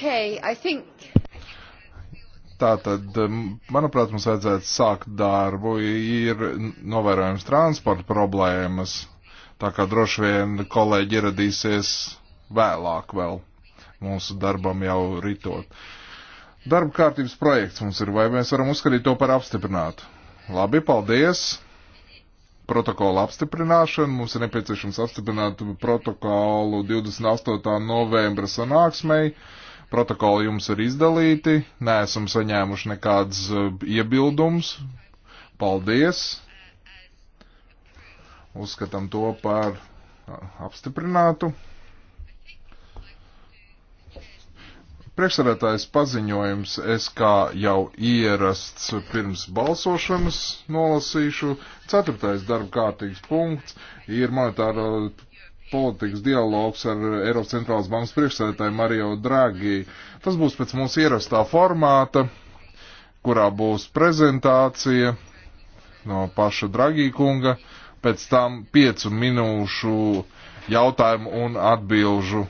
Okay, I think... Tātad, manuprāt, mums vajadzētu sākt darbu. Ir novērojams transporta problēmas, tā kā droši vien kolēģi ieradīsies vēlāk vēl mūsu darbam jau ritot. Darba kārtības projekts mums ir, vai mēs varam uzskatīt to par apstiprinātu? Labi, paldies! protokola apstiprināšanu. Mums ir nepieciešams apstiprināt protokolu 28. novembra sanāksmei. Protokoli jums ir izdalīti, neesam saņēmuši nekādas eh, iebildums. Paldies! Uzskatām to par eh, apstiprinātu. Priekšsarētājs paziņojums es kā jau ierasts pirms balsošanas nolasīšu. Ceturtais darba kārtīgs punkts ir monetāra politikas dialogs ar Eiropas centrālās bankas priekšsēdētāju Mario Draghi. Tas būs pēc mūsu ierastā formāta, kurā būs prezentācija no paša Draghi kunga, pēc tam piecu minūšu jautājumu un atbilžu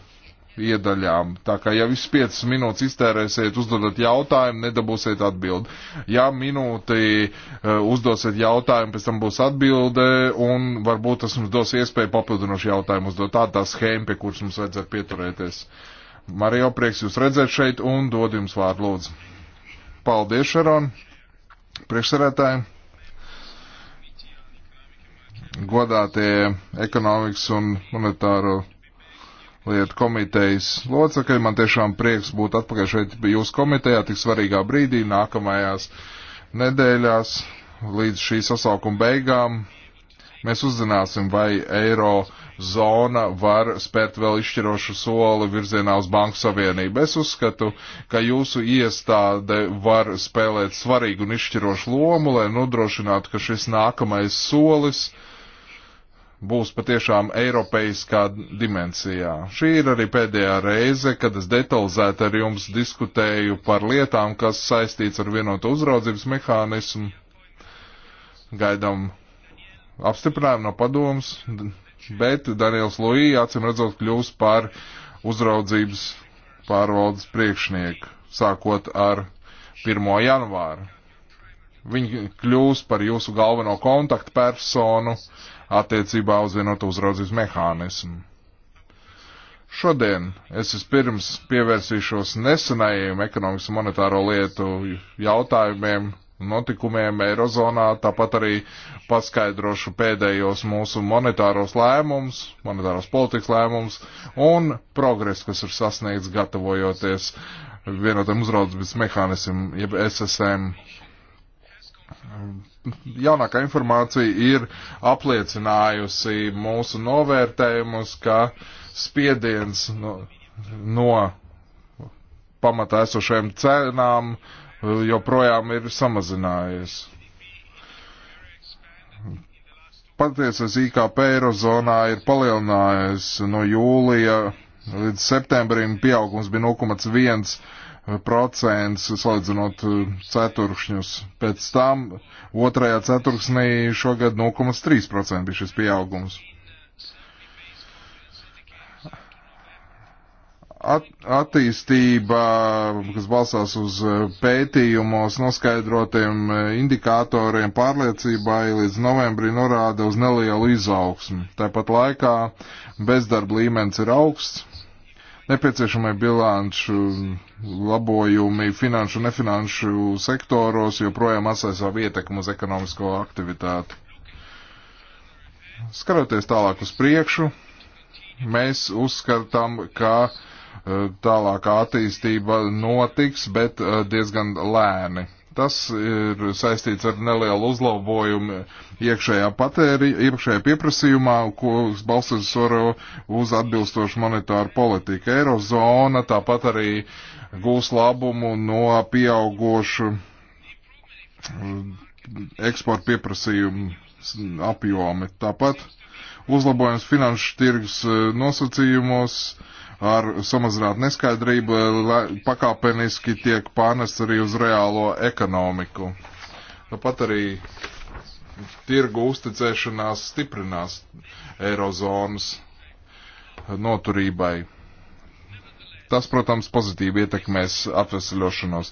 iedaļām. Tā kā ja viss 5 minūtes iztērēsiet, uzdodat jautājumu, nedabūsiet atbildi. Ja minūti eh, uzdosiet jautājumu, pēc tam būs atbilde, un varbūt tas mums dos iespēju papildinošu jautājumu uzdot. Tā tā schēma, pie kuras mums vajadzētu pieturēties. Marijo, prieks jūs redzēt šeit, un dod jums vārdu lūdzu. Paldies, Šaron, priekšsarētāji godātie ekonomikas un monetāro lietu komitejas locekļi. Man tiešām prieks būt atpakaļ šeit jūsu komitejā tik svarīgā brīdī nākamajās nedēļās līdz šī sasaukuma beigām. Mēs uzzināsim, vai eiro zona var spērt vēl izšķirošu soli virzienā uz Banku Savienību. Es uzskatu, ka jūsu iestāde var spēlēt svarīgu un izšķirošu lomu, lai nodrošinātu, ka šis nākamais solis uh, būs patiešām eiropeiskā dimensijā. Šī ir arī pēdējā reize, kad es detalizēti ar jums diskutēju par lietām, kas saistīts ar vienotu uzraudzības mehānismu. Gaidām apstiprinājumu no padomus, bet Daniels Lūī acim redzot kļūs par uzraudzības pārvaldes priekšnieku, sākot ar 1. janvāru. Viņi kļūs par jūsu galveno kontaktpersonu attiecībā uz vienotu uzraudzības mehānismu. Šodien es vispirms pievērsīšos nesenajiem ekonomikas un monetāro lietu jautājumiem, notikumiem Eirozonā, tāpat arī paskaidrošu pēdējos mūsu monetāros lēmumus, monetāros politikas lēmumus un progresu, kas ir sasniegts gatavojoties vienotam uzraudzības mehānismam, jeb SSM jaunākā informācija ir apliecinājusi mūsu novērtējumus, ka spiediens no, no pamatā esošajām cenām joprojām ir samazinājies. Patiesais IKP Eirozonā ir palielinājies no jūlija līdz septembrim, pieaugums bija 0,1 procents, salīdzinot uh, ceturkšņus. Pēc tam otrajā ceturksnī šogad 0,3% bija šis pieaugums. At, attīstība, kas balstās uz uh, pētījumos, noskaidrotiem uh, indikatoriem, pārliecībai līdz novembrī norāda uz nelielu izaugsmu. Tāpat laikā bezdarba līmenis ir augsts, Nepieciešamie bilanču labojumi finanšu un nefinanšu sektoros joprojām atstāja savu ietekmu uz ekonomisko aktivitāti. Skatoties tālāk uz priekšu, mēs uzskatām, ka eh, tālākā attīstība notiks, bet eh, diezgan lēni Tas ir saistīts ar nelielu uzlabojumu iekšējā patēri, iekšējā pieprasījumā, ko balstas varu uz atbilstošu monetāru politiku. Eirozona tāpat arī gūs labumu no pieaugošu mm, eksporta pieprasījumu apjomi. Tāpat uzlabojums finanšu tirgus mm, nosacījumos ar samazināt neskaidrību pakāpeniski tiek pārnest arī uz reālo ekonomiku. Tāpat arī tirgu uzticēšanās stiprinās eirozonas noturībai. Tas, protams, pozitīvi ietekmēs atvesaļošanos.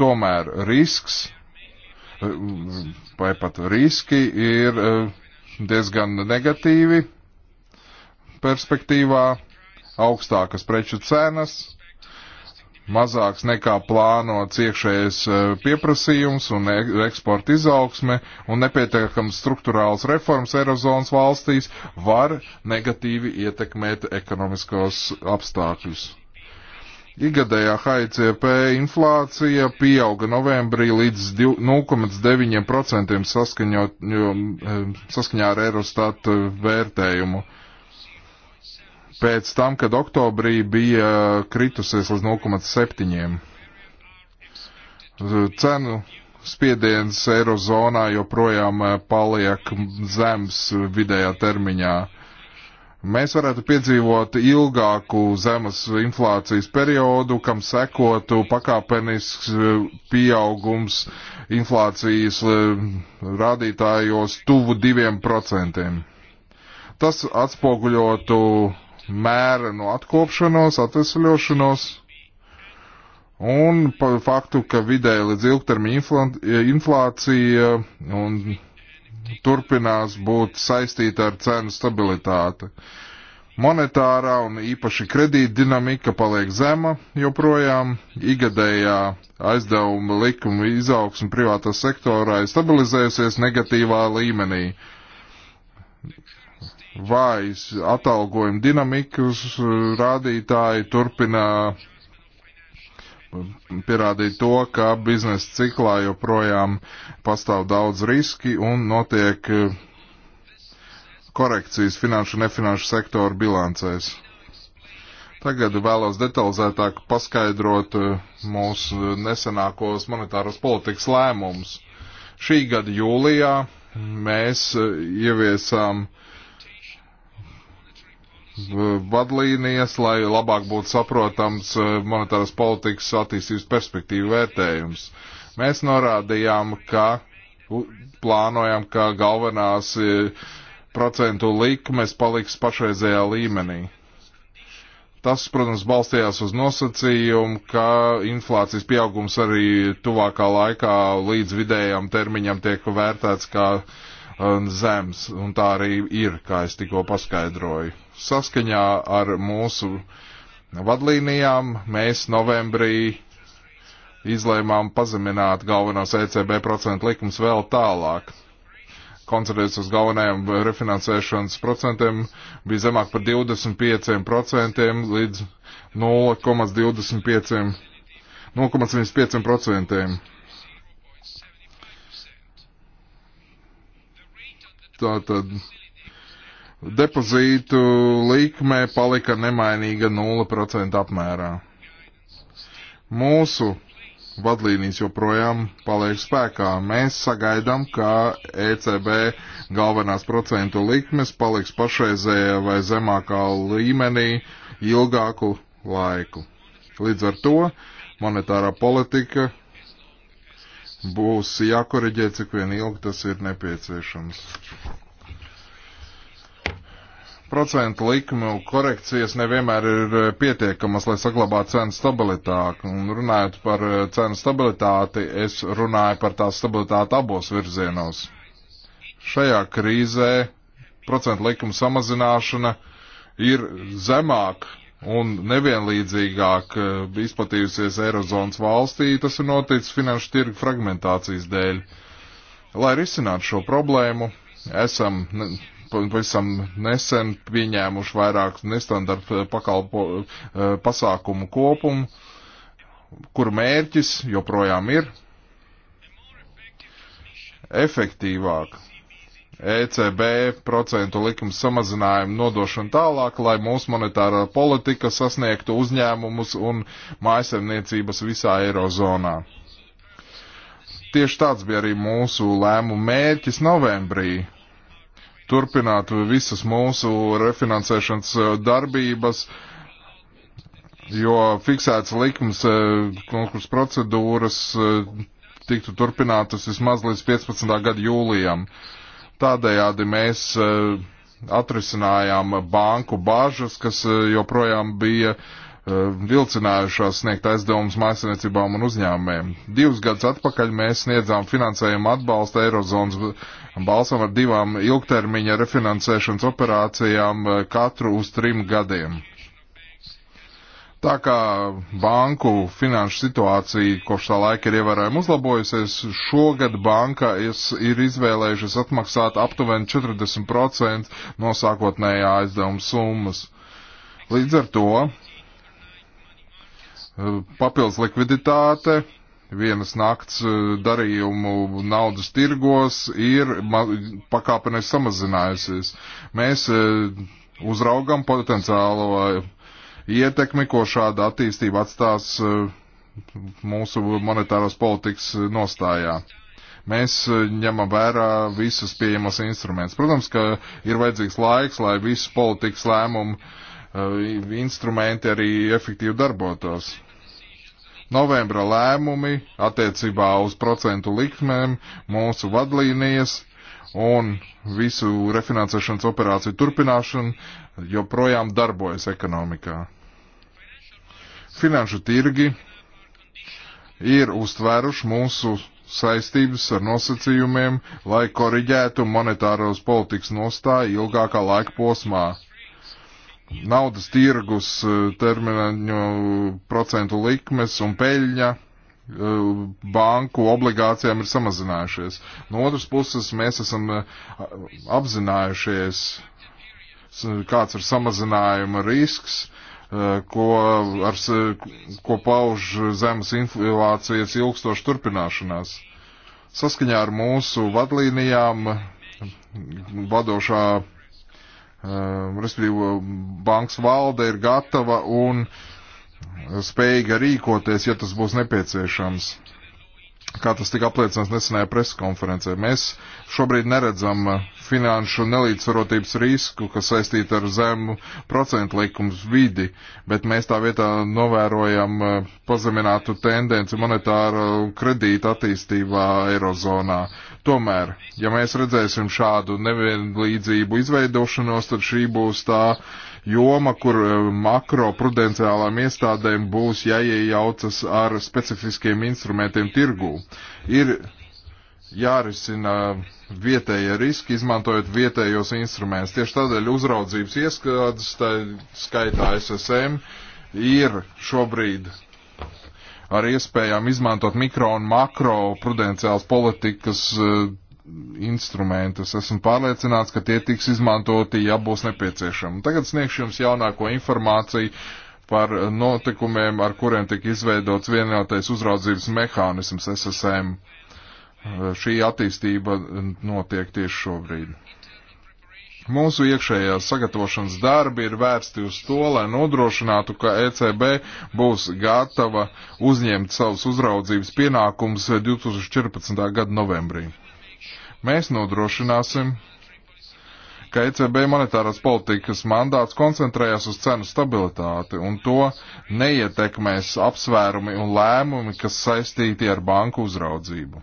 Tomēr risks vai pat riski ir eh, diezgan negatīvi perspektīvā augstākas preču cenas, mazāks nekā plānots iekšējais e, pieprasījums un e, eksporta izaugsme un nepietiekams struktūrāls reformas Eirozonas valstīs var negatīvi ietekmēt ekonomiskos apstākļus. Igadējā HICP inflācija pieauga novembrī līdz 0,9% e, saskaņā ar Eurostatu vērtējumu pēc tam, kad oktobrī bija kritusies līdz 0,7. Cenu spiediens Eirozonā joprojām eh, paliek zems vidējā termiņā. Mēs varētu piedzīvot ilgāku zemes inflācijas periodu, kam sekotu pakāpenisks eh, pieaugums inflācijas eh, rādītājos tuvu diviem procentiem. Tas atspoguļotu mēra no atkopšanos, atvesļošanos un par faktu, ka vidēji līdz ilgtermiņa inflācija eh, un turpinās būt saistīta ar cenu stabilitāti. Monetārā un īpaši kredīta dinamika paliek zema joprojām, igadējā aizdevuma likuma izaugsme privātā sektorā ir stabilizējusies negatīvā līmenī vājas atalgojuma dinamikas uh, rādītāji turpina um, pierādīt to, ka biznesa ciklā joprojām pastāv daudz riski un notiek uh, korekcijas finanšu un nefinanšu sektoru bilancēs. Tagad vēlos detalizētāk paskaidrot uh, mūsu nesenākos monetāras politikas lēmumus. Šī gada jūlijā mēs ieviesām uh, vadlīnijas, lai labāk būtu saprotams eh, monetāras politikas attīstības perspektīvu vērtējums. Mēs norādījām, ka plānojam, ka galvenās eh, procentu likmes paliks pašreizējā līmenī. Tas, protams, balstījās uz nosacījumu, ka inflācijas pieaugums arī tuvākā laikā līdz vidējam termiņam tiek vērtēts kā eh, zems, un tā arī ir, kā es tikko paskaidroju saskaņā ar mūsu vadlīnijām mēs novembrī izlēmām pazemināt galvenos ECB procentu likums vēl tālāk. Koncentrēties uz galvenajiem refinansēšanas procentiem bija zemāk par 25% līdz 0,25%. 0,75%. Tātad depozītu likme palika nemainīga 0% apmērā. Mūsu vadlīnijas joprojām paliek spēkā. Mēs sagaidām, ka ECB galvenās procentu likmes paliks pašreizējā vai zemākā līmenī ilgāku laiku. Līdz ar to monetārā politika būs jākoriģē, cik vien ilgi tas ir nepieciešams procentu likumu korekcijas nevienmēr ir eh, pietiekamas, lai saglabātu cenu stabilitāti. Un runājot par eh, cenu stabilitāti, es runāju par tā stabilitāti abos virzienos. Šajā krīzē procentu likuma samazināšana ir zemāk un nevienlīdzīgāk eh, izplatījusies Eirozonas valstī, tas ir noticis finanšu tirgu fragmentācijas dēļ. Lai risinātu šo problēmu, esam pavisam nesen pieņēmuši vairāk nestandarta eh, pakalpo eh, pasākumu kopumu, kur mērķis joprojām ir efektīvāk ECB procentu likums samazinājumu nodošanu tālāk, lai mūsu monetārā politika sasniegtu uzņēmumus un mājasemniecības visā Eirozonā. Tieši tāds bija arī mūsu lēmumu mērķis novembrī, turpināt visas mūsu refinansēšanas eh, darbības, jo fiksēts likums eh, konkursu procedūras eh, tiktu turpinātas vismaz līdz 15. gada jūlijam. Tādējādi mēs atrisinājām banku bāžas, kas joprojām bija uh, Eh, vilcinājušās sniegt aizdevumus mājasemniecībām un uzņēmumiem. Divus gadus atpakaļ mēs sniedzām finansējumu atbalstu Eirozonas balsam ar divām ilgtermiņa refinansēšanas operācijām eh, katru uz trim gadiem. Tā kā banku finanšu situācija kopš tā laika ir ievērojami uzlabojusies, šogad banka ir izvēlējušas atmaksāt aptuveni 40% no sākotnējā aizdevuma summas. Līdz ar to Eh, papildus likviditāte, vienas nakts eh, darījumu naudas tirgos ir pakāpeniski samazinājusies. Mēs eh, uzraugam potenciālo ietekmi, ko šāda attīstība atstās mūsu monetāros politikas nostājā. Mēs ņemam vērā visas pieejamas instrumentus. Protams, ka ir vajadzīgs laiks, lai visu politikas lēmumu uh, Eh, instrumenti arī efektīvi darbotos. Novembra lēmumi attiecībā uz procentu likmēm, mūsu vadlīnijas un visu refinansēšanas operāciju turpināšanu joprojām darbojas ekonomikā. Finanšu tirgi ir uztvēruši mūsu saistības ar nosacījumiem, lai koriģētu monetāros politikas nostāju ilgākā laika posmā naudas tirgus eh, termiņu procentu likmes un peļņa eh, banku obligācijām ir samazinājušies. No otras puses, mēs esam eh, apzinājušies, kāds ir samazinājuma risks, ko, ar, ko pauž zemes inflācijas ilgstoši turpināšanās. Saskaņā ar mūsu vadlīnijām vadošā Ehm, respektīvi bankas valde ir gatava un spējīga rīkoties, ja tas būs nepieciešams. Kā tas tika apliecināts nesenajā preskonferencē. Mēs šobrīd neredzam finanšu nelīdzsvarotības risku, kas saistīta ar zemu procentu likums vidi, bet mēs tā vietā novērojam eh, pazeminātu tendenci monetāru kredītu attīstībā Eirozonā. Uh, Tomēr, ja mēs redzēsim šādu nevienlīdzību izveidošanos, tad šī būs tā joma, kur eh, makroprudenciālām iestādēm būs jāiejaucas ar specifiskiem instrumentiem tirgū. Ir jārisina vietējie riski, izmantojot vietējos instrumentus. Tieši tādēļ uzraudzības ieskādes, tā skaitā SSM, ir šobrīd ar iespējām izmantot mikro un makro prudenciāls politikas uh, instrumentus. Esmu pārliecināts, ka tie tiks izmantoti, ja būs nepieciešami. Tagad sniegšu jums jaunāko informāciju par notikumiem, ar kuriem tika izveidots vienotais uzraudzības mehānisms SSM. E, šī attīstība notiek tieši šobrīd. Mūsu iekšējā sagatavošanas darbi ir vērsti uz to, lai nodrošinātu, ka ECB būs gatava uzņemt savus uzraudzības pienākumus 2014. gada novembrī. Mēs nodrošināsim, ka ECB monetārās politikas mandāts koncentrējas uz cenu stabilitāti un to neietekmēs apsvērumi un lēmumi, kas saistīti ar banku uzraudzību.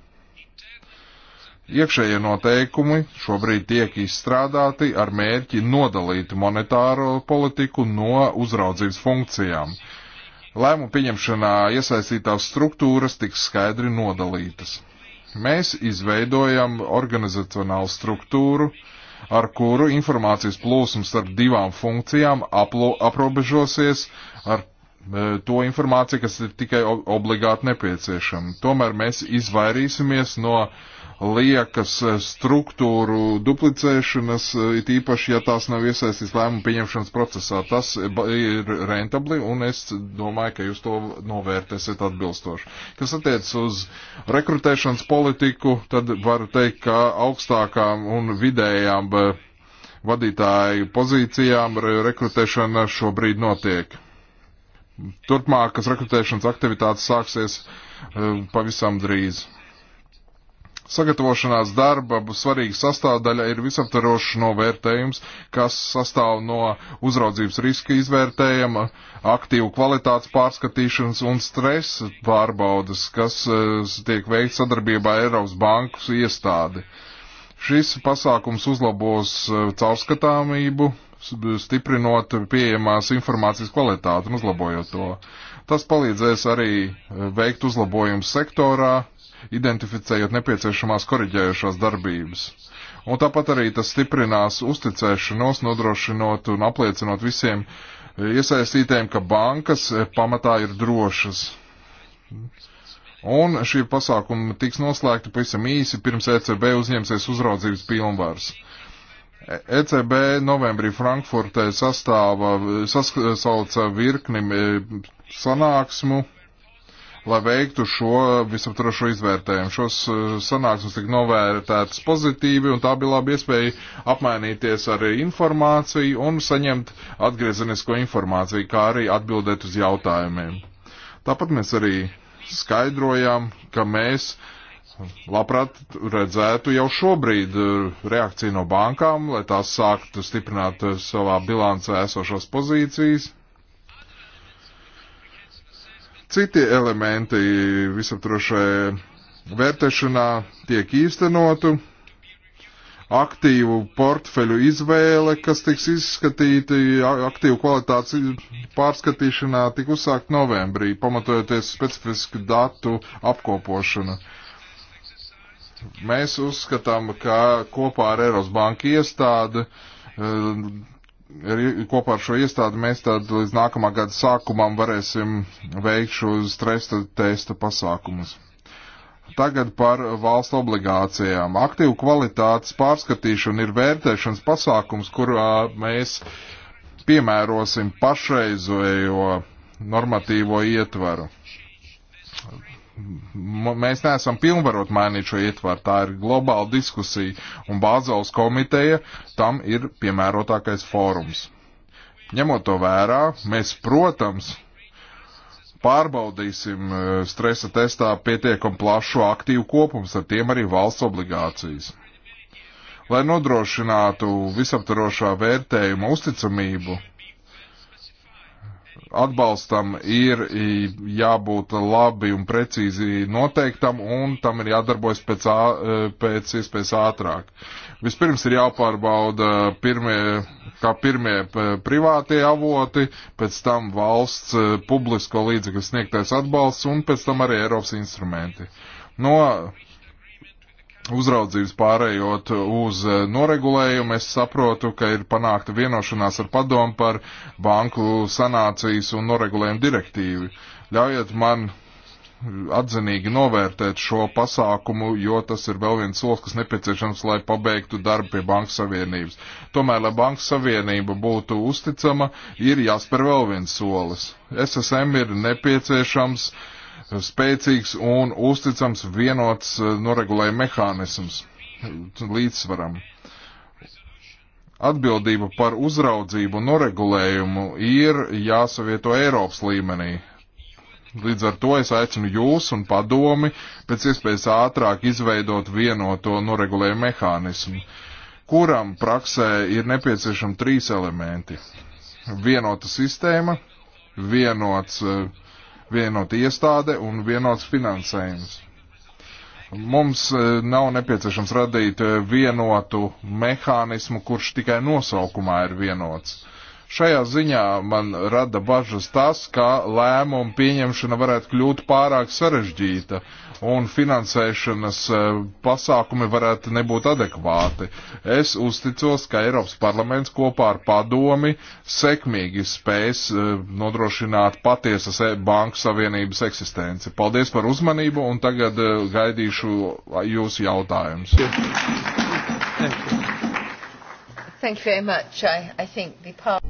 Iekšējie noteikumi šobrīd tiek izstrādāti ar mērķi nodalīt monetāro politiku no uzraudzības funkcijām. Lēmumu pieņemšanā iesaistītās struktūras tiks skaidri nodalītas. Mēs izveidojam organizacionālu struktūru, ar kuru informācijas plūsums starp divām funkcijām aplo, aprobežosies ar e, to informāciju, kas ir tikai obligāti nepieciešama. Tomēr mēs izvairīsimies no uh, liekas eh, struktūru duplicēšanas, eh, it īpaši, ja tās nav iesaistīts lēmumu pieņemšanas procesā. Tas eh, ir rentabli, un es domāju, ka jūs to novērtēsiet atbilstoši. Kas attiec uz rekrutēšanas politiku, tad varu teikt, ka augstākām un vidējām vadītāju pozīcijām rekrutēšana šobrīd notiek. Turpmākas rekrutēšanas aktivitātes sāksies pavisam drīz. Sagatavošanās darba svarīga sastāvdaļa ir visaptverošs novērtējums, kas sastāv no uzraudzības riska izvērtējuma, aktīvu kvalitātes pārskatīšanas un stresa pārbaudas, kas eh, tiek veikts sadarbībā Eiropas bankas iestādi. Šis pasākums uzlabos eh, caurskatāmību, stiprinot pieejamās informācijas kvalitāti un uzlabojot to. Tas palīdzēs arī eh, veikt uzlabojumus sektorā, identificējot nepieciešamās koriģējušās darbības. Un tāpat arī tas stiprinās uzticēšanos, nodrošinot un apliecinot visiem iesaistītēm, ka bankas pamatā ir drošas. Un šie pasākumi tiks noslēgti pavisam īsi pirms ECB uzņemsies uzraudzības pilnvars. ECB novembrī Frankfurtē sastāva, sasauca virkni e, sanāksmu, lai veiktu šo visaptvarošo izvērtējumu. Šos eh, sanāksmes tika novērtētas pozitīvi, un tā bija laba iespēja apmainīties ar informāciju un saņemt atgriezenisko informāciju, kā arī atbildēt uz jautājumiem. Tāpat mēs arī skaidrojām, ka mēs labprāt redzētu jau šobrīd eh, reakciju no bankām, lai tās sāktu stiprināt eh, savā bilancē esošās pozīcijas. Citi elementi visaptrošai vērtēšanā tiek īstenotu, aktīvu portfeļu izvēle, kas tiks izskatīti aktīvu kvalitātes pārskatīšanā, tik uzsākt novembrī, pamatojoties specifisku datu apkopošanu. Mēs uzskatām, ka kopā ar Eiros banka iestādi kopā ar šo iestādi mēs tad līdz nākamā gada sākumam varēsim veikt šo stresa testa pasākumus. Tagad par valsts obligācijām. Aktīvu kvalitātes pārskatīšana ir vērtēšanas pasākums, kurā mēs piemērosim pašreizējo normatīvo ietvaru mēs neesam pilnvarot mainīt šo ietvaru. Tā ir globāla diskusija, un Bāzels komiteja tam ir piemērotākais fórums. Ņemot to vērā, mēs, protams, pārbaudīsim e, stresa testā pietiekam plašu aktīvu kopumu, ar tiem arī valsts obligācijas. Lai nodrošinātu visaptarošā vērtējuma uzticamību, atbalstam ir jābūt labi un precīzi noteiktam, un tam ir jādarbojas pēc, e, pēc iespējas ātrāk. Vispirms ir jāpārbauda pirmie, kā pirmie e, privātie avoti, pēc tam valsts e, publisko līdzekļu sniegtais atbalsts, un pēc tam arī Eiropas instrumenti. No uzraudzības pārējot uz e, noregulējumu, es saprotu, ka ir panākta vienošanās ar padomu par banku sanācijas un noregulējumu direktīvu. Ļaujiet man atzinīgi novērtēt šo pasākumu, jo tas ir vēl viens solis, kas nepieciešams, lai pabeigtu darbu pie Bankas Savienības. Tomēr, lai Bankas Savienība būtu uzticama, ir jāspēr vēl viens solis. SSM ir nepieciešams uh, spēcīgs un uzticams vienots eh, noregulēja mehānisms līdzsvaram. Atbildība par uzraudzību un noregulējumu ir jāsavieto Eiropas līmenī. Līdz ar to es aicinu jūs un padomi pēc iespējas ātrāk izveidot vienoto noregulēju mehānismu, kuram praksē ir nepieciešami trīs elementi - vienota sistēma, vienots uh, vienota iestāde un vienots finansējums. Mums e, nav nepieciešams radīt e, vienotu mehānismu, kurš tikai nosaukumā ir vienots. Šajā ziņā man rada bažas tas, ka lēmumu pieņemšana varētu kļūt pārāk sarežģīta un finansēšanas e, pasākumi varētu nebūt adekvāti. Es uzticos, ka Eiropas parlaments kopā ar padomi sekmīgi spēs e, nodrošināt patiesas e, banku savienības eksistenci. Paldies par uzmanību un tagad gaidīšu jūsu jautājumus. Thank you. Thank you very much. I, I think the part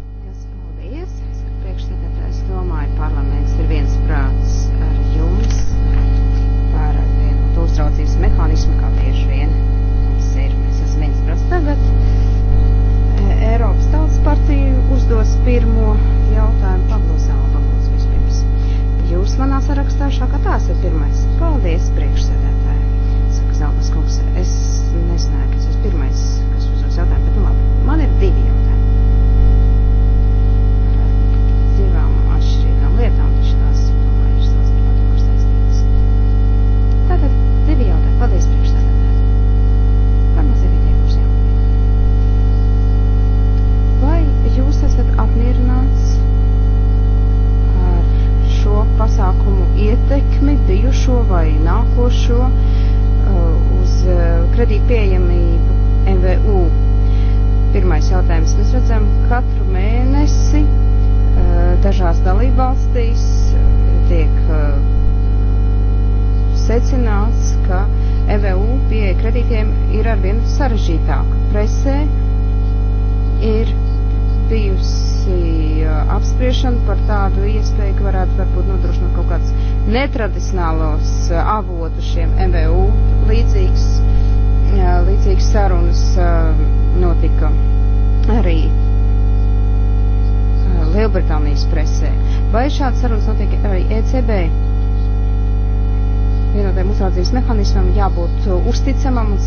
uzraudzības mehānismi, kā bieži vien mums ir. Mēs esam viens pras tagad. E, Eiropas Tautas partija uzdos pirmo jautājumu Pablo Zalbalūs vispirms. Jūs manā sarakstā šākā tā esat pirmais. Paldies, priekšsēdētāji. Saka Zalbas kungs, es nezināju, kas esmu pirmais, kas uzdos jautājumu, bet nu labi. Man ir divi jautājumi tendences. Mēs redzam katru mēnesi eh, dažās dalībvalstīs eh, tiek eh, secināts, ka EVU pieeja kredītiem ir arvien sarežģītāka. Presē ir bijusi apspriešana par tādu iespēju, ka varētu varbūt nodrošināt kaut kāds netradicionālos avotu šiem MVU e līdzīgs, līdzīgs sarunas notika arī Lielbritānijas presē. Vai šāds sarunas notiek arī ECB? Vienotiem uzraudzības mehānismam jābūt uzticamam un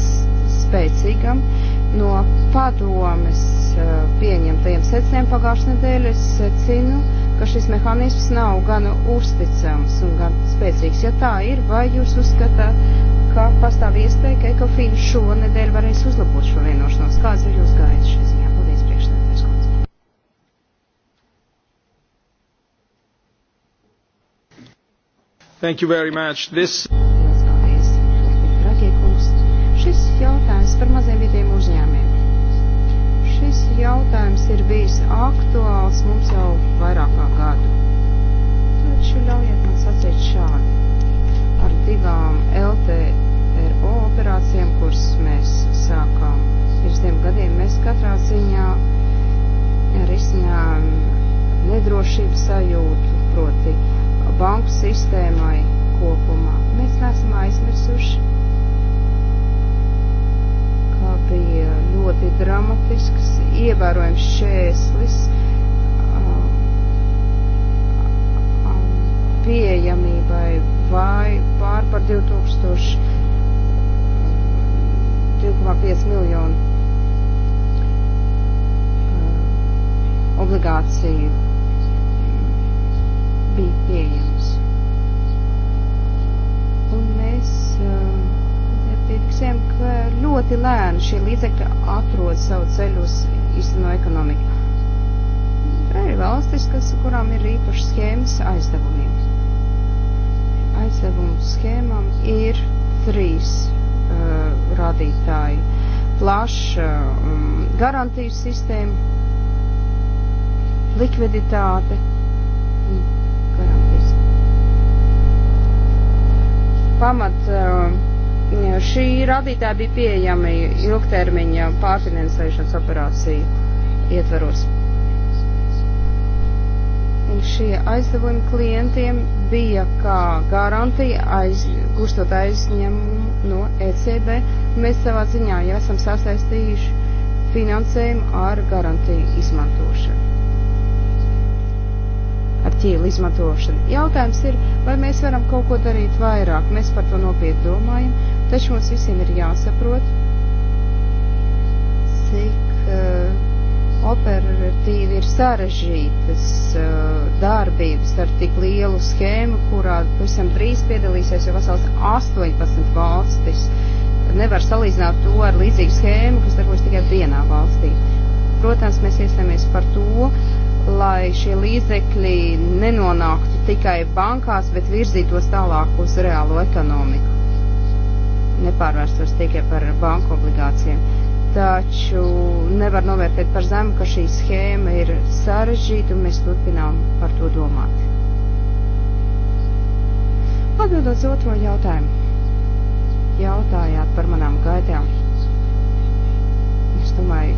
spēcīgam. No padomes pieņemtajiem secinājumiem pagājušajā nedēļā es secinu, ka šis mehānisms nav gan uzticams un gan spēcīgs. Ja tā ir, vai jūs uzskatāt, ka pastāv iespēja, ka Ekofīna šonedēļ varēs uzlabot šo vienošanos? Kāds ir jūs gaidījis šis? Thank you very much. This... Lielas paldies, Rakie kungs. Šis jautājums par maziem vidiem uzņēmiem. Šis jautājums ir bijis aktuāls mums jau vairāk kā gadu. Taču ļaujiet man sacīt šādi. Ar divām LTRO operācijām, kuras mēs sākām pirms tiem gadiem, mēs katrā ziņā risinājām nedrošības sajūtu, proti banku sistēmai kopumā. Mēs neesam aizmirsuši, ka bija ļoti dramatisks, ievērojams šēslis uh, um, pieejamībai vai pār par 2000 2,5 miljonu uh, obligāciju bija pieejams. Un mēs eh, piefiksējam, ka ļoti lēni šie līdzekļi atrod savu ceļu uz īsteno ekonomiku. Tā ir valstis, kas, kurām ir īpašas schēmas aizdevumiem. Aizdevumu schēmām ir trīs uh, rādītāji - plaša um, garantiju sistēma, likviditāte garantijas. Pamat eh, šī rādītāja bija pieejami ilgtermiņa pārfinansēšanas operāciju ietveros. Un šie aizdevumi klientiem bija kā garantija aiz, gustot aizņemumu no ECB. Mēs savā ziņā jau esam sasaistījuši finansējumu ar garantiju izmantošanu ar ķīlu izmantošanu. Jautājums ir, vai mēs varam kaut ko darīt vairāk. Mēs par to nopietni domājam, taču mums visiem ir jāsaprot, cik uh, operatīvi ir sarežģītas uh, darbības ar tik lielu schēmu, kurā pavisam drīz piedalīsies jau vesels 18 valstis. Nevar salīdzināt to ar līdzīgu schēmu, kas darbojas tikai vienā valstī. Protams, mēs iestāmies par to, uh, lai šie līdzekļi nenonāktu tikai bankās, bet virzītos tālāk uz reālo ekonomiku. Nepārvērstos tikai par banku obligācijām. Taču nevar novērtēt par zemu, ka šī schēma ir sarežģīta un mēs turpinām par to domāt. Atbildot uz otro jautājumu. Jautājāt par manām gaidām. Es domāju,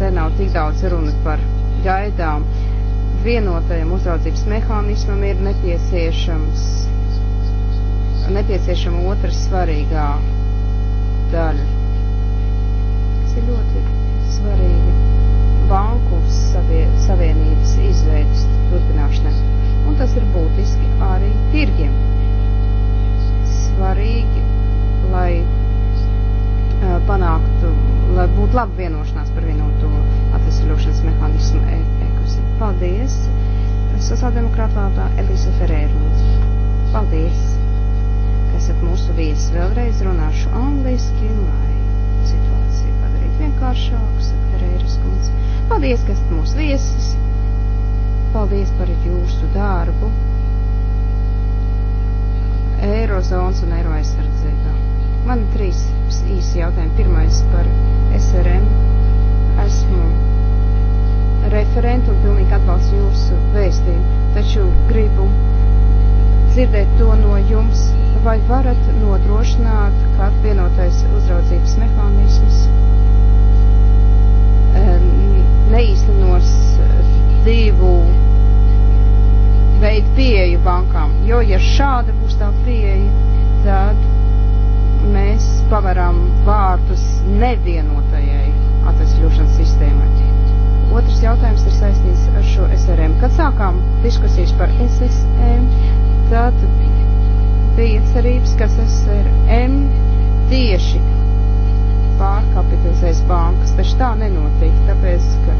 te nav tik daudz runa par gaidām. Vienotajam uzraudzības mehānismam ir nepieciešams, nepieciešama otra svarīgā daļa, kas ir ļoti svarīga banku savie, savienības izveidas turpināšanai. Un tas ir būtiski arī tirgiem. Svarīgi, lai eh, panāktu, lai būtu laba vienošanās par vienoto atvesaļošanas mehānismu ekosī. Paldies! Sociāldemokrāta vārdā Elisa Ferēru. Paldies, ka esat mūsu viesi. Vēlreiz runāšu angliski, lai situāciju padarītu vienkāršāku, saka Ferēras kundze. Paldies, ka esat mūsu viesis. Paldies par jūsu darbu. Eirozonas un eiro aizsardzībā. Man ir trīs īsi jautājumi. Pirmais par SRM. Esmu referentu un pilnīgi atbalstu jūsu vēstījumu, taču gribu dzirdēt to no jums, vai varat nodrošināt, ka vienotais uzraudzības mehānisms neīstenos divu veidu pieeju bankām, jo ja šāda būs tā pieeja, tad mēs pavaram vārtus nevienotajai atvesļošanas sistēmai. Otrs jautājums ir saistīts ar šo SRM. Kad sākām diskusijas par SSM, tad bija cerības, ka SRM tieši pārkapitalizēs bankas, taču tā nenotika, tāpēc, ka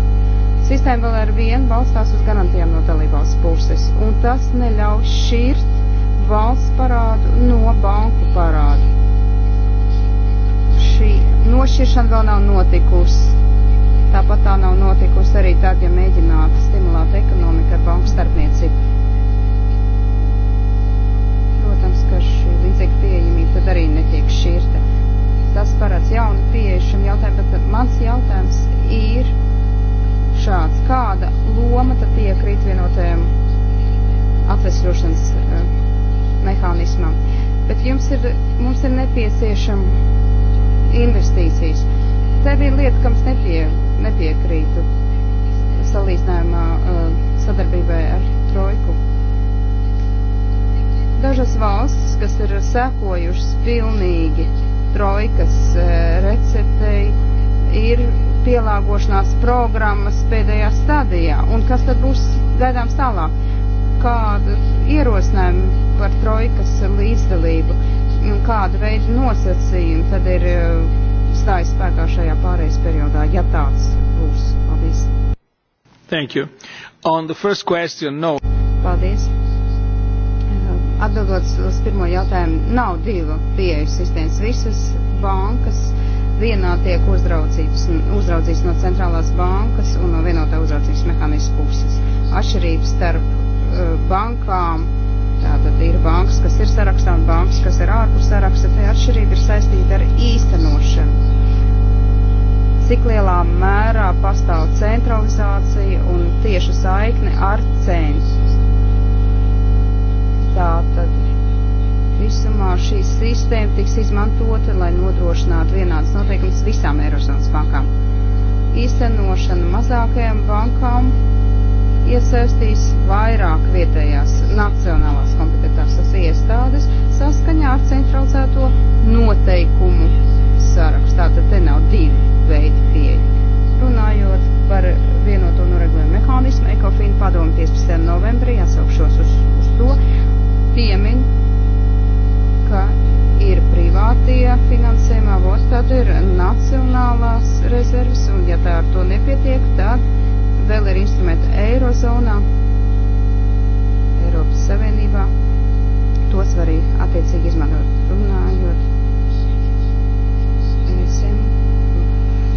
sistēma vēl ar vienu balstās uz garantijām no dalībvalsts puses, un tas neļauj šķirt valsts parādu no banku parādu. Šī nošķiršana vēl nav notikusi Tāpat tā nav notikusi arī tad, ja mēģinātu stimulēt ekonomiku ar banku starpniecību. Protams, ka šī līdzīga pieejamība tad arī netiek šķirta. Tas parāds jaunu pieeju šim jautājumam, bet mans jautājums ir šāds. Kāda loma tad piekrīt vienotajam atvesļošanas uh, mehānismam? Bet jums ir, mums ir nepieciešama investīcijas. Te bija lieta, kam es nepieeju nepiekrītu salīdzinājumā uh, sadarbībai ar Trojku. Dažas valstis, kas ir sekojušas pilnīgi Trojkas uh, receptei, ir pielāgošanās programmas pēdējā stadijā. Un kas tad būs gaidāms tālāk? Kādu ierosinājumu par Trojkas līdzdalību un kādu veidu nosacījumu tad ir uh, stājas spēkā šajā pārejas periodā, ja tāds būs. Paldies. Thank you. On the first question, no. Paldies. Ehm, atbildot uz pirmo jautājumu, nav divu pieeju sistēmas. Visas bankas vienā tiek uzraudzītas, uzraudzītas no centrālās bankas un no vienotā uzraudzības mehānismu puses. Atšķirības starp ehm, bankām Tātad ir bankas, kas ir sarakstā un bankas, kas ir ārpus saraksta. Te atšķirība ir saistīta ar īstenošanu. Cik lielā mērā pastāv centralizācija un tieša saikne ar centru. Tātad visumā šī sistēma tiks izmantota, lai nodrošinātu vienādas noteikumus visām Eirozonas bankām. Īstenošana mazākajām bankām iesaistīs vairāk vietējās nacionālās kompetentās iestādes saskaņā ar centralizēto noteikumu sarakstu. Tātad te nav divi veidi pieeja. Runājot par vienoto noregulējumu mehānismu, Ekofina padomu 15. novembrī atsaukšos uz, uz to, piemin, ka ir privātie finansējuma avots, tad ir nacionālās rezerves, un ja tā ar to nepietiek, tad uh, vēl ir instrumenti Eirozonā, Eiropas Savienībā. Tos var arī attiecīgi izmantot runājot. ESM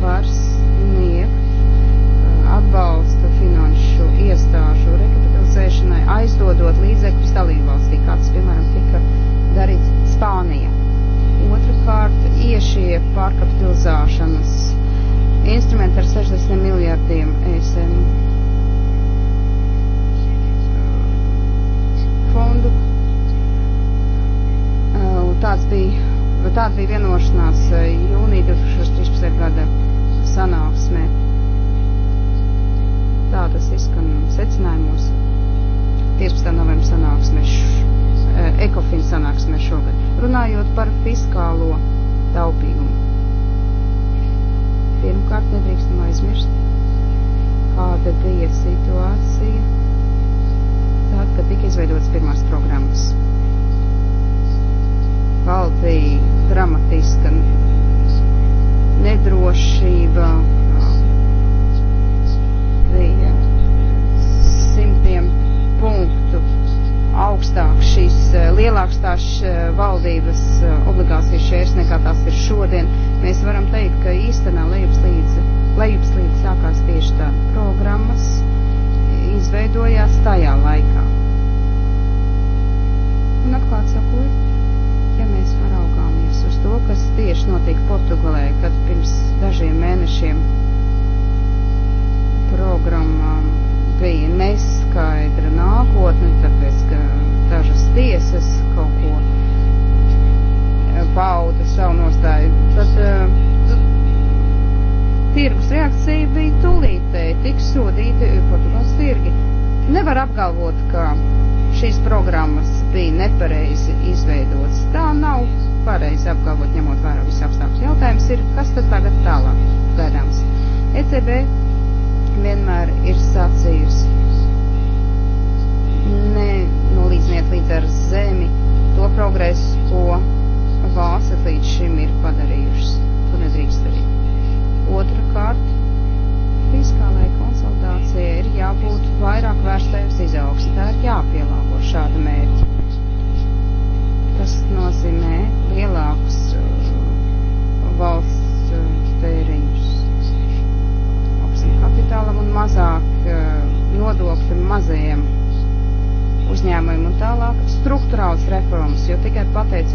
var sniegt uh, atbalstu finanšu iestāžu rekapitalizēšanai, aizdodot līdzekļus dalībvalstī, kāds, piemēram, tika darīts Spānijā. Otrakārt, iešie pārkapitalizēšanas instrumenti ar 60 miljārdiem ESM fondu. Tāds bija, tāda bija vienošanās jūnija 2013. gada sanāksmē. Tā tas izskan secinājumos 15. novembra sanāksmē, ekofin sanāksmē šogad. Runājot par fiskālo taupīgumu Pirmkārt, nedrīkstam aizmirst, kāda bija situācija tad, kad tika izveidotas pirmās programmas. Valdīja dramatiska nedrošība, bija simtiem punktu augstāk šīs eh, lielākas tās eh, valdības eh, obligācijas šērs nekā tās ir šodien, mēs varam teikt, ka īstenā lejupslīde, lejupslīde sākās tieši tā programmas, izveidojās tajā laikā. Un atklāt sakot, ja mēs paraugāmies uz to, kas tieši notika Portugalē, kad pirms dažiem mēnešiem programmām bija neskaidra nākotne, tāpēc, ka dažas tiesas kaut ko eh, pauda savu nostāju, tad uh, tirgus reakcija bija tūlītēji, eh, tik sodīti Portugāles tirgi. Nevar apgalvot, ka šīs programmas bija nepareizi izveidotas. Tā nav pareizi apgalvot, ņemot vērā visu apstākļu. Jautājums ir, kas tad tagad tālāk gaidāms? ECB vienmēr ir sacījusi. Nenolīdziniet līdz ar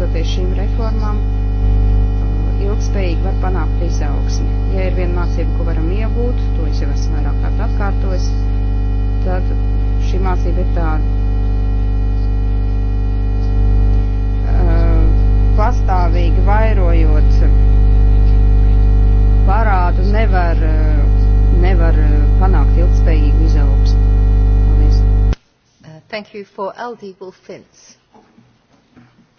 pateicoties šīm reformām, ilgspējīgi var panākt izaugsmi. Ja ir viena mācība, ko varam iegūt, to es jau esmu vairāk kārt atkārtojis, tad šī mācība ir tāda. Uh, pastāvīgi vairojot parādu nevar, nevar panākt ilgspējīgu izaugsmu. Paldies. Uh, thank you for Aldi Wolfins.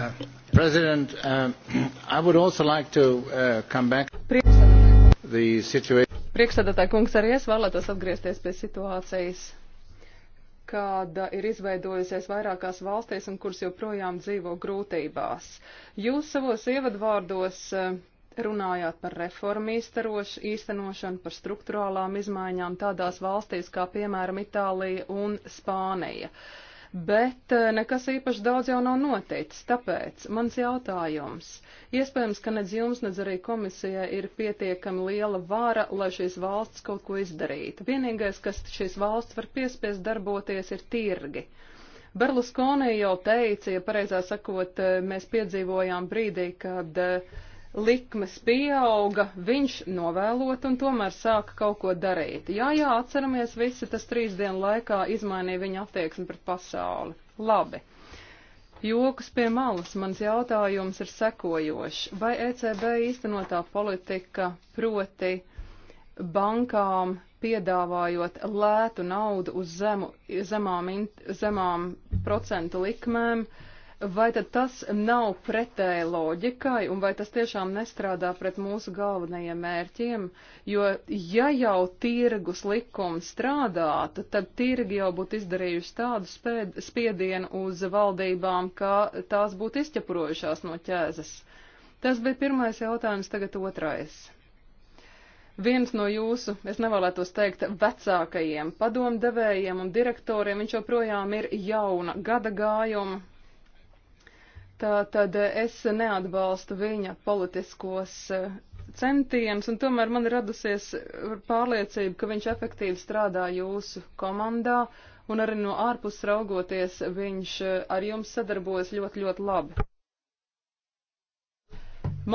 Uh. President, um, I would also like to uh, come back the situation. Priekšsēdētāji kungs arī es vēlētos atgriezties pie situācijas, kāda ir izveidojusies vairākās valstīs un kuras joprojām dzīvo grūtībās. Jūs savos ievadvārdos uh, runājāt par reformu īstenošanu, par struktūrālām izmaiņām tādās valstīs kā piemēram Itālija un Spānija. Uh, bet eh, nekas īpaši daudz jau nav noticis. Tāpēc mans jautājums. Iespējams, ka nedz jums, nedz arī komisijai ir pietiekami liela vāra, lai šīs valsts kaut ko izdarītu. Vienīgais, kas šīs valsts var piespiest darboties, ir tirgi. Berluskonī jau teica, ja pareizā sakot, eh, mēs piedzīvojām brīdī, kad uh, likmes pieauga, viņš novēlot un tomēr sāka kaut ko darīt. Jā, jā, atceramies visi, tas trīs dienu laikā izmainīja viņa attieksmi pret pasauli. Labi. Jokus pie malas mans jautājums ir sekojošs. Vai ECB īstenotā politika proti bankām piedāvājot lētu naudu uz zemu, zemām, zemām procentu likmēm uh, Vai tad tas nav pretēji loģikai, un vai tas tiešām nestrādā pret mūsu galvenajiem mērķiem? Jo, ja jau tirgus likums strādātu, tad tirgi jau būtu izdarījuši tādu spiedienu uz valdībām, ka tās būtu izķeprojušās no ķēzes. Tas bija pirmais jautājums, tagad otrais. Viens no jūsu, es nevēlētos teikt, vecākajiem padomdevējiem un direktoriem, viņš joprojām ir jauna gada gājuma, Tā tad es neatbalstu viņa politiskos eh, centienus, un tomēr man ir radusies pārliecība, ka viņš efektīvi strādā jūsu komandā, un arī no ārpus raugoties viņš eh, ar jums sadarbojas ļoti, ļoti labi.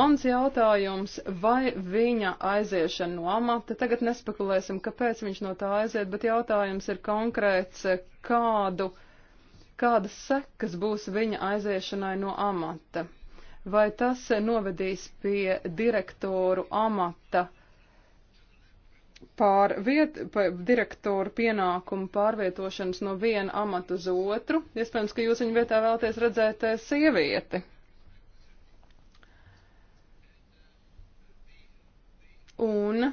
Mans jautājums, vai viņa aiziešana no amata, tagad nespekulēsim, kāpēc viņš no tā aiziet, bet jautājums ir konkrēts, eh, kādu uh, Kādas sekas būs viņa aiziešanai no amata? Vai tas novedīs pie direktoru amata pārviet, direktoru pienākumu pārvietošanas no viena amata uz otru? Iespējams, ka jūs viņu vietā vēlaties redzēt eh, sievieti. Un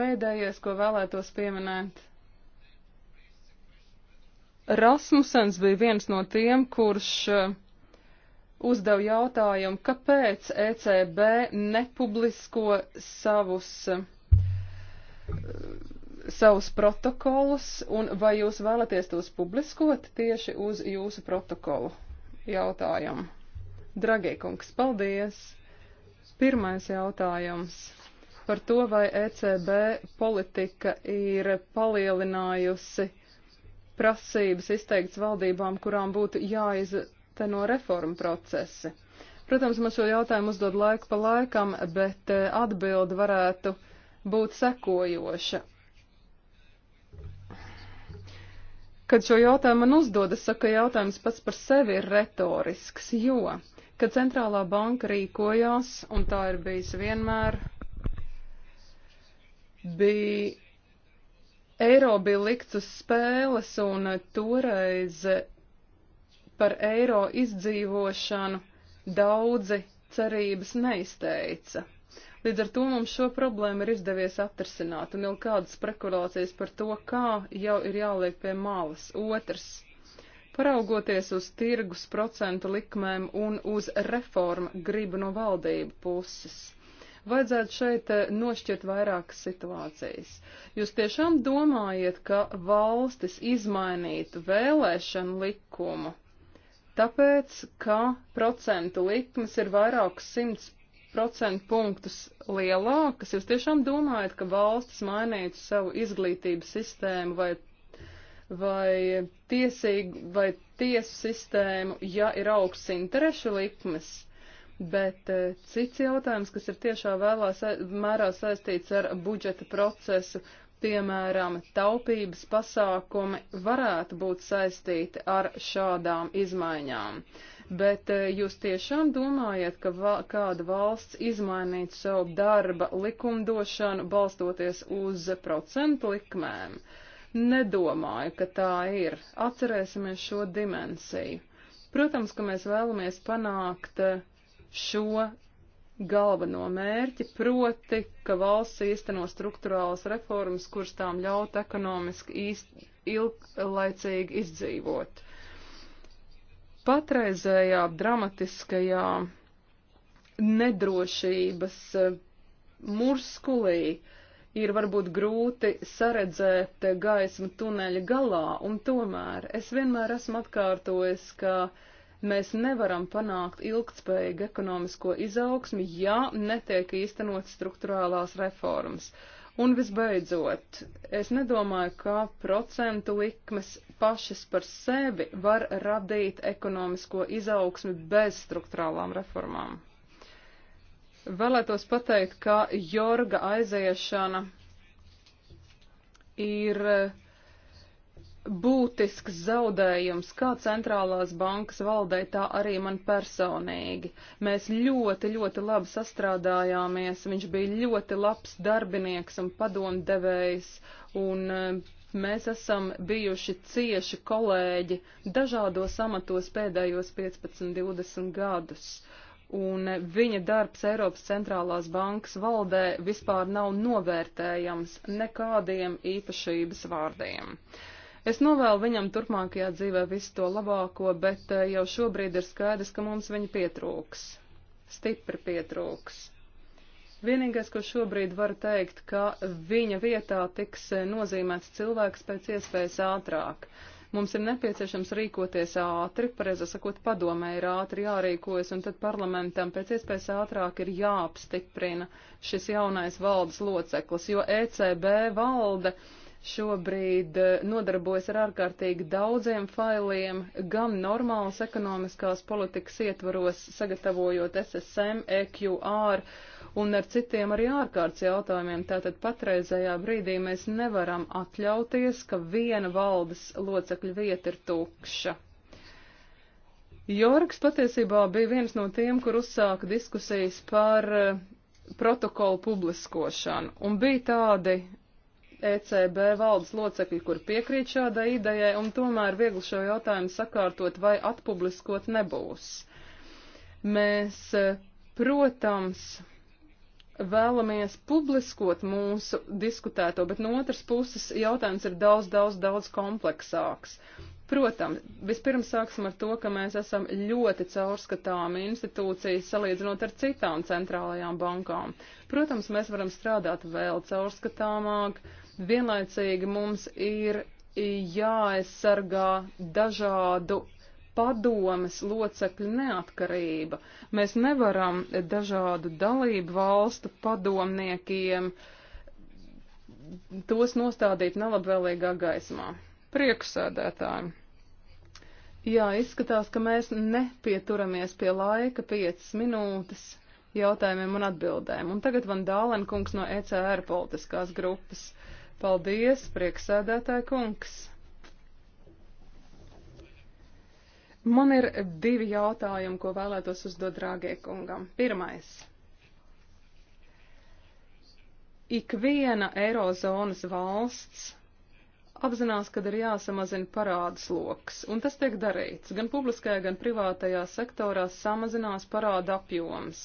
pēdējais, ko vēlētos pieminēt, Rasmusens bija viens no tiem, kurš uh, uzdeva jautājumu, kāpēc ECB nepublisko savus, uh, savus protokolus un vai jūs vēlaties tos publiskot tieši uz jūsu protokolu jautājumu. Dragie kungs, paldies! Pirmais jautājums par to, vai ECB politika ir palielinājusi prasības izteikts valdībām, kurām būtu jāizteno reformu procesi. Protams, man šo jautājumu uzdod laiku pa laikam, bet eh, atbildi varētu būt sekojoša. Kad šo jautājumu man uzdod, es saku, ka jautājums pats par sevi ir retorisks, jo, kad centrālā banka rīkojās, un tā ir bijis vienmēr, bija Eiro bija likts uz spēles un toreiz par eiro izdzīvošanu daudzi cerības neizteica. Līdz ar to mums šo problēmu ir izdevies atrisināt, un jau kādas prekurācijas par to, kā jau ir jāliek pie malas. Otrs. Paraugoties uz tirgus procentu likmēm un uz reformu gribu no valdību puses. Vajadzētu šeit eh, nošķirt vairākas situācijas. Jūs tiešām domājat, ka valstis izmainītu vēlēšanu likumu, tāpēc, ka procentu likmes ir vairākus simts procentu punktus lielākas, jūs tiešām domājat, ka valstis mainītu savu izglītības sistēmu vai, vai tiesīgu vai tiesu sistēmu, ja ir augsts interešu likmes? Bet e, cits jautājums, kas ir tiešā vēlā, mērā saistīts ar budžeta procesu, piemēram, taupības pasākumi varētu būt saistīti ar šādām izmaiņām. Bet e, jūs tiešām domājat, ka va kāda valsts izmainītu savu darba likumdošanu balstoties uz procentu likmēm? Nedomāju, ka tā ir. Atcerēsimies šo dimensiju. Protams, ka mēs vēlamies panākt e, šo galveno mērķi, proti, ka valsts īsteno struktūrālas reformas, kuras tām ļaut ekonomiski īst, ilglaicīgi izdzīvot. Patreizējā dramatiskajā nedrošības eh, murskulī ir varbūt grūti saredzēt gaismu tuneļa galā, un tomēr es vienmēr esmu atkārtojis, ka uh, Mēs nevaram panākt ilgtspējīgu ekonomisko izaugsmi, ja netiek īstenot struktūrālās reformas. Un visbeidzot, es nedomāju, ka procentu likmes pašas par sevi var radīt ekonomisko izaugsmi bez struktūrālām reformām. Vēlētos pateikt, ka Jorga aiziešana ir uh, būtisks zaudējums kā centrālās bankas valdē, tā arī man personīgi. Mēs ļoti, ļoti labi sastrādājāmies, viņš bija ļoti labs darbinieks un padomdevējs, un eh, mēs esam bijuši cieši kolēģi dažādos amatos pēdējos 15-20 gadus. Un eh, viņa darbs Eiropas centrālās bankas valdē vispār nav novērtējams nekādiem īpašības vārdiem. Uh, Es novēlu viņam turpmākajā dzīvē visu to labāko, bet eh, jau šobrīd ir skaidrs, ka mums viņa pietrūks. Stipri pietrūks. Vienīgais, ko šobrīd varu teikt, ka viņa vietā tiks eh, nozīmēts cilvēks pēc iespējas ātrāk. Mums ir nepieciešams rīkoties ātri, pareizi sakot, padomē ir ātri jārīkojas, un tad parlamentam pēc iespējas ātrāk ir jāapstiprina šis jaunais valdes loceklis, jo ECB valde uh, šobrīd eh, nodarbojas ar ārkārtīgi daudziem failiem, gan normālas ekonomiskās politikas ietvaros, sagatavojot SSM, EQR un ar citiem arī ārkārtas jautājumiem. Tātad patreizējā brīdī mēs nevaram atļauties, ka viena valdes locekļu vieta ir tukša. Jorgs patiesībā bija viens no tiem, kur uzsāka diskusijas par eh, protokolu publiskošanu, un bija tādi ECB valdes locekļi, kur piekrīt šādai idejai, un tomēr viegli šo jautājumu sakārtot vai atpubliskot nebūs. Mēs, e, protams, vēlamies publiskot mūsu diskutēto, bet no otras puses jautājums ir daudz, daudz, daudz kompleksāks. Protams, vispirms sāksim ar to, ka mēs esam ļoti caurskatāmi institūcijas salīdzinot ar citām centrālajām bankām. Protams, mēs varam strādāt vēl caurskatāmāk, Vienlaicīgi mums ir jāaizsargā dažādu padomes locekļu neatkarība. Mēs nevaram dažādu dalību valstu padomniekiem tos nostādīt nelabvēlīgā gaismā. Priekšsēdētāji. Jā, izskatās, ka mēs nepieturamies pie laika 5 minūtes jautājumiem un atbildēm. Un tagad Van Dālenkungs no ECR politiskās grupas. Uh, Paldies, prieksēdētāja kungs. Man ir divi jautājumi, ko vēlētos uzdot drāgie kungam. Pirmais. Ikviena Eirozonas valsts apzinās, ka ir jāsamazina parādas lokus, un tas tiek darīts. Gan publiskajā, gan privātajā sektorā samazinās parāda apjoms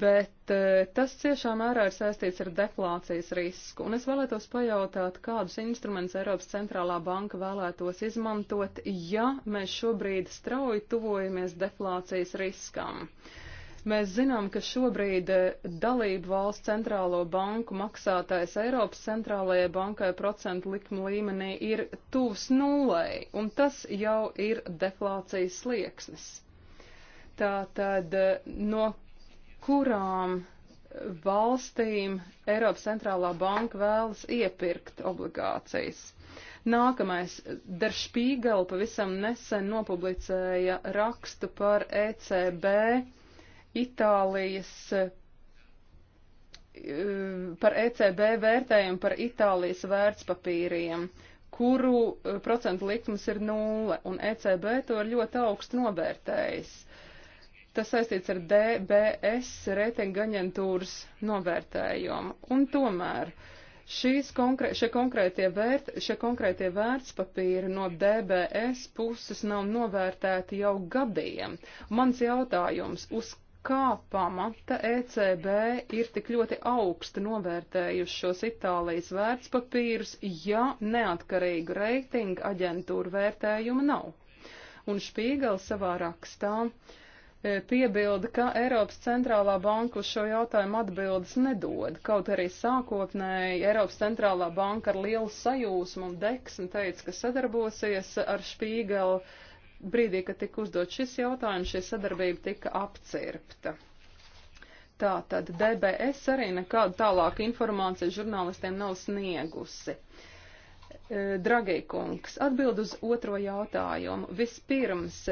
bet eh, tas ciešā mērā ir saistīts ar deflācijas risku. Un es vēlētos pajautāt, kādus instrumentus Eiropas centrālā banka vēlētos izmantot, ja mēs šobrīd strauji tuvojamies deflācijas riskam. Mēs zinām, ka šobrīd eh, dalību valsts centrālo banku maksātais Eiropas centrālajai bankai procentu likuma līmenī ir tuvs nulai, un tas jau ir deflācijas slieksnis. Tātad eh, no kurām valstīm Eiropas centrālā banka vēlas iepirkt obligācijas. Nākamais, Der Spiegel pavisam nesen nopublicēja rakstu par ECB Itālijas eh, par ECB vērtējumu par Itālijas vērtspapīriem, kuru eh, procentu likums ir nulle, un ECB to ir ļoti augstu novērtējis. Uh, Tas saistīts ar DBS reitinga aģentūras novērtējumu. Un tomēr šīs konkrē, šie, konkrētie vērt, šie konkrētie vērtspapīri no DBS puses nav novērtēti jau gadiem. Mans jautājums, uz kā pamata ECB ir tik ļoti augsti novērtējuši šos Itālijas vērtspapīrus, ja neatkarīgu reitingu aģentūru vērtējumu nav? Un Špīgels savā rakstā uh, E, piebilda, ka Eiropas centrālā banka uz šo jautājumu atbildes nedod. Kaut arī sākotnēji Eiropas centrālā banka ar lielu sajūsmu un deksmu teica, ka sadarbosies ar Špīgelu. Brīdī, kad tika uzdot šis jautājums, šī sadarbība tika apcirpta. Tā tad DBS arī nekādu tālāku informāciju žurnālistiem nav sniegusi. E, Dragie kungs, atbild uz otro jautājumu. Vispirms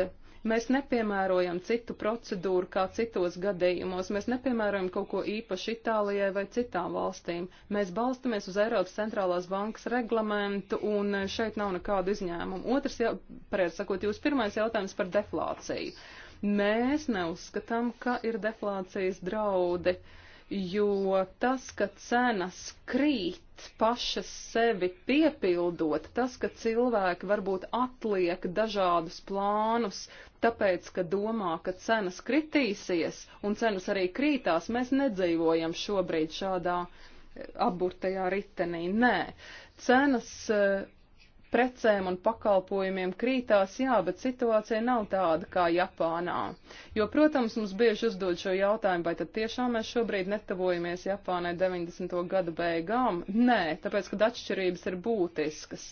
Mēs nepiemērojam citu procedūru kā citos gadījumos, mēs nepiemērojam kaut ko īpaši Itālijai vai citām valstīm. Mēs balstamies uz Eiropas centrālās bankas reglamentu un šeit nav nekādu izņēmumu. Otrs, ja, pareizi sakot, jūs pirmais jautājums par deflāciju. Mēs neuzskatām, ka ir deflācijas draudi. Uh, jo tas, ka cenas krīt pašas sevi piepildot, tas, ka cilvēki varbūt atliek dažādus plānus, tāpēc, ka domā, ka cenas kritīsies un cenas arī krītās, mēs nedzīvojam šobrīd šādā eh, apburtajā ritenī. Nē, cenas eh, precēm un pakalpojumiem krītās, jā, bet situācija nav tāda kā Japānā. Jo, protams, mums bieži uzdod šo jautājumu, vai tad tiešām mēs šobrīd netavojamies Japānai 90. gadu beigām? Nē, tāpēc, kad atšķirības ir būtiskas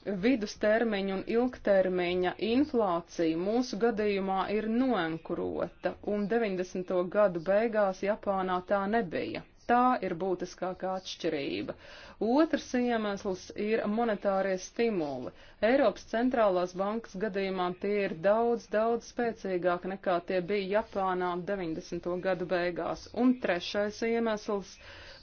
vidustermiņa un ilgtermiņa inflācija mūsu gadījumā ir noenkurota, un 90. gadu beigās Japānā tā nebija. Tā ir būtiskākā atšķirība. Otrs iemesls ir monetārie stimuli. Eiropas centrālās bankas gadījumā tie ir daudz, daudz spēcīgāki nekā tie bija Japānā 90. gadu beigās. Un trešais iemesls.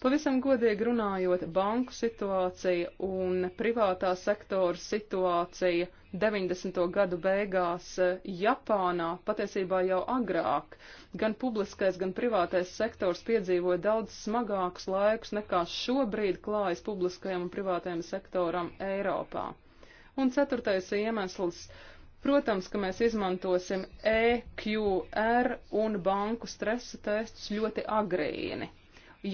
Pavisam godīgi runājot, banku situācija un privātā sektora situācija 90. gadu beigās eh, Japānā, patiesībā jau agrāk, gan publiskais, gan privātais sektors piedzīvoja daudz smagākus laikus nekā šobrīd klājas publiskajam un privātajam sektoram Eiropā. Un ceturtais iemesls. Protams, ka mēs izmantosim EQR un banku stresa testus ļoti agrīni.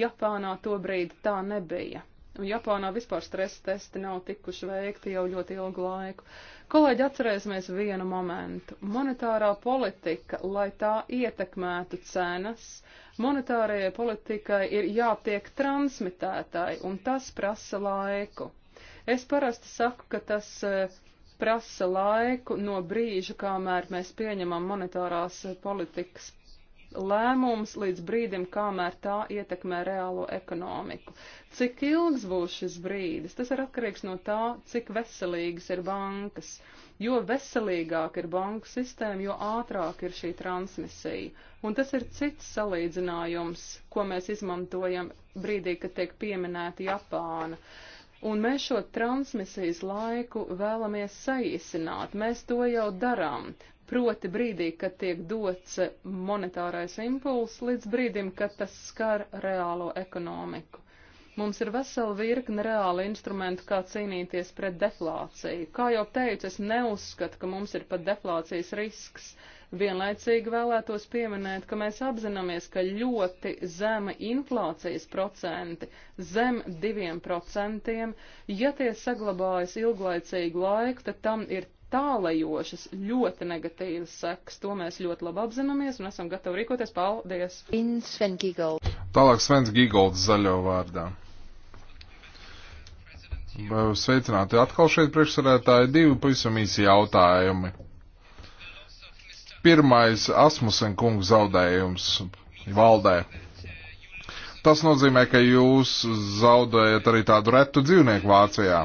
Japānā tobrīd tā nebija. Un Japānā vispār stresa testi nav tikuši veikti jau ļoti ilgu laiku. Kolēģi, atcerēsimies vienu momentu. Monetārā politika, lai tā ietekmētu cenas, monetārajai politikai ir jātiek transmitētāji, un tas prasa laiku. Es parasti saku, ka tas eh, prasa laiku no brīža, kamēr mēs pieņemam monetārās politikas lēmums līdz brīdim, kamēr tā ietekmē reālo ekonomiku. Cik ilgs būs šis brīdis? Tas ir atkarīgs no tā, cik veselīgas ir bankas. Jo veselīgāk ir banku sistēma, jo ātrāk ir šī transmisija. Un tas ir cits salīdzinājums, ko mēs izmantojam brīdī, kad tiek pieminēta Japāna. Un mēs šo transmisijas laiku vēlamies saīsināt. Mēs to jau darām proti brīdī, kad tiek dots monetārais impuls, līdz brīdim, kad tas skar reālo ekonomiku. Mums ir vesela virkne reāla instrumentu, kā cīnīties pret deflāciju. Kā jau teicu, es neuzskatu, ka mums ir pat deflācijas risks. Vienlaicīgi vēlētos pieminēt, ka mēs apzināmies, ka ļoti zema inflācijas procenti, zem diviem procentiem, ja tie saglabājas ilglaicīgu laiku, tad tam ir tālajošas, ļoti negatīvas sekas. To mēs ļoti labi apzināmies un esam gatavi rīkoties. Paldies! Sven Tālāk Svens Gigolds zaļo vārdā. Sveicināti atkal šeit priekšsarētāji divi pavisam īsi jautājumi. Pirmais Asmusen kungu zaudējums valdē. Tas nozīmē, ka jūs zaudējat arī tādu retu dzīvnieku Vācijā.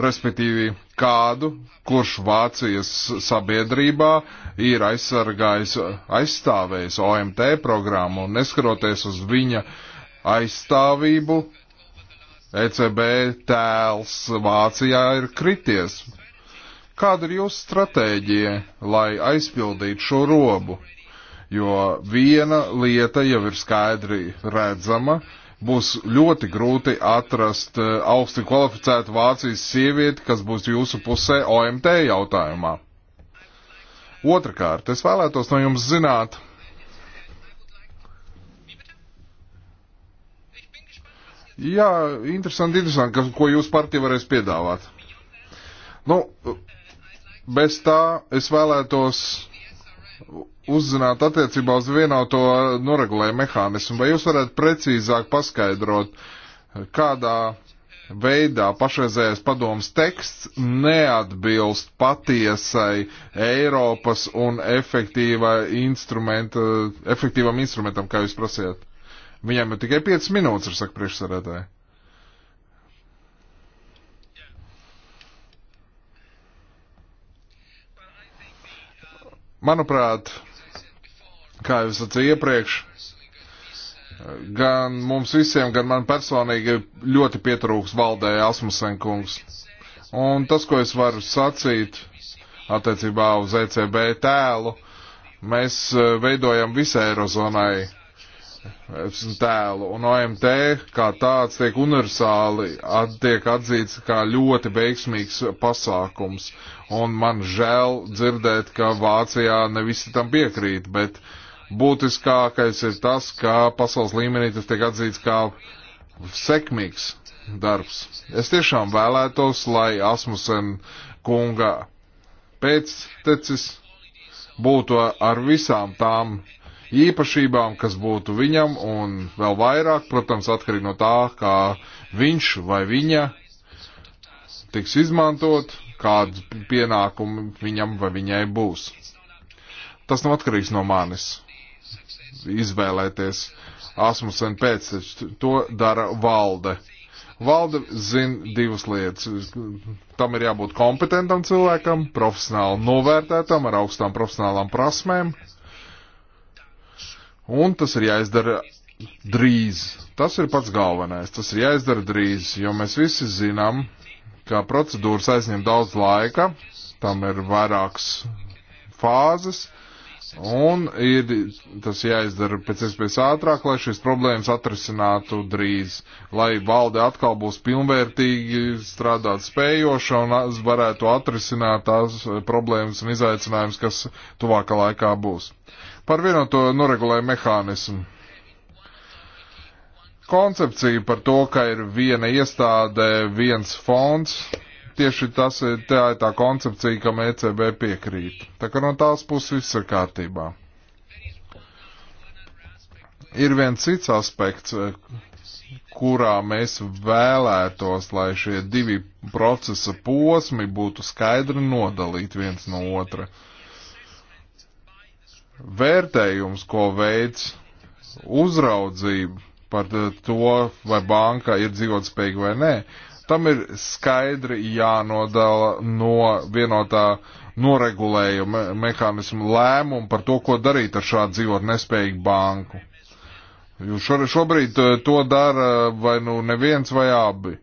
Respektīvi, kādu, kurš Vācijas sabiedrībā ir aizsargājis, aizstāvējis OMT programmu un neskaroties uz viņa aizstāvību, ECB tēls Vācijā ir krities. Kāda ir jūsu stratēģija, lai aizpildītu šo robu? Jo viena lieta jau ir skaidri redzama, uh, būs ļoti grūti atrast eh, augsti kvalificētu Vācijas sievieti, kas būs jūsu pusē OMT jautājumā. Otrakārt, es vēlētos no jums zināt, Jā, interesanti, interesanti, kas, ko jūs partija varēs piedāvāt. Nu, bez tā es vēlētos uzzināt attiecībā uz vienoto noregulēju mehānismu. Vai jūs varētu precīzāk paskaidrot, kādā veidā pašreizējais padomas teksts neatbilst patiesai Eiropas un instrumenta, efektīvam instrumentam, kā jūs prasījāt? Viņam ir tikai 5 minūtes, ar saka priekšsarētāji. Manuprāt, kā jau sacīju iepriekš, gan mums visiem, gan man personīgi ļoti pietrūks valdēja Asmusenkungs. Un tas, ko es varu sacīt attiecībā uz ECB tēlu, mēs eh, veidojam visai Eirozonai tēlu, un OMT kā tāds tiek universāli at, tiek atzīts kā ļoti veiksmīgs pasākums. Un man žēl dzirdēt, ka Vācijā ne visi tam piekrīt, bet būtiskākais ir tas, ka pasaules līmenī tas tiek atzīts kā sekmīgs darbs. Es tiešām vēlētos, lai Asmusen kunga pēctecis būtu ar visām tām uh, īpašībām, kas būtu viņam, un vēl vairāk, protams, atkarīgi no tā, kā viņš vai viņa tiks izmantot, kādu pienākumu viņam vai viņai būs. Tas nav atkarīgs no manis izvēlēties Asmusen pēc, to dara valde. Valde zina divas lietas. Tam ir jābūt kompetentam cilvēkam, profesionāli novērtētam, ar augstām profesionālām prasmēm. Un tas ir jāizdara drīz. Tas ir pats galvenais. Tas ir jāizdara drīz, jo mēs visi zinām, ka procedūras aizņem daudz laika, tam ir vairākas fāzes, un ir, tas jāizdara pēc iespējas ātrāk, lai šīs problēmas atrisinātu drīz, lai valde atkal būs pilnvērtīgi strādāt spējoša un varētu atrisināt tās problēmas un izaicinājumus, kas tuvākā laikā būs. Par vienoto noregulēju mehānismu. Koncepcija par to, ka ir viena iestāde, viens fonds, tieši tas ir tā, ir tā koncepcija, kam ECB piekrīt. Tā kā no tās puses viss ir kārtībā. Ir viens cits aspekts, kurā mēs vēlētos, lai šie divi procesa posmi būtu skaidri nodalīti viens no otra. Uh, vērtējums, ko veids uzraudzība par to, vai banka ir dzīvotspējīga vai nē, tam ir skaidri jānodala no vienotā noregulējuma mehānismu lēmumu par to, ko darīt ar šādu dzīvot nespējīgu banku. Jo šobrīd eh, to dara eh, vai nu neviens vai abi.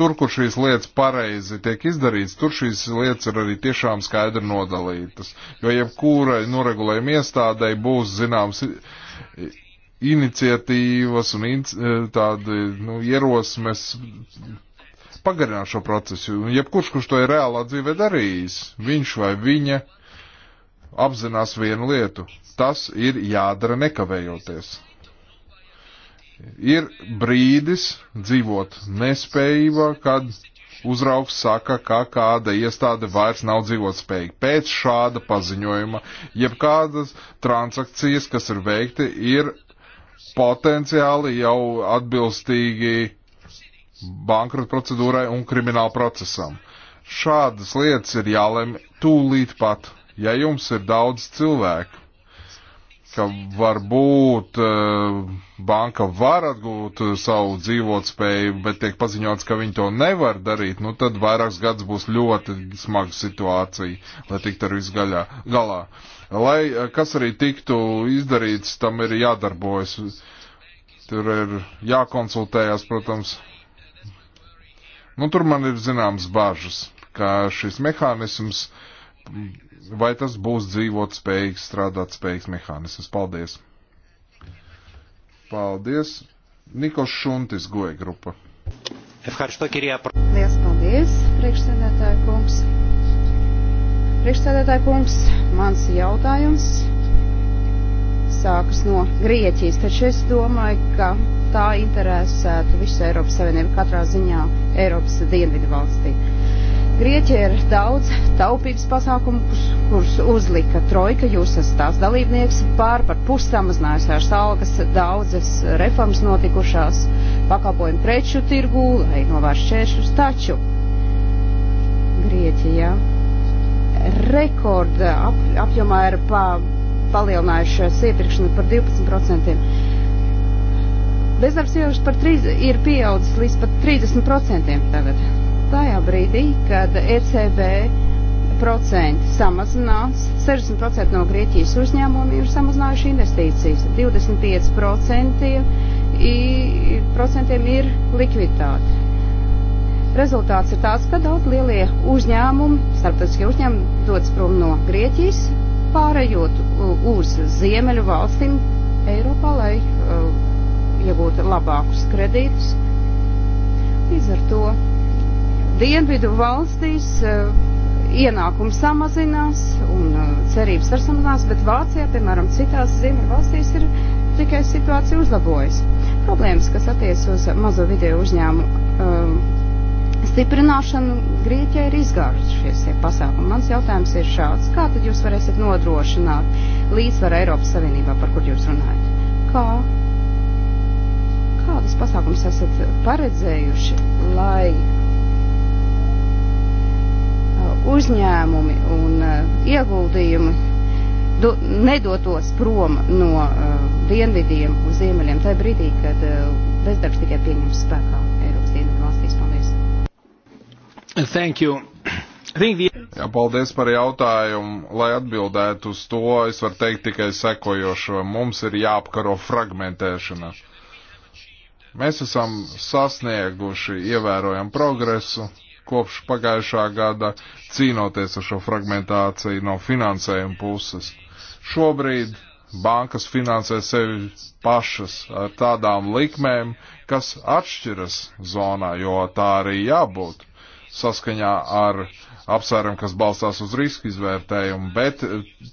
tur, kur šīs lietas pareizi tiek izdarītas, tur šīs lietas ir arī tiešām skaidri nodalītas. Jo jebkurai noregulējuma iestādei būs zināms iniciatīvas un in, e, tādi nu, ierosmes pagarināt šo procesu. Un jebkurš, kurš to ir reālā dzīvē darījis, viņš vai viņa apzinās vienu lietu. Tas ir jādara nekavējoties. Ir brīdis dzīvot nespējībā, kad uzraugs saka, ka kāda iestāde vairs nav dzīvotspējīga. Pēc šāda paziņojuma, jebkādas transakcijas, kas ir veikti, ir potenciāli jau atbilstīgi bankrota procedūrai un krimināla procesam. Šādas lietas ir jālem tūlīt pat, ja jums ir daudz cilvēku ka varbūt eh, banka var atgūt eh, savu dzīvotspēju, bet tiek paziņots, ka viņi to nevar darīt, nu tad vairāks gads būs ļoti smaga situācija, lai tiktu ar visu gaļā, galā. Lai eh, kas arī tiktu izdarīts, tam ir jādarbojas. Tur ir jākonsultējās, protams. Nu, tur man ir zināms bažas, ka šis mehānisms vai tas būs dzīvot spējīgs, strādāt spējīgs mehānisms. Paldies! Paldies! Nikos Šuntis, goja grupa. Lielas paldies, priekšsēdētāja kungs. Priekšsēdētāja kungs, mans jautājums sākas no Grieķijas, taču es domāju, ka tā interesētu visu Eiropas Savienību katrā ziņā Eiropas dienvidu valstī. Grieķija ir daudz taupības pasākumu, kurus uzlika trojka, jūs esat tās dalībnieks, pār par pus samazinājušās algas, daudzas reformas notikušās pakalpojumu preču tirgū, lai novērš šķēršus, taču Grieķijā rekorda ap, apjomā ir pa, palielinājušās iepirkšana par 12%. Bezdarbs jau par 3, ir pieaudzis līdz pat 30% tagad tajā brīdī, kad ECB procenti samazinās, 60% no Grieķijas uzņēmumiem ir samazinājuši investīcijas, 25% ir likviditāte. Rezultāts ir tāds, ka daudz lielie uzņēmumi, starptautiskie uzņēmumi dodas prom no Grieķijas, pārējot uz ziemeļu valstīm Eiropā, lai uh, iegūtu labākus kredītus. Līdz ar to dienvidu valstīs eh, ienākums samazinās un eh, cerības var samazinās, bet Vācijā, piemēram, citās ziemeļu valstīs ir tikai situācija uzlabojas. Problēmas, kas attiec uz mazo video uzņēmumu um, eh, stiprināšanu, Grieķijai ir izgārušies tie pasākumi. Mans jautājums ir šāds. Kā tad jūs varēsiet nodrošināt līdzsvaru Eiropas Savienībā, par kur jūs runājat? Kā? Kādas pasākumas esat paredzējuši, lai uzņēmumi un eh, ieguldījumi do, nedotos prom no eh, dienvidiem uz ziemeļiem, tajā brīdī, kad eh, bezdarbs tikai pieņems spēkā Eiropas dienvidu valstīs. Paldies! Thank you. Jā, paldies par jautājumu. Lai atbildētu uz to, es varu teikt tikai sekojošo. Mums ir jāapkaro fragmentēšana. Mēs esam sasnieguši ievērojam progresu, kopš pagājušā gada cīnoties ar šo fragmentāciju no finansējuma puses. Šobrīd bankas finansē sevi pašas ar tādām likmēm, kas atšķiras zonā, jo tā arī jābūt saskaņā ar apsvērumu, kas balstās uz riska izvērtējumu, bet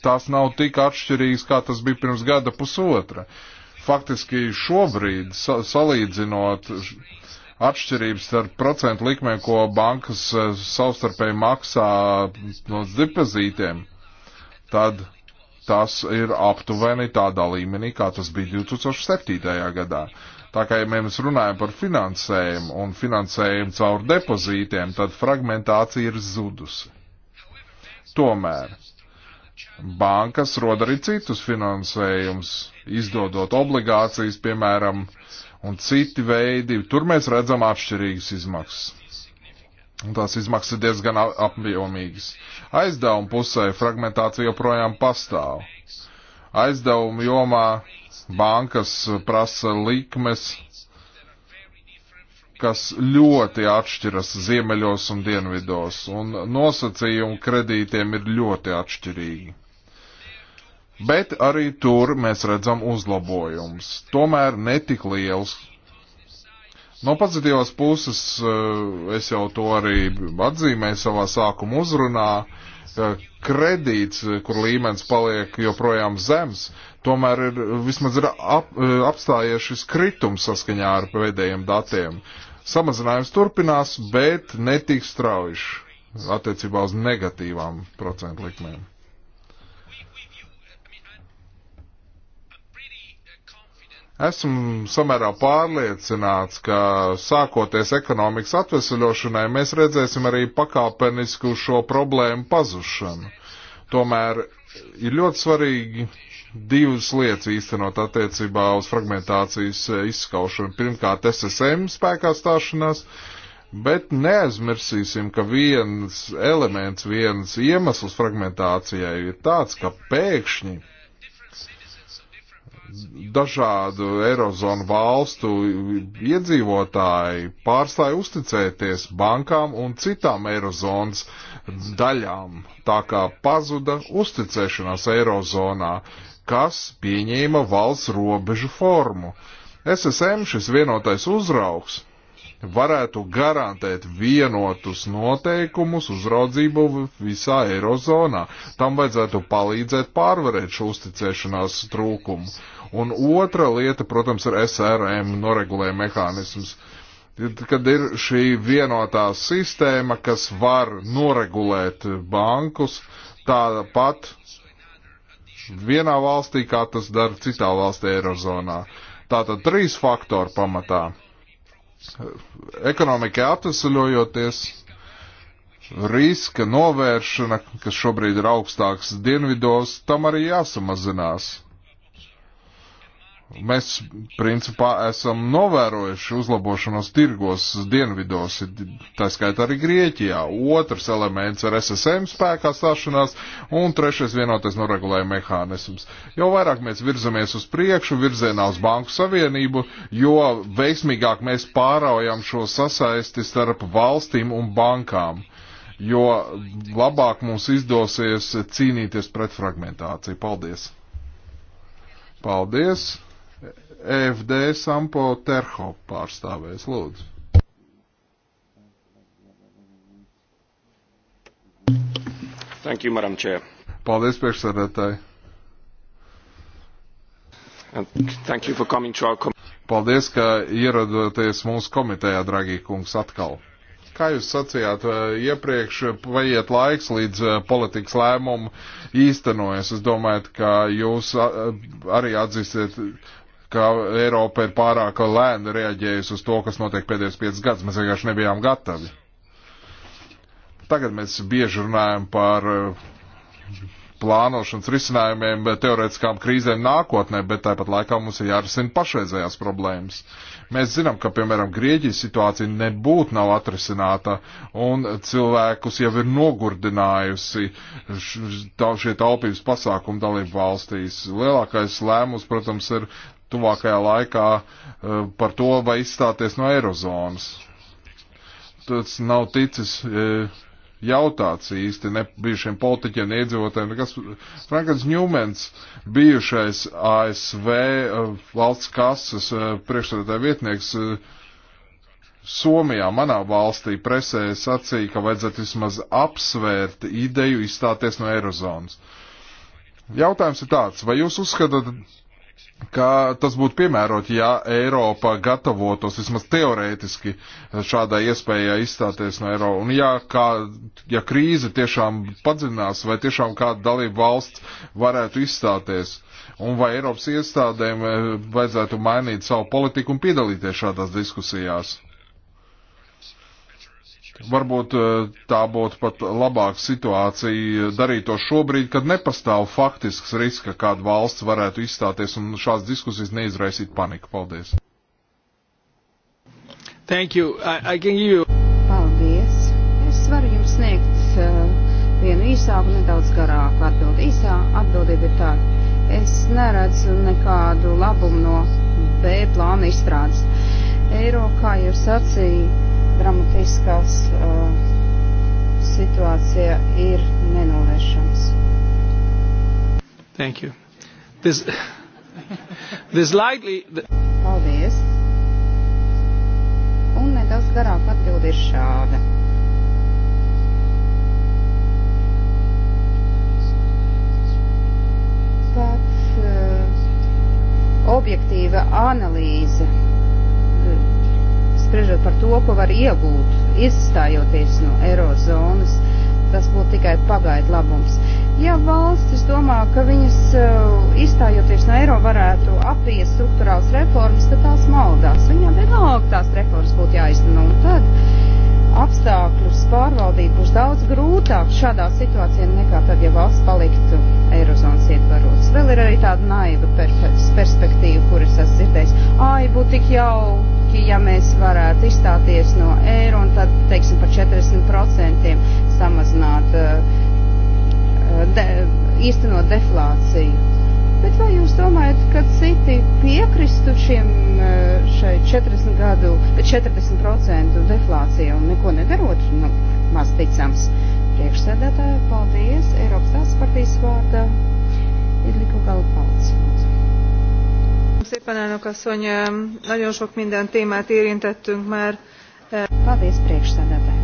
tās nav tik atšķirīgas, kā tas bija pirms gada pusotra. Faktiski šobrīd, sa salīdzinot atšķirības starp procentu likmēm, ko bankas e, savstarpēji maksā no depozītiem, tad tas ir aptuveni tādā līmenī, kā tas bija 2007. gadā. Tā kā ja mēs runājam par finansējumu un finansējumu caur depozītiem, tad fragmentācija ir zudusi. Tomēr bankas rod arī citus finansējumus, izdodot obligācijas, piemēram, uh, un citi veidi, tur mēs redzam atšķirīgas izmaksas. Un tās izmaksas ir diezgan apjomīgas. Aizdevuma pusē fragmentācija joprojām pastāv. Aizdevuma jomā bankas prasa likmes, kas ļoti atšķiras ziemeļos un dienvidos, un nosacījumi kredītiem ir ļoti atšķirīgi. Bet arī tur mēs redzam uzlabojums. Tomēr netik liels. No pozitīvās puses eh, es jau to arī atzīmēju savā sākuma uzrunā. Eh, kredīts, eh, kur līmenis paliek joprojām zems, tomēr ir, vismaz ir ap, apstājies šis kritums saskaņā ar pēdējiem datiem. Samazinājums turpinās, bet netik strauji attiecībā uz negatīvām procentu likmēm. Esmu samērā pārliecināts, ka sākoties ekonomikas atvesaļošanai, mēs redzēsim arī pakāpenisku šo problēmu pazušanu. Tomēr ir ļoti svarīgi divas lietas īstenot attiecībā uz fragmentācijas izskaušanu. Pirmkārt, SSM spēkā stāšanās, bet neaizmirsīsim, ka viens elements, viens iemesls fragmentācijai ir tāds, ka pēkšņi dažādu Eirozonu valstu iedzīvotāji pārstāja uzticēties bankām un citām Eirozonas daļām, tā kā pazuda uzticēšanās Eirozonā, kas pieņēma valsts robežu formu. SSM šis vienotais uzraugs varētu garantēt vienotus noteikumus uzraudzību visā Eirozonā. Tam vajadzētu palīdzēt pārvarēt šo uzticēšanās trūkumu. Un otra lieta, protams, ir SRM noregulējuma mehānisms. Kad ir šī vienotā sistēma, kas var noregulēt bankus, tāpat vienā valstī, kā tas dara citā valstī Eirozonā. Tātad trīs faktori pamatā ekonomikai atvesaļojoties, riska novēršana, kas šobrīd ir augstāks dienvidos, tam arī jāsamazinās. Mēs, principā, esam novērojuši uzlabošanos tirgos dienvidos, tā skaitā arī Grieķijā. Otrs elements ar SSM spēkā stāšanās un trešais vienotais noregulējuma mehānisms. Jo vairāk mēs virzamies uz priekšu, virzienā uz Banku Savienību, jo veiksmīgāk mēs pāraujam šo sasaisti starp valstīm un bankām, jo labāk mums izdosies cīnīties pret fragmentāciju. Paldies! Paldies! EFD Sampo Terhop pārstāvēs, lūdzu. Thank you, Madam Chair. Paldies, priekšsēdētāji. Thank you for coming to our Paldies, ka ieradoties mūsu komitejā, dragī kungs, atkal. Kā jūs sacījāt, eh, iepriekš paiet laiks, līdz eh, politikas lēmumu īstenojas. Es domāju, ka jūs eh, arī atzīsiet ka Eiropa ir pārāk lēna reaģējusi uz to, kas notiek pēdējos 5 gadus. Mēs vienkārši nebijām gatavi. Tagad mēs bieži runājam par eh, plānošanas risinājumiem, eh, teorētiskām krīzēm nākotnē, bet tāpat laikā mums ir jārisina pašreizējās problēmas. Mēs zinām, ka, piemēram, Grieķijas situācija nebūtu nav atrisināta un cilvēkus jau ir nogurdinājusi šie taupības pasākumi dalību valstīs. Lielākais lēmums, protams, ir tuvākajā laikā eh, par to, vai izstāties no eirozonas. Tas nav ticis eh, jautāts īsti ne bijušiem politiķiem, ne iedzīvotājiem. Nekas. Frankens Ņūmens, bijušais ASV eh, valsts kases priekšsēdētāja vietnieks, Somijā, manā valstī, presē sacīja, ka vajadzētu vismaz apsvērt ideju izstāties no Eirozonas. Jautājums ir tāds, vai jūs uzskatāt ka tas būtu piemērot, ja Eiropa gatavotos vismaz teorētiski šādai iespējai izstāties no eiro. Un ja, kā, ja krīze tiešām padzinās, vai tiešām kāda dalība valsts varētu izstāties, un vai Eiropas iestādēm eh, vajadzētu mainīt savu politiku un piedalīties šādās diskusijās. Varbūt eh, tā būtu pat labāka situācija eh, darīt to šobrīd, kad nepastāv faktisks risks, ka kāda valsts varētu izstāties un šādas diskusijas neizraisīt paniku. Paldies! Thank you. I, I can give you... Paldies! Es varu jums sniegt uh, vienu īsāku, nedaudz garāku atbildi. Īsā atbildība ir tāda. Es neredzu nekādu labumu no B plāna izstrādes. Eiro, kā jūs sacījāt, dramatiskās uh, situācija ir nenolēšams. Thank you. This, this likely... Paldies. Un nedaudz garāk atbildi ir šāda. Pat uh, objektīva analīze spriežot par to, ko var iegūt, izstājoties no eirozonas, tas būtu tikai pagaidu labums. Ja valstis domā, ka viņas eh, izstājoties no eiro varētu apies struktūrāls reformas, tad tās maldās. Viņām vienalga tās reformas būtu jāizteno un tad apstākļus pārvaldīt būs daudz grūtāk šādā situācijā nekā tad, ja valsts paliktu Eirozonas ietvaros. Vēl ir arī tāda naiva perspektīva, kuras esmu dzirdējis. Ai, būtu tik jauki, ja mēs varētu izstāties no eiro un tad, teiksim, par 40% samazināt, eh, eh, de, īstenot deflāciju Bet vai jūs domājat, ka citi piekristu šiem e, šai 40 gadu, 40% deflācija un neko nedarot? Nu, maz ticams. Priekšsēdētāja, paldies. Eiropas tās partijas vārdā ir liku galu paldies. Szépen, elnök asszony, nagyon sok minden témát érintettünk már. E, paldies, priekšsēdētāji.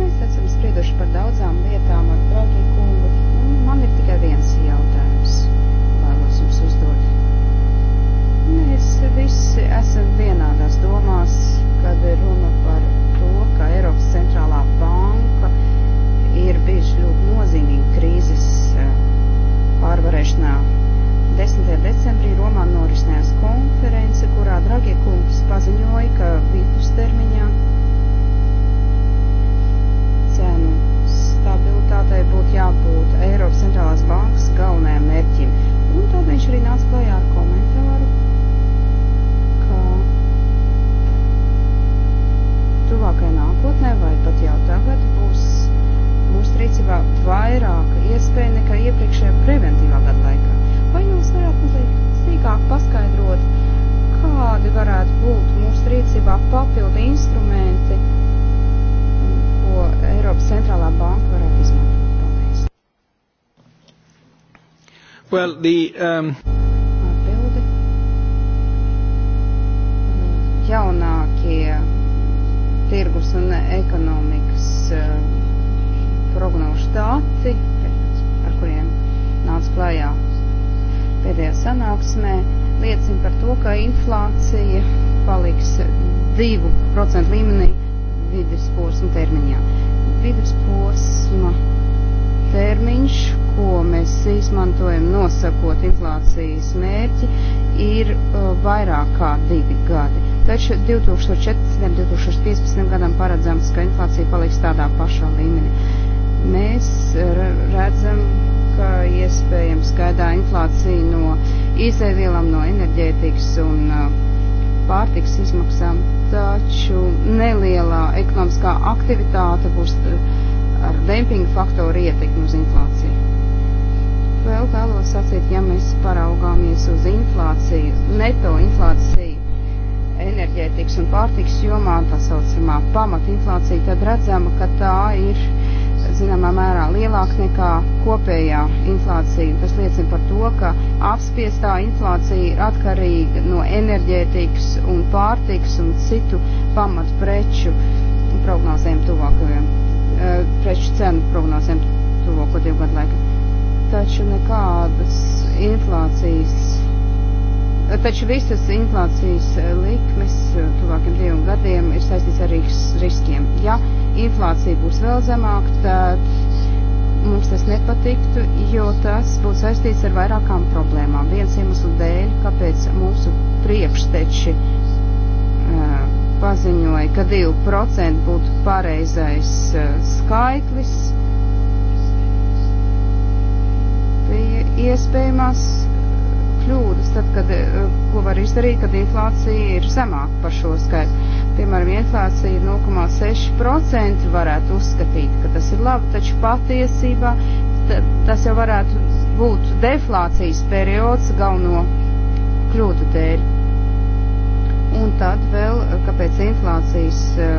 Mēs esam sprieduši par daudzām lietām ar Dragi kungu Un man ir tikai viens jautājums, vēlos jums uzdot. Mēs visi esam vienādās domās, kad ir runa par to, ka Eiropas centrālā banka ir bijuši ļoti nozīmīgi krīzes eh, pārvarēšanā 10. decembrī Romā norisinājās konference, kurā Dragie kungs paziņoja, ka vidustermiņā cenu stabilitātei būtu jābūt Eiropas centrālās bankas galvenajam mērķim. Un tad viņš arī nāca klajā ar komentāru, ka tuvākajā nākotnē vai pat jau tagad būs mūsu rīcībā vairāk iespēju nekā iepriekšējā preventīvā gada laikā. Vai jūs varētu mazliet sīkāk paskaidrot, kādi varētu būt mūsu rīcībā papildi instrumenti, ko Eiropas centrālā banka izmantot. Paldies. Well, the, um... Atbildi. Jaunākie tirgus un ekonomikas uh, prognožu dati, ar kuriem nāca klājā pēdējā sanāksmē, liecina par to, ka inflācija paliks 2% līmenī vidusposma termiņā vidusposma termiņš, ko mēs izmantojam nosakot inflācijas mērķi, ir uh, vairāk kā divi gadi. Taču 2014. un 2015. gadam paredzams, ka inflācija paliks tādā pašā līmenī. Mēs uh, redzam, ka iespējams gaidā inflācija no izēvielām, no enerģētikas un uh, pārtiks izmaksām taču nelielā ekonomiskā aktivitāte būs eh, ar dempingu faktoru ietekmi uz inflāciju. Vēl vēlos sacīt, ja mēs paraugāmies uz inflāciju, neto inflāciju enerģētikas un pārtiks jomā, tā saucamā pamatinflācija, tad redzama, ka tā ir zināmā mērā lielāks nekā kopējā inflācija. Tas liecina par to, ka apspiestā inflācija ir atkarīga no enerģētikas un pārtikas un citu pamatpreču prognozēm tuvākajiem, eh, preču cenu prognozēm tuvāko divu gadu laikā. Taču nekādas inflācijas Taču visas inflācijas eh, likmes eh, tuvākiem diviem gadiem ir saistīts ar riskiem. Ja inflācija būs vēl zemāka, tad mums tas nepatiktu, jo tas būtu saistīts ar vairākām problēmām. Viens iemesls dēļ, kāpēc mūsu priekšteči uh, paziņoja, ka 2% būtu pareizais uh, skaitlis, bija iespējamās kļūdas, tad, kad, e, ko var izdarīt, kad inflācija ir zemāka par šo skaitu. Piemēram, inflācija ir 0,6% varētu uzskatīt, ka tas ir labi, taču patiesībā tas jau varētu būt deflācijas periods galveno kļūdu dēļ. Un tad vēl, eh, kāpēc inflācijas eh,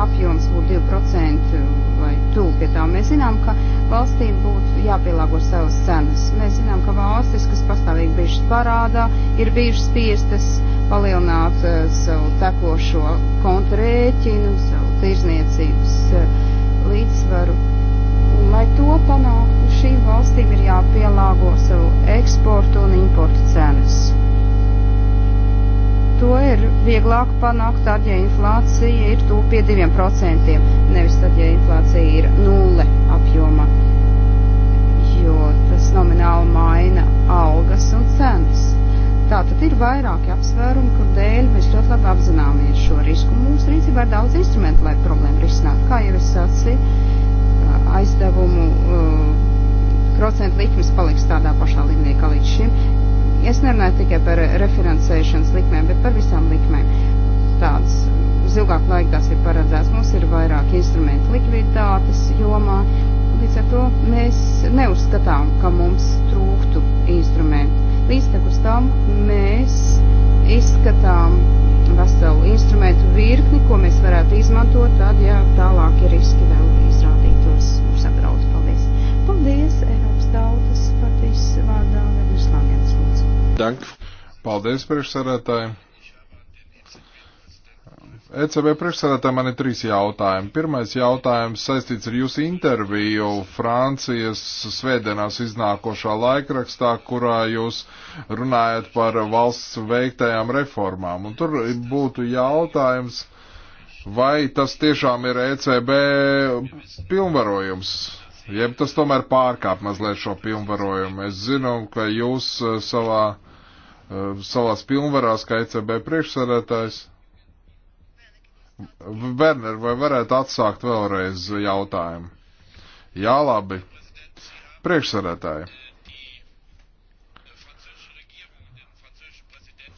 apjoms būtu 2% vai tuvu pie tā, mēs zinām, ka valstīm būtu jāpielāgo savas cenas. Mēs zinām, ka valstis, kas pastāvīgi bijušas parādā, ir bijušas spiestas palielināt uh, savu tekošo kontu rēķinu, savu tirzniecības uh, līdzsvaru. Un, lai to panāktu, šīm valstīm ir jāpielāgo savu eksportu un importu cenas to ir vieglāk panākt tad, ja inflācija ir tūp pie diviem procentiem, nevis tad, ja inflācija ir nulle apjoma, jo tas nomināli maina algas un cenas. Tātad ir vairāki apsvērumi, kur dēļ mēs ļoti labi apzināmies šo risku. Mūsu rīcībā ir daudz instrumentu, lai problēmu risinātu. Kā jau es sacīju, aizdevumu procentu likmes paliks tādā pašā līmenī kā līdz šim Es nerunāju tikai par refinansēšanas likmēm, bet par visām likmēm. Tāds uz ilgāku laiku tas ir paredzēts. Mums ir vairāk instrumentu likviditātes jomā. Līdz ar to mēs neuzskatām, ka mums trūktu instrumentu. Līdztekus tam mēs izskatām veselu instrumentu virkni, ko mēs varētu izmantot, tad, ja tālākie riski vēl izrādītos mums apdraud. Paldies! Paldies, Eva! Dank. Paldies, priekšsarētāji. ECB priekšsēdētāji man ir trīs jautājumi. Pirmais jautājums saistīts ar jūsu interviju Francijas svētdienās iznākošā laikrakstā, kurā jūs runājat par valsts veiktajām reformām. Un tur būtu jautājums, vai tas tiešām ir ECB pilnvarojums, jeb tas tomēr pārkāp mazliet šo pilnvarojumu. Es zinu, ka jūs eh, savā Uh, savās pilnvarās kā ECB priekšsēdētājs. Werner, vai varētu atsākt vēlreiz jautājumu? Jā, labi. Priekšsēdētāji.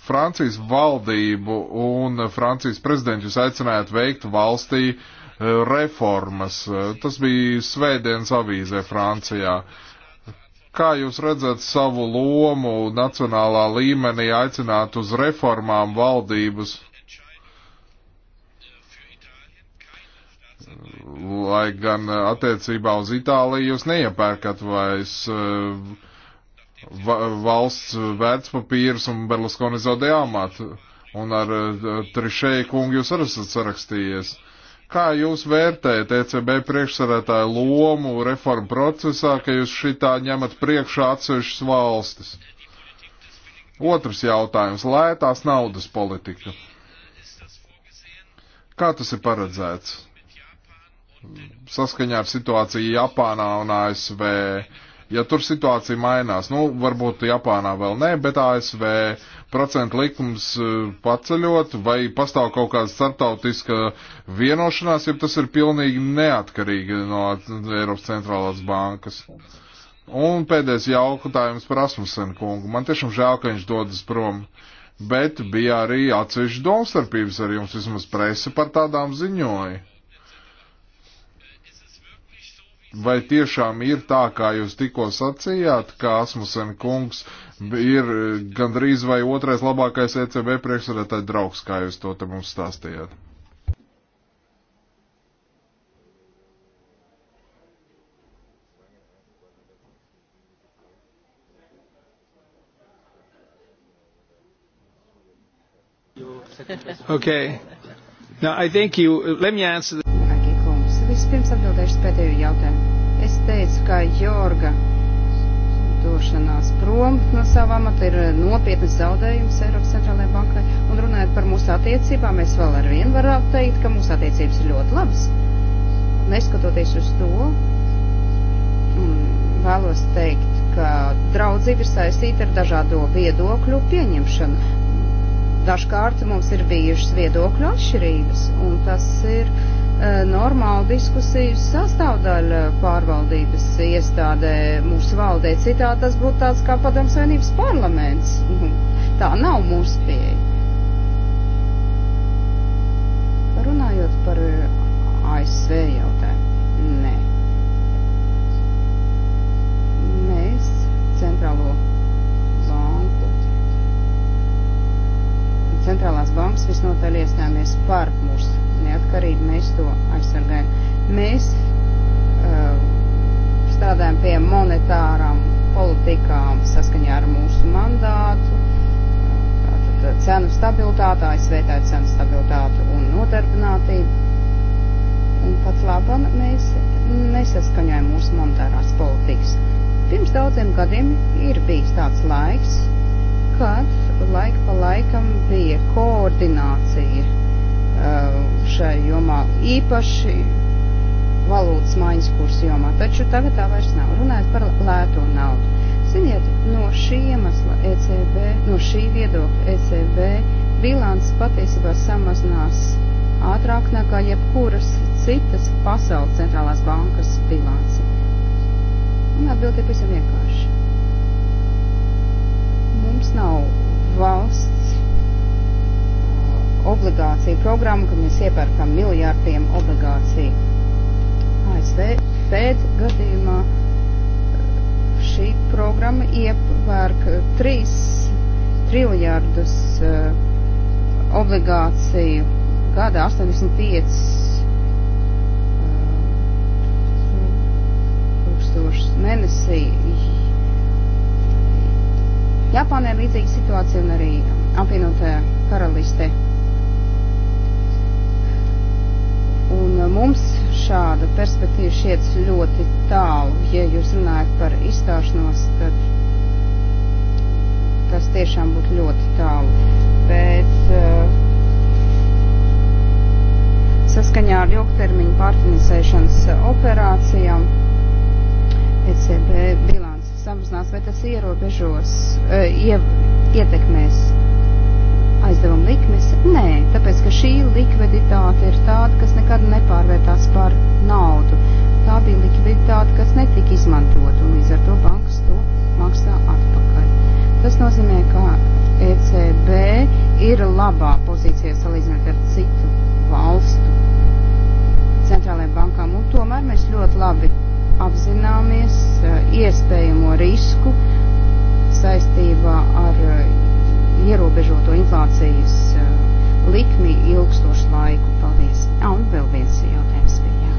Francijas valdību un Francijas prezidentu jūs aicinājāt veikt valstī uh, reformas. Uh, tas bija svētdienas avīzē Francijā. Uh, Kā jūs redzat savu lomu nacionālā līmenī aicināt uz reformām valdības, lai gan attiecībā uz Itāliju jūs neiepērkat vairs eh, va, valsts vērtspapīrus un Berluskoni zaudē amatu, un ar eh, Trišēju kungu jūs arī esat sarakstījies. Uh, Kā jūs vērtējat ECB priekšsarētāju lomu reformu procesā, ka jūs šitā ņemat priekšā atsevišķas valstis? Otrs jautājums - lētās naudas politika. Kā tas ir paredzēts? Saskaņā ar situāciju Japānā un ASV ja tur situācija mainās, nu, varbūt Japānā vēl nē, bet ASV procentu likums e, paceļot, vai pastāv kaut kāda starptautiska vienošanās, ja tas ir pilnīgi neatkarīgi no Eiropas centrālās bankas. Un pēdējais jautājums par Asmusenu kungu. Man tiešām žēl, ka viņš dodas prom, bet bija arī atsevišķi domstarpības ar jums, vismaz presa par tādām ziņoja vai tiešām ir tā, kā jūs tikko sacījāt, ka Asmusen kungs ir gandrīz vai otrais labākais ECB priekšsēdētāja draugs, kā jūs to te mums stāstījāt? okay. Now I think you let me answer Vispirms atbildēšu pēdējo jautājumu. Es teicu, ka Jorga došanās prom no sava amata ir eh, nopietnas zaudējums Eiropas centrālajai bankai. Un runājot par mūsu attiecībām, es vēl ar vienu varētu teikt, ka mūsu attiecības ir ļoti labas. Neskatoties uz to, vēlos teikt, ka draudzība ir saistīta ar dažādo viedokļu pieņemšanu. Dažkārt mums ir bijušas viedokļu atšķirības, un tas ir uh, Eh, normāla diskusiju sastāvdaļa pārvaldības iestādē mūsu valdē. Citā tas būtu tāds kā padomsainības parlaments. Nu, tā nav mūsu pieeja. Runājot par ASV jautājumu, nē. Mēs centrālo banku, centrālās bankas visnotaļ iestājāmies par mūsu neatkarību, mēs to aizsargājam. Mēs uh, strādājam pie monetārām politikām saskaņā ar mūsu mandātu, tātad uh, cenu stabilitāte, aizsvētā cenu stabilitāte un nodarbinātība. Un pat labam mēs nesaskaņojam mūsu monetārās politikas. Pirms daudziem gadiem ir bijis tāds laiks, kad laika pa laikam bija koordinācija Uh, šai jomā, īpaši valūtas maiņas kursu jomā, taču tagad tā vairs nav. Runājot par lēto naudu. Ziniet, no šī iemesla ECB, no šī viedokļa ECB bilants patiesībā samazinās ātrāk nekā jebkuras citas pasaules centrālās bankas bilanci. Un atbildi ir pavisam vienkārši. Mums nav valsts obligāciju programmu, ka mēs iepērkam miljārdiem obligāciju. ASV Fed gadījumā eh, šī programma iepērk 3 triljārdus uh, eh, obligāciju gadā 85 eh, tūkstošus uh, mēnesī. Japānā ir līdzīga situācija un arī apvienotā karaliste Un uh, mums šāda perspektīva šiet ļoti tālu. Ja jūs runājat par izstāšanos, tad tas tiešām būtu ļoti tālu. Bet uh, saskaņā ar ilgtermiņu pārfinansēšanas uh, operācijām ECB bilants samazinās, vai tas ierobežos, uh, ie, ietekmēs aizdevuma likmes? Nē, tāpēc, ka šī likviditāte ir tāda, kas nekad nepārvērtās par naudu. Tā bija likviditāte, kas netika izmantot, un līdz ar to bankas to maksā atpakaļ. Tas nozīmē, ka ECB ir labā pozīcijā salīdzinot ar citu valstu centrālajām bankām, un tomēr mēs ļoti labi apzināmies e, iespējamo risku saistībā ar e, ierobežoto inflācijas eh, likmi ilgstošu laiku. Paldies. Jā, ah, un vēl viens jautājums bija.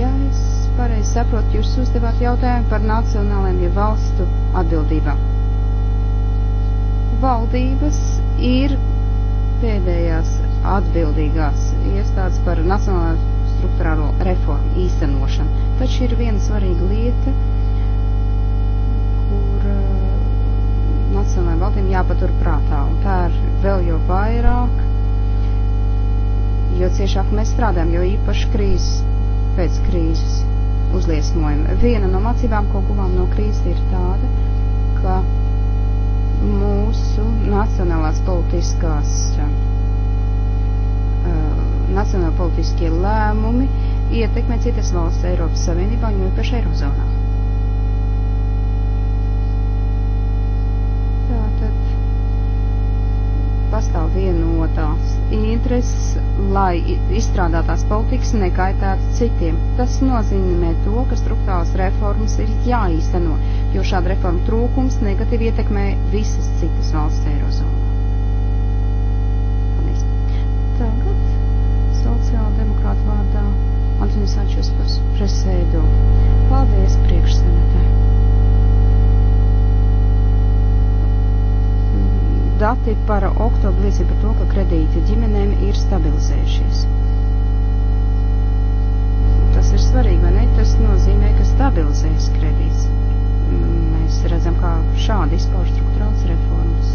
Ja es pareizi saprotu, jūs uzdevāt jautājumu par nacionālajiem ja valstu atbildībā. Valdības ir pēdējās atbildīgās iestādes par nacionālo struktūrālo reformu īstenošanu. Taču ir viena svarīga lieta, kur uh, nacionālajām valdīm jāpatur prātā. Un tā ir vēl jau vairāk, jo ciešāk mēs strādājam, jo īpaši krīzes pēc krīzes uzliesmojumi. Viena no mācībām, ko guvām no krīzes, ir tāda, ka mūsu nacionālās politiskās uh, eh, nacionāla politiskie lēmumi ietekmē citas valsts Eiropas Savienībā un īpaši Eirozonā. pastāv vienotās intereses, lai izstrādātās politikas nekaitētu citiem. Tas nozīmē to, ka struktūrās reformas ir jāīsteno, jo šāda reforma trūkums negatīvi ietekmē visas citas valsts eirozonā. Paldies. Tagad sociāla demokrāta vārdā Antoni Sančos presēdu. Paldies priekšsēdētāji. dati par oktobru liecina par to, ka kredīti ģimenēm ir stabilizējušies. Tas ir svarīgi, vai ne? Tas nozīmē, ka stabilizējas kredīts. Mēs redzam, kā šādi izpauž struktūrāls reformas.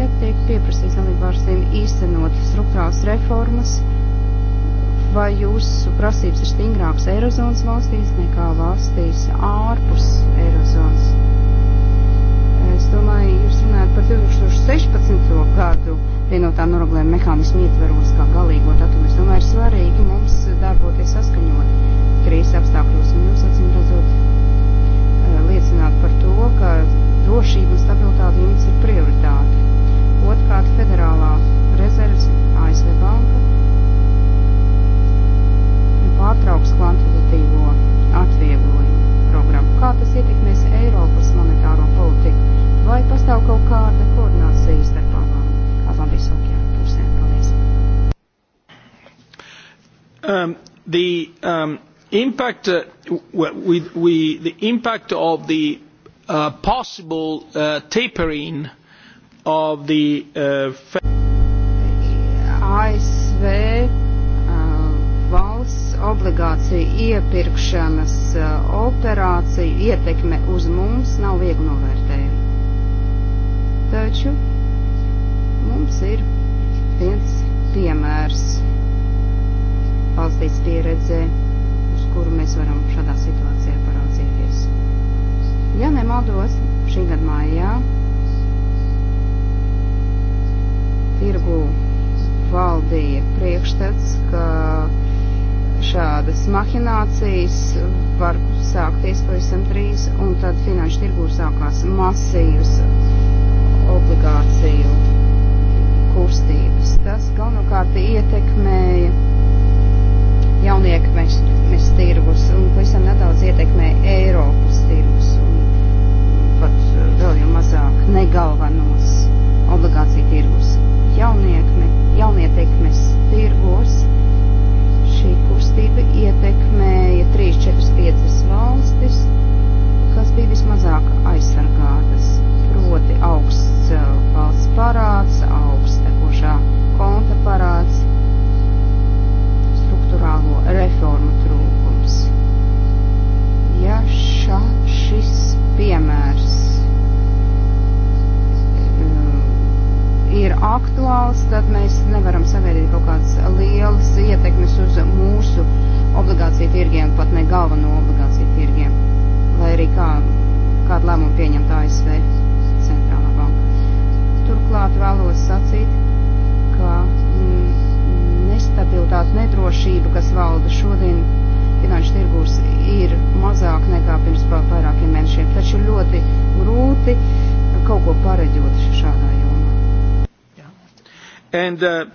Ja tiek pieprasīts dalībvalstīm īstenot struktūrāls reformas, vai jūsu prasības ir stingrākas Eirozonas valstīs nekā valstīs ārpus Eirozonas? Es domāju, jūs runājat par 2016. gadu vienotā noraglēm mehānismu ietveros kā galīgo datumu. Es domāju, ir svarīgi mums darboties saskaņot krīzes apstākļos. Un jūs, acīm redzot, eh, liecināt par to, ka drošība un stabilitāte jums ir prioritāte. Otrkārt, federālā rezerves ASV banka pārtrauks kvantitatīvo atvieglojumu programmu. Kā tas ietekmēs Eiropas monetāro politiku? vai pastāv kaut kāda koordinācija starp abām, abām visokiem pusēm? Paldies. Um, the, um, impact, uh, we, we, the impact of the uh, possible uh, tapering of the uh, ASV uh, valsts obligācija iepirkšanas uh, operācija ietekme uz mums nav viegli novērtējama. Taču mums ir viens piemērs balstīts pieredzē, uz kuru mēs varam šādā situācijā paraudzīties. Ja nemaldos, šī gada mājā tirgu valdīja priekšstats, ka šādas mahinācijas var sākties pavisam drīz, un tad finanšu tirgū sākās masīvas obligāciju kustības. Tas galvenokārt ietekmēja jauniekmeņas tirgus un pavisam nedaudz ietekmē Eiropas tirgus un pat uh, vēl jau mazāk negalvanos obligāciju tirgus. Jauniekme, jaunietekmes tirgos šī kustība ietekmēja 3, 4, 5 valstis, kas bija vismazāk aizsargātas proti augsts eh, valsts parāds, augsts tekošā konta parāds, struktūrālo reformu trūkums. Ja ša, šis piemērs eh, ir aktuāls, tad mēs nevaram sagaidīt kaut kādas lielas ietekmes uz mūsu obligāciju tirgiem, pat ne galveno obligāciju tirgiem, lai arī kā, kādu lēmumu pieņemtu ASV. Turklāt vēlos sacīt, ka mm, nestabilitāte, nedrošība, kas valda šodien finanšu tirgūs, ir mazāk nekā pirms vairākiem mēnešiem. Taču ļoti grūti kaut ko pareģot šādā jomā. And, uh...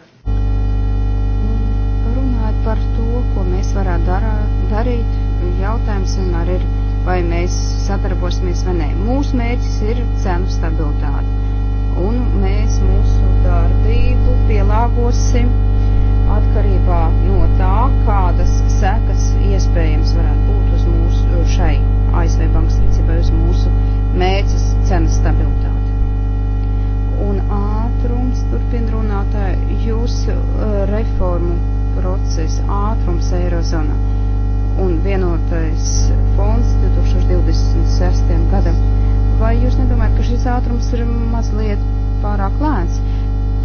Runājot par to, ko mēs varētu darā, darīt, jautājums vienmēr ir, vai mēs sadarbosimies vai nē. Mūsu mērķis ir cenu stabilitāte un mēs mūsu darbību pielāgosim atkarībā no tā, kādas sekas iespējams varētu būt uz mūsu šai ASV bankas rīcībai uz mūsu mērķis cenas stabilitāti. Un ātrums, turpin runātāji, jūsu uh, reformu procesa ātrums Eirozonā un vienotais fonds 2026. gadam vai jūs nedomājat, ka šis ātrums ir mazliet pārāk lēns,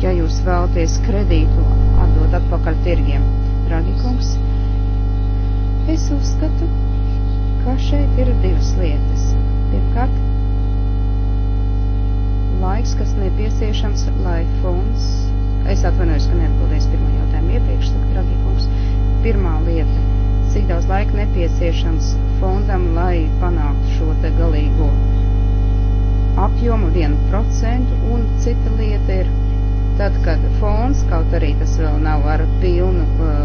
ja jūs vēlaties kredītu atdot atpakaļ tirgiem? Ragikungs, es uzskatu, ka šeit ir divas lietas. Pirmkārt, laiks, kas nepieciešams, lai fonds, es atvainojos, ka neatbildēju pirmo jautājumu iepriekš, saka Ragikungs, pirmā lieta, cik daudz laika nepieciešams fondam, lai panāktu šo te galīgo apjomu, 1%, un cita lieta ir tad, kad fonds, kaut arī tas vēl nav ar pilnu, uh,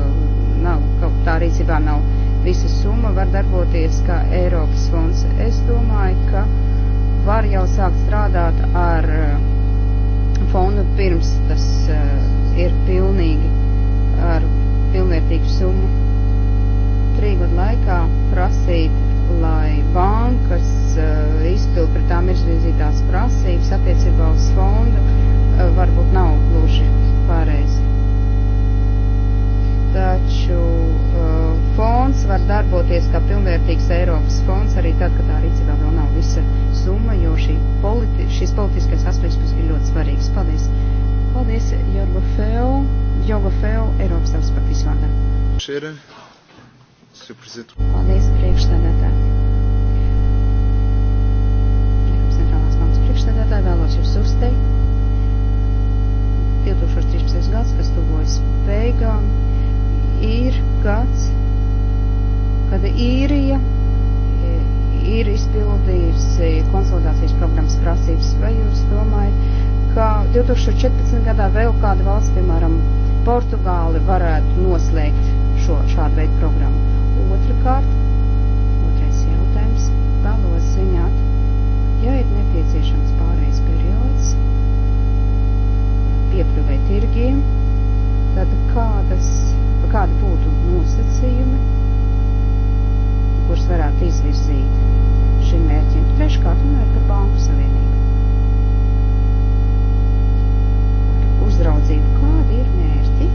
nav, kaut tā rīcībā nav visa summa, var darboties kā Eiropas fonds. Es domāju, ka var jau sākt strādāt ar uh, fondu pirms tas uh, ir pilnīgi ar pilnvērtīgu summu. Trīgad laikā prasīt lai bankas eh, izpildu pret tām izvirzītās prasības attiecībā uz fondu eh, varbūt nav gluži pareizi. Taču eh, fonds var darboties kā pilnvērtīgs Eiropas fonds arī tad, kad tā rīcībā vēl nav visa summa, jo šī politi šis politiskais aspekts ir ļoti svarīgs. Paldies! Paldies, Jorgo Feo, Jorgo Feo, Eiropas Tautas partijas vārdā. Paldies, priekšsēdētāji, vēlos jums uzteikt. 2013. gads, kas tuvojas beigām, ir gads, kad īrija e, ir izpildījusi konsolidācijas programmas prasības. Vai jūs domājat, ka 2014. gadā vēl kāda valsts, piemēram, Portugāli varētu noslēgt šo šādu veidu programmu? Otrakārt, otrais jautājums, vēlos ziņāt, Ja ir nepieciešams pārējais periods piekļuvai tirgiem, tad kādas, kādi būtu nosacījumi, kurus varētu izvirzīt šim mērķim? Treškārt, runājot par Banku Savienību. Uzraudzību, kādi ir mērķi?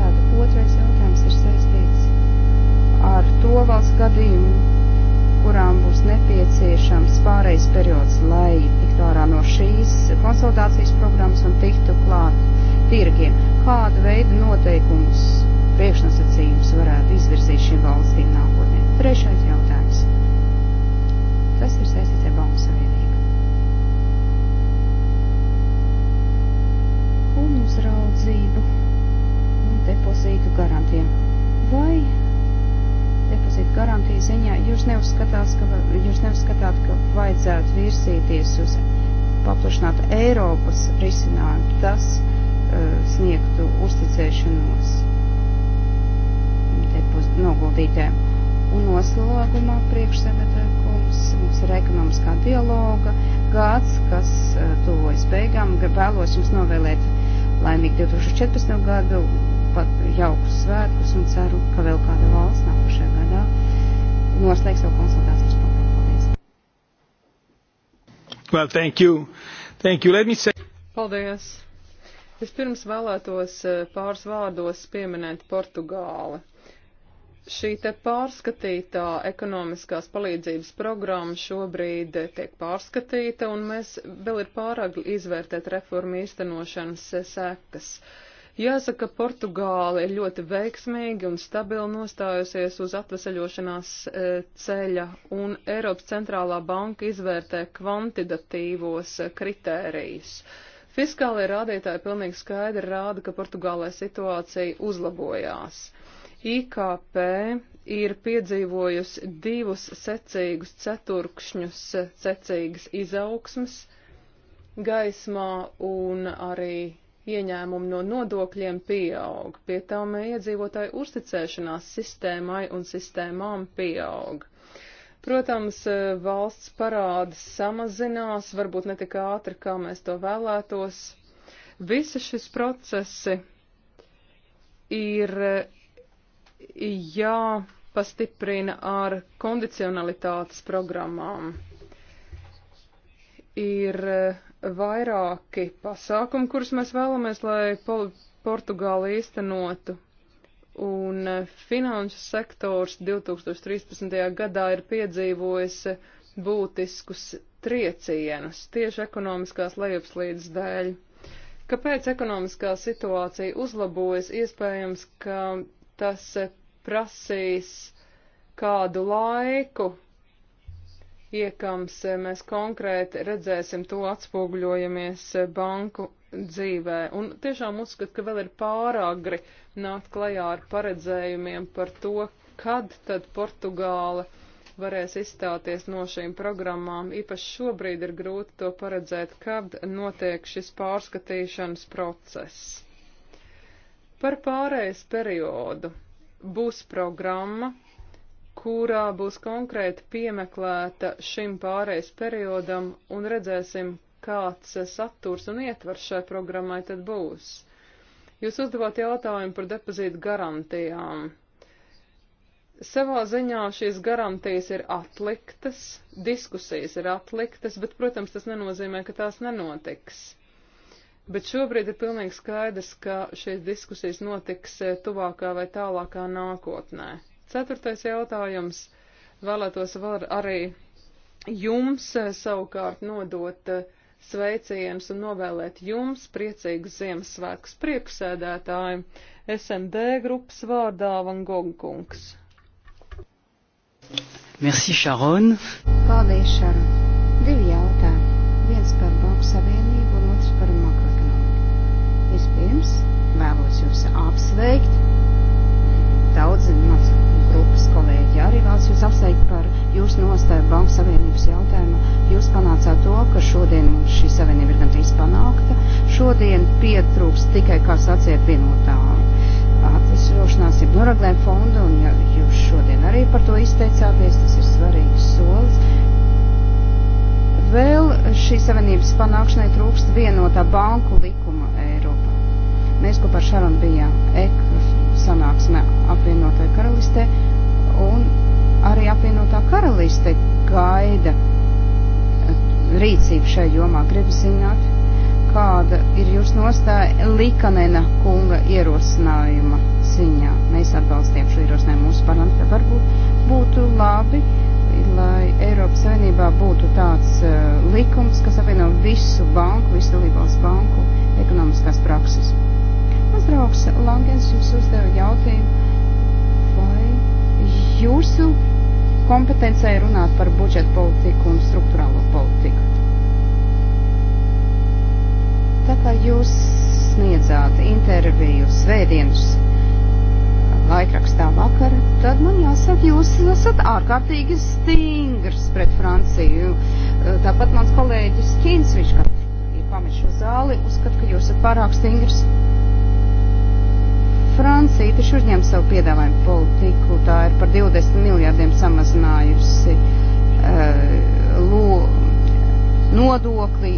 Tāda otrais jautājums ir saistīts ar to valsts gadījumu, kurām būs nepieciešams pārejas periods, lai tiktu ārā no šīs konsultācijas programmas un tiktu klāt tirgiem. Kādu veidu noteikumus, priekšnosacījumus varētu izvirzīt šīm valstīm nākotnē? Trešais jautājums. Tas ir saistīts ar Banku Savienību. Un uzraudzību un depozītu garantiem. Vai depozītu garantiju ziņā jūs neuzskatāt, ka, jūs neuzskatāt, ka vajadzētu virzīties uz paplašināt Eiropas risinājumu, tas uh, sniegtu uzticēšanos noguldītēm. Un noslēgumā priekšsēdētāja kungs, mums ir ekonomiskā dialoga gads, kas uh, tuvojas beigām. Vēlos jums novēlēt laimīgu 2014. gadu, pat jaukus svētkus un ceru, ka vēl kāda valsts nākošajā gadā noslēgt savu konsultācijas programmu. Paldies! Well, thank you. Thank you. Let me say... Paldies! Es pirms vēlētos eh, pāris vārdos pieminēt Portugāli. Šī te pārskatītā ekonomiskās palīdzības programma šobrīd tiek pārskatīta, un mēs vēl ir pārāk izvērtēt reformu īstenošanas sekas. Uh, Jāsaka, Portugāla ir ļoti veiksmīgi un stabili nostājusies uz atveseļošanās e, ceļa, un Eiropas centrālā banka izvērtē kvantitatīvos e, kritērijus. Fiskālie rādītāji pilnīgi skaidri rāda, ka Portugālē situācija uzlabojās. IKP ir piedzīvojusi divus secīgus ceturkšņus secīgas izaugsmas gaismā un arī ieņēmumi no nodokļiem pieaug, pie tām iedzīvotāju uzticēšanās sistēmai un sistēmām pieaug. Protams, eh, valsts parāds samazinās, varbūt ne tik ātri, kā mēs to vēlētos. Visi šis procesi ir eh, jāpastiprina ar kondicionalitātes programmām. Ir uh, vairāki pasākumi, kurus mēs vēlamies, lai Portugāla īstenotu. Un eh, finanšu sektors 2013. gadā ir piedzīvojis eh, būtiskus triecienus tieši ekonomiskās lejupslīdes dēļ. Kāpēc ekonomiskā situācija uzlabojas? Iespējams, ka tas eh, prasīs kādu laiku, iekams eh, mēs konkrēti redzēsim to atspoguļojamies eh, banku dzīvē. Un tiešām uzskat, ka vēl ir pāragri nākt klajā ar paredzējumiem par to, kad tad Portugāla varēs izstāties no šīm programmām. Īpaši šobrīd ir grūti to paredzēt, kad notiek šis pārskatīšanas process. Par pārējais periodu būs programma, kurā būs konkrēti piemeklēta šim pārējais periodam un redzēsim, kāds saturs un ietvars šai programmai tad būs. Jūs uzdevāt jautājumu par depozītu garantijām. Savā ziņā šīs garantijas ir atliktas, diskusijas ir atliktas, bet, protams, tas nenozīmē, ka tās nenotiks. Bet šobrīd ir pilnīgi skaidrs, ka šīs diskusijas notiks tuvākā vai tālākā nākotnē. Ceturtais jautājums. Vēlētos var arī jums eh, savukārt nodot eh, sveicienus un novēlēt jums priecīgu Ziemassvētkus priekšsēdētāju SMD grupas vārdā Van Gogkungs. Merci, Sharon. Paldies, Sharon. Divi jautājumi. Viens par Banku Savienību un otrs par makroekonomiku. Vispirms vēlos jūs apsveikt. Daudzi mazāk grupas kolēģi. Arī vēlas jūs apsveikt par jūsu nostāju Banku Savienības jautājumu. Jūs panācāt to, ka šodien mums šī savienība ir gandrīz panākta. Šodien pietrūks tikai, kā sacēt, vienotā atvesļošanās, ir noraglēm fonda, un ja jūs šodien arī par to izteicāties, tas ir svarīgs solis. Vēl šī savienības panākšanai trūkst vienotā banku likuma Eiropā. Mēs kopā ar Šaronu bijām ek sanāksmē apvienotajā karalistē, un arī apvienotā karaliste gaida eh, rīcību šai jomā. Gribu zināt, kāda ir jūsu nostāja Likanena kunga ierosinājuma ziņā. Mēs atbalstījām šo ierosinājumu mūsu parlamentā. Varbūt būtu labi, lai Eiropas Savienībā būtu tāds uh, likums, kas apvieno visu banku, visu dalībvalsts banku ekonomiskās prakses. Mans draugs Langens jums uzdeva jautājumu, vai jūsu kompetencē runāt par budžetu politiku un struktūrālo politiku. Tā kā jūs sniedzāt interviju svētdienas laikrakstā vakar, tad man jāsaka, jūs esat ārkārtīgi stingrs pret Franciju. Tāpat mans kolēģis Kīns, viņš, kad ir pamet šo zāli, uzskat, ka jūs esat pārāk stingrs Francija taču uzņem savu piedāvājumu politiku, tā ir par 20 miljārdiem samazinājusi uh, lo, nodokli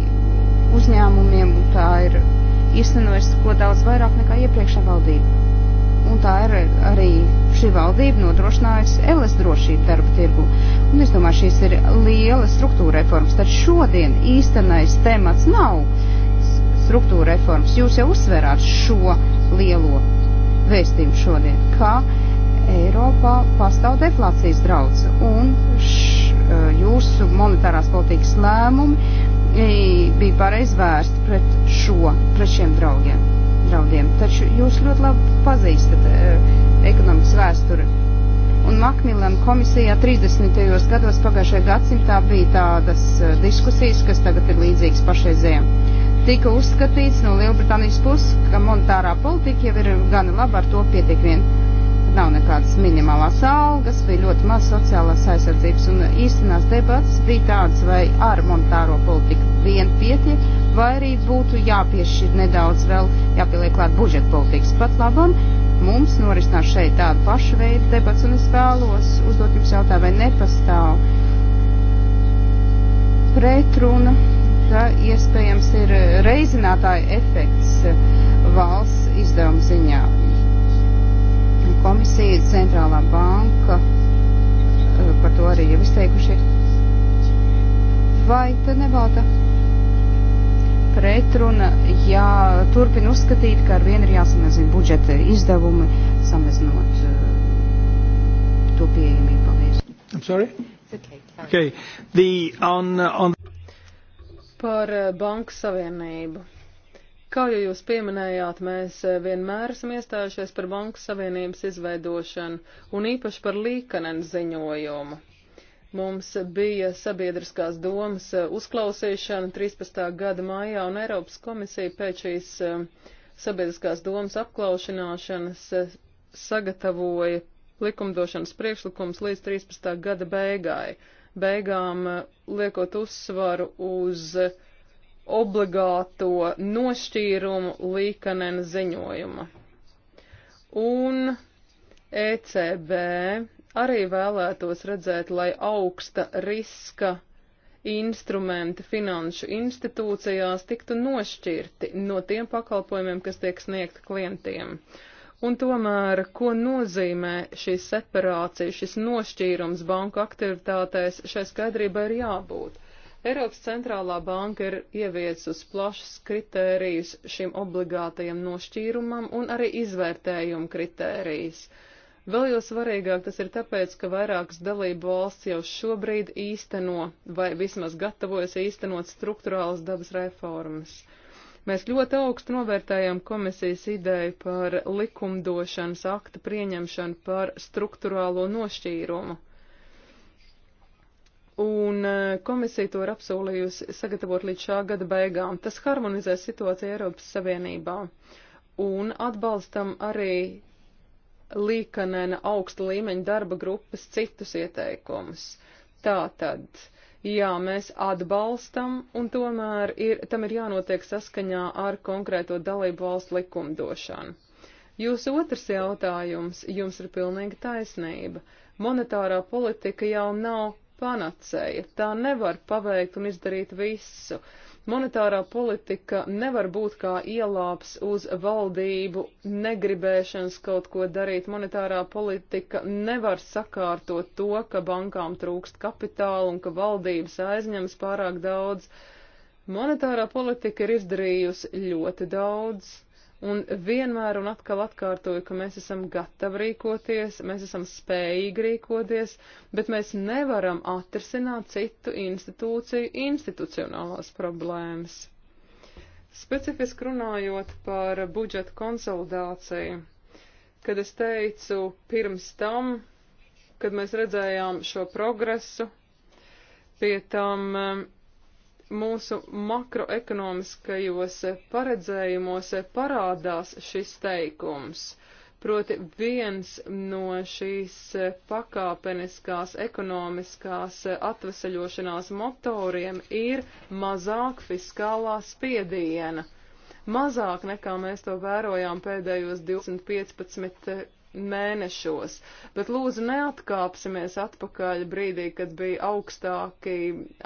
uzņēmumiem, un tā ir izcenojusi ko daudz vairāk nekā iepriekšējā valdība. Un tā ir arī šī valdība nodrošinājusi elas drošību darba tirgu. Un es domāju, šīs ir liela struktūra reformas, taču šodien īstenais temats nav struktūra reformas. Jūs jau uzsverāt šo lielo vēstījumu šodien, ka Eiropā pastāv deflācijas draudz un š, jūsu monetārās politikas lēmumi bija pareiz vērsti pret šo, pret šiem draugiem, draudiem. Taču jūs ļoti labi pazīstat ekonomikas vēsturi. Un Makmilam komisijā 30. gados pagājušajā gadsimtā bija tādas diskusijas, kas tagad ir līdzīgas pašreizējām tika uzskatīts no Lielbritānijas puses, ka monetārā politika jau ir gana laba, ar to pietiek vien. Nav nekādas minimālās algas, bija ļoti maz sociālās aizsardzības, un īstenās debats bija tāds, vai ar monetāro politiku vien pietiek, vai arī būtu jāpiešķir nedaudz vēl, jāpieliek klāt budžeta politikas. Pat labam, mums norisinās šeit tādu pašu veidu debats, un es vēlos uzdot jums jautājumu, vai nepastāv pretruna ka iespējams ir e, reizinātāja efekts e, valsts izdevuma ziņā. Komisija, centrālā banka e, par to arī jau izteikuši. Vai te nevalda pretruna, ja turpina uzskatīt, ka ar vienu ir jāsamazina budžeta izdevumi, samazinot uh, to pieejamību? Paldies. I'm sorry? It's okay. Okay. The, on, on... Par eh, Banku Savienību. Kā jau jūs pieminējāt, mēs eh, vienmēr esam iestājušies par Banku Savienības izveidošanu un īpaši par Līkanenu ziņojumu. Mums bija sabiedriskās domas eh, uzklausīšana 13. gada maijā un Eiropas komisija pēc šīs sabiedriskās domas apklaušanāšanas sagatavoja likumdošanas priekšlikums līdz 13. gada beigai beigām eh, liekot uzsvaru uz obligāto nošķīrumu līkanena ziņojuma. Un ECB arī vēlētos redzēt, lai augsta riska instrumenti finanšu institūcijās tiktu nošķirti no tiem pakalpojumiem, kas tiek sniegti klientiem. Uh, Un tomēr, ko nozīmē šī separācija, šis nošķīrums banku aktivitātēs, šai skaidrībai ir jābūt. Eiropas centrālā banka ir ieviesusi plašas kritērijas šim obligātajam nošķīrumam un arī izvērtējumu kritērijas. Vēl jau svarīgāk tas ir tāpēc, ka vairākas dalību valsts jau šobrīd īsteno vai vismaz gatavojas īstenot struktūrālas dabas reformas. Mēs ļoti augstu novērtējam komisijas ideju par likumdošanas akta pieņemšanu par struktūrālo nošķīrumu. Un e, komisija to ir apsolījusi sagatavot līdz šā gada beigām. Tas harmonizē situāciju Eiropas Savienībā. Un atbalstam arī Līkanena augsta līmeņa darba grupas citus ieteikumus. Tātad. Uh, jā, mēs atbalstam, un tomēr ir, tam ir jānotiek saskaņā ar konkrēto dalību valstu likumdošanu. Jūsu otrs jautājums, jums ir pilnīga taisnība. Monetārā politika jau nav panacēja, tā nevar paveikt un izdarīt visu. Uh, Monetārā politika nevar būt kā ielāps uz valdību negribēšanas kaut ko darīt. Monetārā politika nevar sakārtot to, ka bankām trūkst kapitāla un ka valdības aizņems pārāk daudz. Monetārā politika ir izdarījusi ļoti daudz un vienmēr un atkal atkārtoju, ka mēs esam gatavi rīkoties, mēs esam spējīgi rīkoties, bet mēs nevaram atrisināt citu institūciju institucionālās problēmas. Specifiski runājot par budžeta konsolidāciju, kad es teicu pirms tam, kad mēs redzējām šo progresu, pie tam mūsu makroekonomiskajos paredzējumos parādās šis teikums. Proti viens no šīs pakāpeniskās ekonomiskās atvesaļošanās motoriem ir mazāk fiskālā spiediena. Mazāk nekā mēs to vērojām pēdējos 20-15 mēnešos, bet lūdzu neatkāpsimies atpakaļ brīdī, kad bija augstāki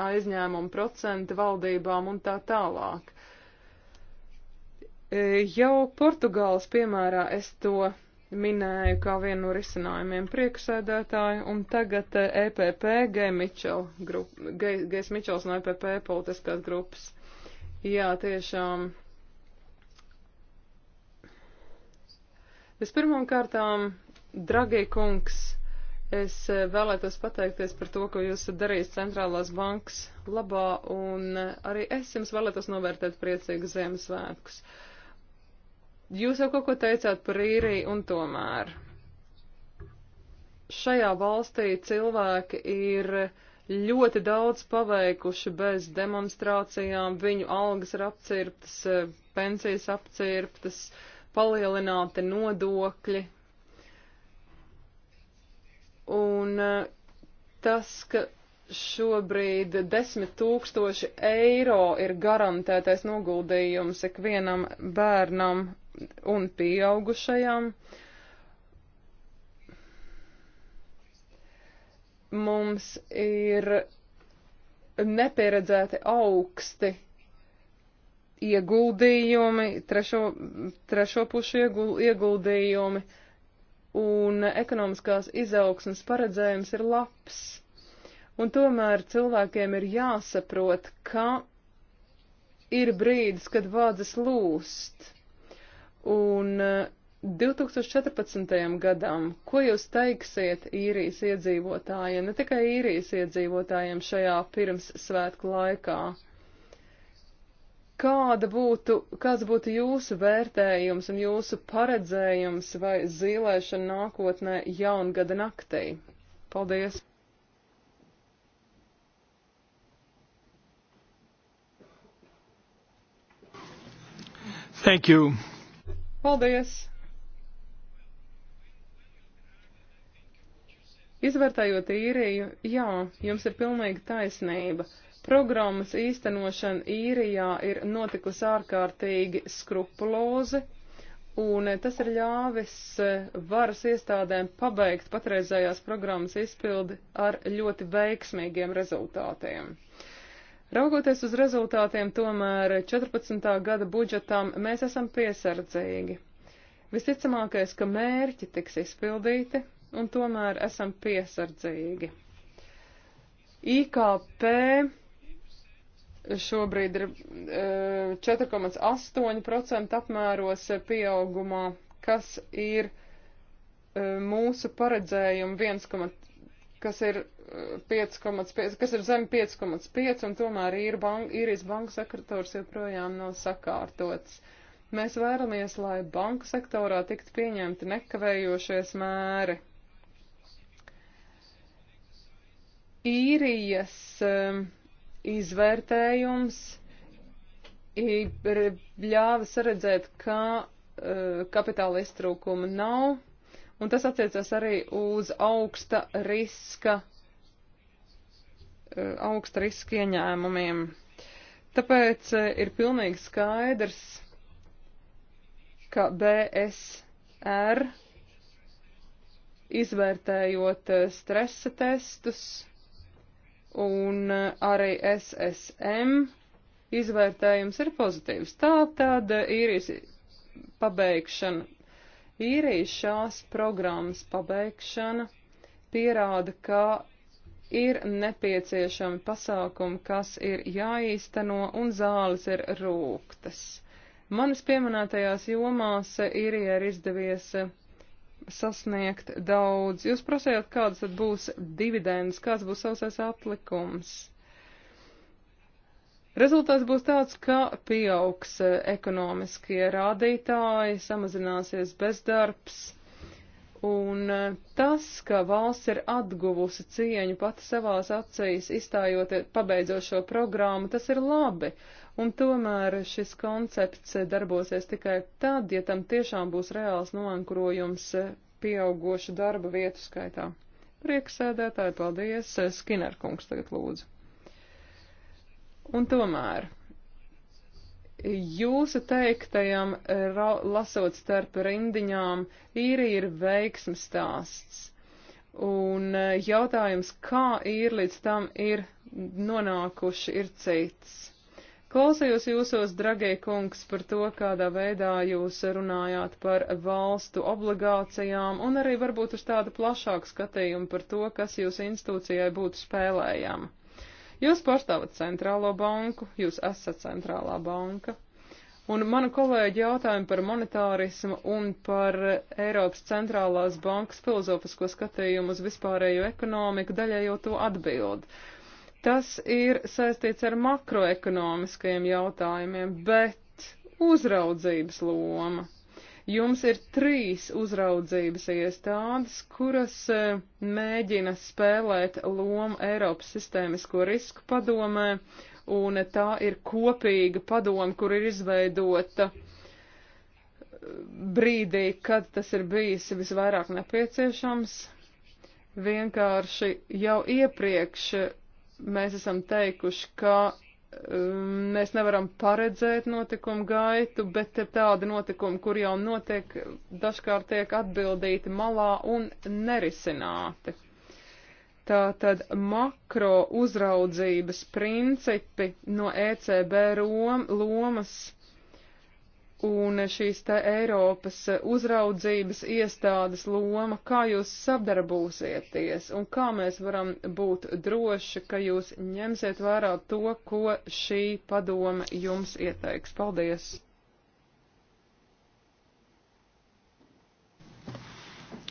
aizņēmuma procenti valdībām un tā tālāk. E, jau Portugāles piemērā es to minēju kā vienu no risinājumiem priekšsēdētāju, un tagad EPP e Gejs Mičel, Mičels no EPP politiskās grupas. Jā, tiešām Vispirmām kārtām, dragie kungs, es eh, vēlētos pateikties par to, ko jūs esat darījis centrālās bankas labā, un eh, arī es jums vēlētos novērtēt priecīgu Ziemassvētkus. Jūs jau kaut ko teicāt par īriju un tomēr. Šajā valstī cilvēki ir ļoti daudz paveikuši bez demonstrācijām, viņu algas ir apcirptas, eh, pensijas apcirptas, uh, palielināti nodokļi. Un eh, tas, ka šobrīd 10 tūkstoši eiro ir garantētais noguldījums ikvienam bērnam un pieaugušajam. Mums ir nepieredzēti augsti ieguldījumi, trešo, trešo pušu ieguldījumi un ekonomiskās izaugsmas paredzējums ir labs. Un tomēr cilvēkiem ir jāsaprot, ka ir brīdis, kad vādzes lūst. Un 2014. Eh, gadam, ko jūs teiksiet īrijas iedzīvotājiem, ne tikai īrijas iedzīvotājiem šajā pirms svētku laikā? Kāda būtu, kāds būtu jūsu vērtējums un jūsu paredzējums vai zīlēšana nākotnē jaungada naktī? Paldies! Thank you. Paldies! Izvērtējot īriju, jā, jums ir pilnīga taisnība. Programmas īstenošana īrijā ir notikusi ārkārtīgi skrupulozi, un eh, tas ir ļāvis eh, varas iestādēm pabeigt patreizējās programmas izpildi ar ļoti veiksmīgiem rezultātiem. Raugoties uz rezultātiem, tomēr 14. gada budžetam mēs esam piesardzīgi. Visticamākais, ka mērķi tiks izpildīti, un tomēr esam piesardzīgi. IKP šobrīd ir 4,8% eh, apmēros pieaugumā, kas ir eh, mūsu paredzējumu 1, kas ir 5,5, eh, kas ir zem 5,5 un tomēr ir bank, īrijas banku sekretors joprojām nav sakārtots. Mēs vēlamies, lai banku sektorā tiktu pieņemti nekavējošies mēri. Īrijas um, izvērtējums ir ļāvis redzēt, ka uh, kapitāla iztrūkuma nav, un tas attiecas arī uz augsta riska, uh, augsta riska ieņēmumiem. Tāpēc uh, ir pilnīgi skaidrs, ka BSR izvērtējot stresa testus, un eh, arī SSM izvērtējums ir pozitīvs. Tā tad eh, īrijas pabeigšana, īrijas šās programmas pabeigšana pierāda, ka ir nepieciešami pasākumi, kas ir jāīsteno, un zāles ir rūktas. Manas pieminētajās jomās eh, īrijai ir izdevies sasniegt daudz. Jūs prasējāt, kādas tad būs dividendes, kāds būs sausais atlikums. Rezultāts būs tāds, ka pieaugs e, ekonomiskie rādītāji, samazināsies bezdarbs, un e, tas, ka valsts ir atguvusi cieņu pati savās acīs, izstājot, e, pabeidzot šo programmu, tas ir labi un tomēr šis koncepts darbosies tikai tad, ja tam tiešām būs reāls noankrojums pieaugošu darba vietu skaitā. Prieksēdētāji, paldies, Skinnerkungs tagad lūdzu. Un tomēr jūsu teiktajam, lasot starp rindiņām, īrija ir veiksmes stāsts. Un eh, jautājums, kā īri līdz tam ir nonākuši, ir cits. Klausījos jūsos, dragie kungs, par to, kādā veidā jūs runājāt par valstu obligācijām un arī varbūt uz tādu plašāku skatījumu par to, kas jūsu institūcijai būtu spēlējama. Jūs pārstāvat centrālo banku, jūs esat centrālā banka. Un manu kolēģi jautājumu par monetārismu un par Eiropas centrālās bankas filozofisko skatījumu uz vispārējo ekonomiku daļai jau to atbildi. Tas ir saistīts ar makroekonomiskajiem jautājumiem, bet uzraudzības loma. Jums ir trīs uzraudzības iestādes, kuras e, mēģina spēlēt lomu Eiropas sistēmisko risku padomē, un tā ir kopīga padoma, kur ir izveidota e, brīdī, kad tas ir bijis visvairāk nepieciešams. Vienkārši jau iepriekš mēs esam teikuši, ka um, mēs nevaram paredzēt notikumu gaitu, bet ir tādi notikumi, kur jau notiek, dažkārt tiek atbildīti malā un nerisināti. Tātad makro uzraudzības principi no ECB rom, lomas un šīs te Eiropas uzraudzības iestādes loma, kā jūs sadarbūsieties un kā mēs varam būt droši, ka jūs ņemsiet vērā to, ko šī padome jums ieteiks. Paldies!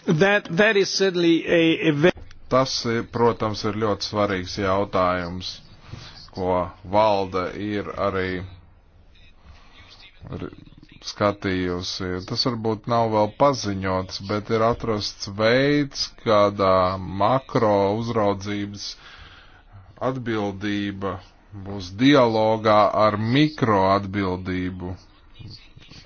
That, that is certainly a, a... Tas, eh, protams, ir ļoti svarīgs jautājums, ko valda ir arī skatījusi. Tas varbūt nav vēl paziņots, bet ir atrasts veids, kādā makro uzraudzības atbildība būs dialogā ar mikro atbildību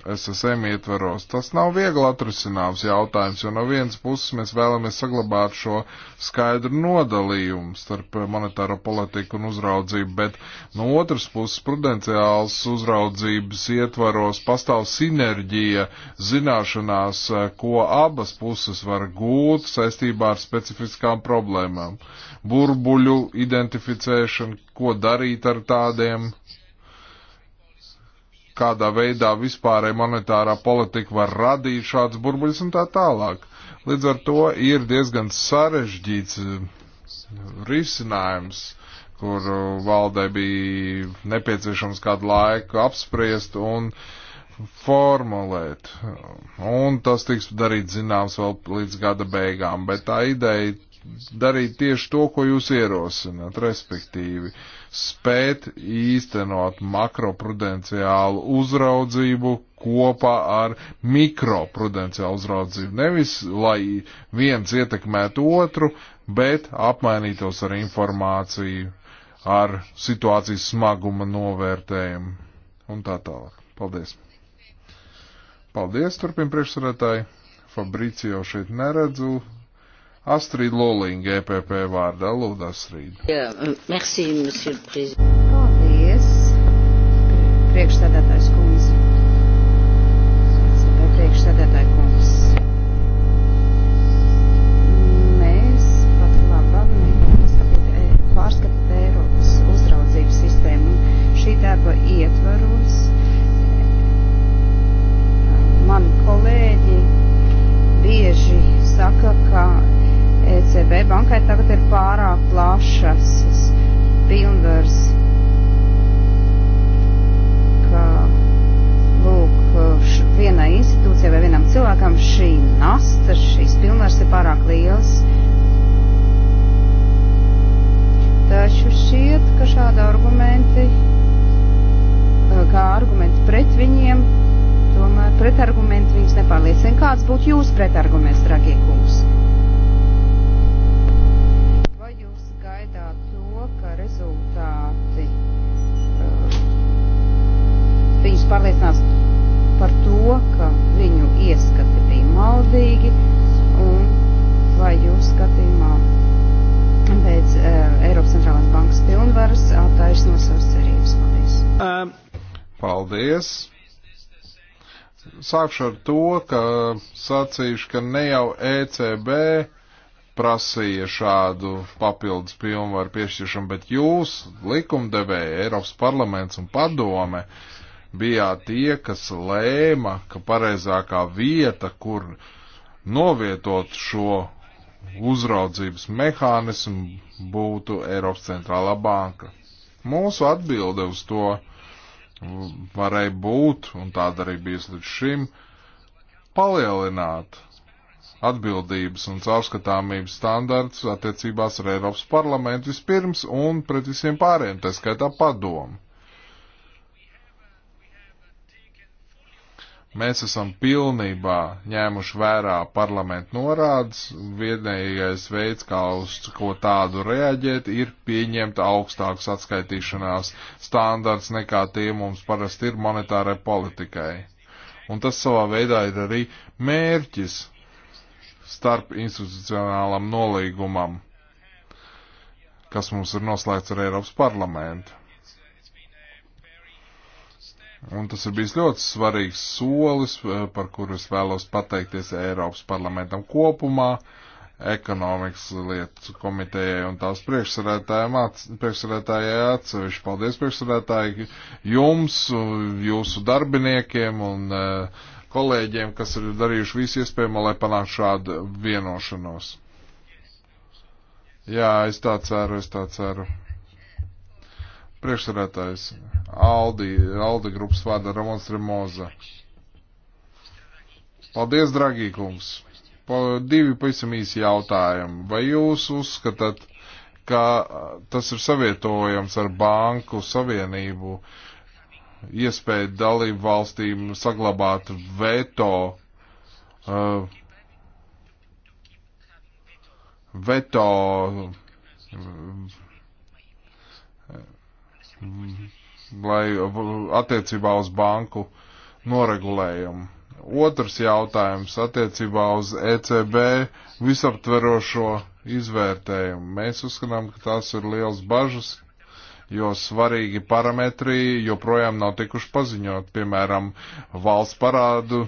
SSM ietvaros. Tas nav viegli atrisināms jautājums, jo no vienas puses mēs vēlamies saglabāt šo skaidru nodalījumu starp monetāro politiku un uzraudzību, bet no otras puses prudenciāls uzraudzības ietvaros pastāv sinerģija zināšanās, ko abas puses var gūt saistībā ar specifiskām problēmām. Burbuļu identificēšana, ko darīt ar tādiem kādā veidā vispārēja monetārā politika var radīt šāds burbuļs un tā tālāk. Līdz ar to ir diezgan sarežģīts eh, risinājums, kur eh, valdē bija nepieciešams kādu laiku apspriest un formulēt. Un tas tiks darīt zināms vēl līdz gada beigām, bet tā ideja darīt tieši to, ko jūs ierosināt, respektīvi. Uh, spēt īstenot makroprudenciālu uzraudzību kopā ar mikroprudenciālu uzraudzību. Nevis, lai viens ietekmētu otru, bet apmainītos ar informāciju, ar situācijas smaguma novērtējumu un tā tālāk. Paldies! Paldies, turpin priekšsarētāji! Fabricio šeit neredzu, Astrid Loling, EPP vārdā. Lūdzu, Astrid. Jā, merci, monsieur le président. Paldies, priekšstādātājs. Paldies! Sākšu ar to, ka sacīšu, ka ne jau ECB prasīja šādu papildus pilnvaru piešķiršanu, bet jūs, likumdevēja, Eiropas parlaments un padome, bijāt tie, kas lēma, ka pareizākā vieta, kur novietot šo uzraudzības mehānismu, būtu Eiropas centrālā banka. Mūsu atbilde uz to varēja būt, un tāda arī bijusi līdz šim, palielināt atbildības un caurskatāmības standarts attiecībās ar Eiropas parlamentu vispirms un pret visiem pārējiem, tā skaitā padomu. Mēs esam pilnībā ņēmuši vērā parlamentu norādes. Vienīgais veids, kā uz ko tādu reaģēt, ir pieņemt augstākus atskaitīšanās standarts nekā tie mums parasti ir monetārai politikai. Un tas savā veidā ir arī mērķis starp institucionālam nolīgumam, kas mums ir noslēgts ar Eiropas parlamentu. Un tas ir bijis ļoti svarīgs solis, eh, par kuru es vēlos pateikties Eiropas parlamentam kopumā, ekonomikas lietu komitejai un tās priekšsarētājai atsevišķi. Paldies priekšsarētāji jums, jūsu darbiniekiem un eh, kolēģiem, kas ir darījuši visu iespējamo, lai panāktu šādu vienošanos. Jā, es tā ceru, es tā ceru. Priekšsarētājs Aldi, Aldi grupas vārda Ramons Remoza. Paldies, dragī kungs! Pa, divi pavisam īsi jautājumi. Vai jūs uzskatāt, ka tas ir savietojams ar banku savienību, iespēju dalību valstīm saglabāt veto, uh, veto, uh, Mm. lai uh, attiecībā uz banku noregulējumu. Otrs jautājums attiecībā uz ECB visaptverošo izvērtējumu. Mēs uzskatām, ka tās ir liels bažas, jo svarīgi parametri joprojām nav tikuši paziņot, piemēram, valsts parādu,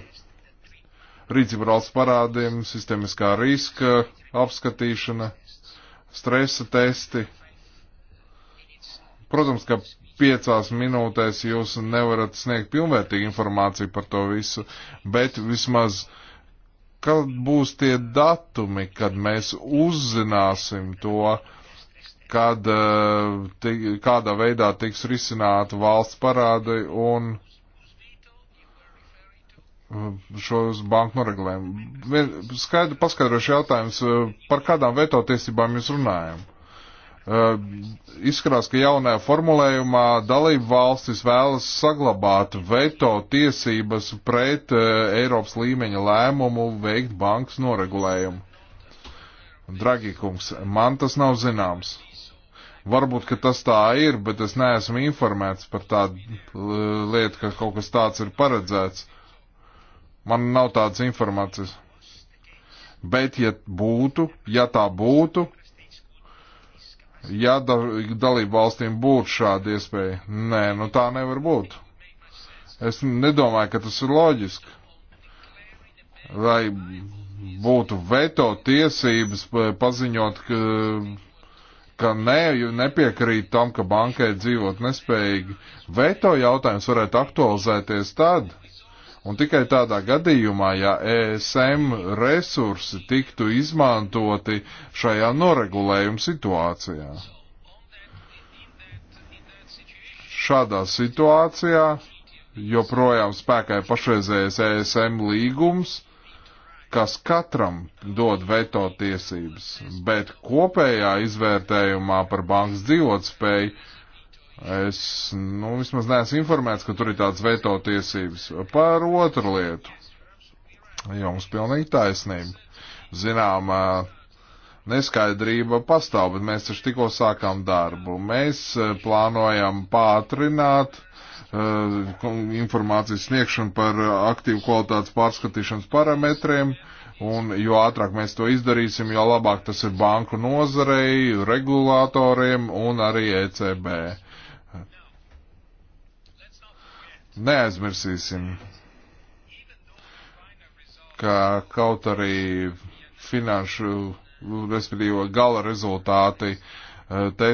rīcība valsts parādiem, sistemiskā riska apskatīšana, stresa testi, Protams, ka piecās minūtēs jūs nevarat sniegt pilnvērtīgu informāciju par to visu, bet vismaz, kad būs tie datumi, kad mēs uzzināsim to, kad, eh, te, kādā veidā tiks risināta valsts parādi un eh, šos banku noregulējumu. Skaidri paskaidrošu jautājums, eh, par kādām veto tiesībām jūs runājam? Eh, izskatās, ka jaunajā formulējumā dalību valstis vēlas saglabāt veto tiesības pret eh, Eiropas līmeņa lēmumu veikt bankas noregulējumu. Dragikums, man tas nav zināms. Varbūt, ka tas tā ir, bet es neesmu informēts par tādu eh, lietu, ka kaut kas tāds ir paredzēts. Man nav tādas informācijas. Bet, ja būtu, ja tā būtu, Ja da, dalību valstīm būtu šāda iespēja, nē, nu tā nevar būt. Es nedomāju, ka tas ir loģiski. Lai būtu veto tiesības paziņot, ka, ka nē, ne, nepiekrīt tam, ka bankai dzīvot nespējīgi. Veto jautājums varētu aktualizēties tad, Un tikai tādā gadījumā, ja ESM resursi tiktu izmantoti šajā noregulējuma situācijā. Šādā situācijā joprojām spēkā ir pašreizējais ESM līgums, kas katram dod veto tiesības, bet kopējā izvērtējumā par bankas dzīvotspēju Es, nu, vismaz neesmu informēts, ka tur ir tāds veto tiesības. Par otru lietu. Jums pilnīgi taisnība. Zinām, neskaidrība pastāv, bet mēs taču tikko sākām darbu. Mēs plānojam pātrināt uh, informācijas sniegšanu par aktīvu kvalitātes pārskatīšanas parametriem. Un jo ātrāk mēs to izdarīsim, jo labāk tas ir banku nozarei, regulātoriem un arī ECB. Uh, Neaizmirsīsim, ka kaut arī finanšu, respektīvi gala rezultāti eh, te,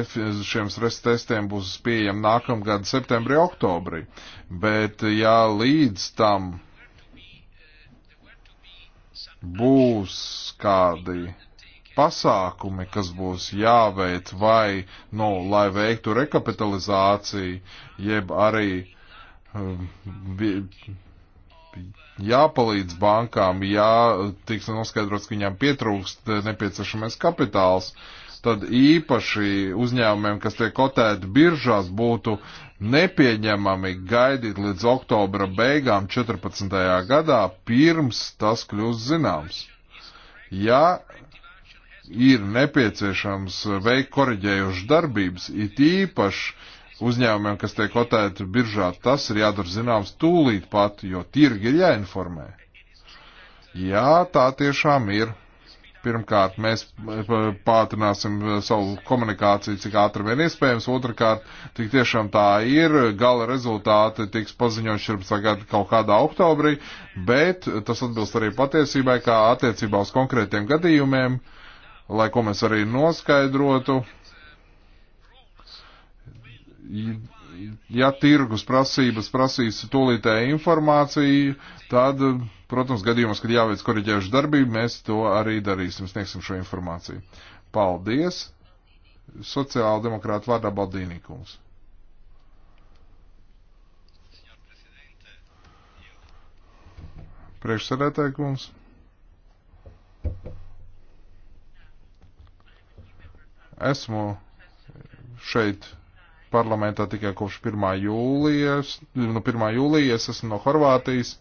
šiem stresa testiem būs pieejami nākamgad septembrī, oktobrī. Bet ja līdz tam būs kādi pasākumi, kas būs jāveic vai, nu, lai veiktu rekapitalizāciju, jeb arī jāpalīdz bankām, ja tiks noskaidrots, ka viņām pietrūkst nepieciešamais kapitāls, tad īpaši uzņēmumiem, kas tiek kotēti biržās, būtu nepieņemami gaidīt līdz oktobra beigām 14. gadā, pirms tas kļūst zināms. Ja ir nepieciešams veikt koriģējušas darbības, it īpaši uzņēmumiem, kas tiek kotēti biržā, tas ir jādara zināms tūlīt pat, jo tirgi ir jāinformē. Jā, tā tiešām ir. Pirmkārt, mēs eh, pātrināsim eh, savu komunikāciju, cik ātri vien iespējams. Otrakārt, tik tiešām tā ir. Gala rezultāti tiks paziņot širps tagad kaut kādā oktobrī, bet tas atbilst arī patiesībai, kā attiecībā uz konkrētiem gadījumiem, lai ko mēs arī noskaidrotu ja tirgus prasības prasīs tūlītēju informāciju, tad, protams, gadījumos, kad jāveic koriģējuši darbību, mēs to arī darīsim, sniegsim šo informāciju. Paldies! Sociāla demokrāta vārdā Baldīnīkums. Priekšsēdētāji kungs. Esmu šeit parlamentā tikai kopš 1. jūlijas, no nu, 1. jūlijas esmu no Horvātijas.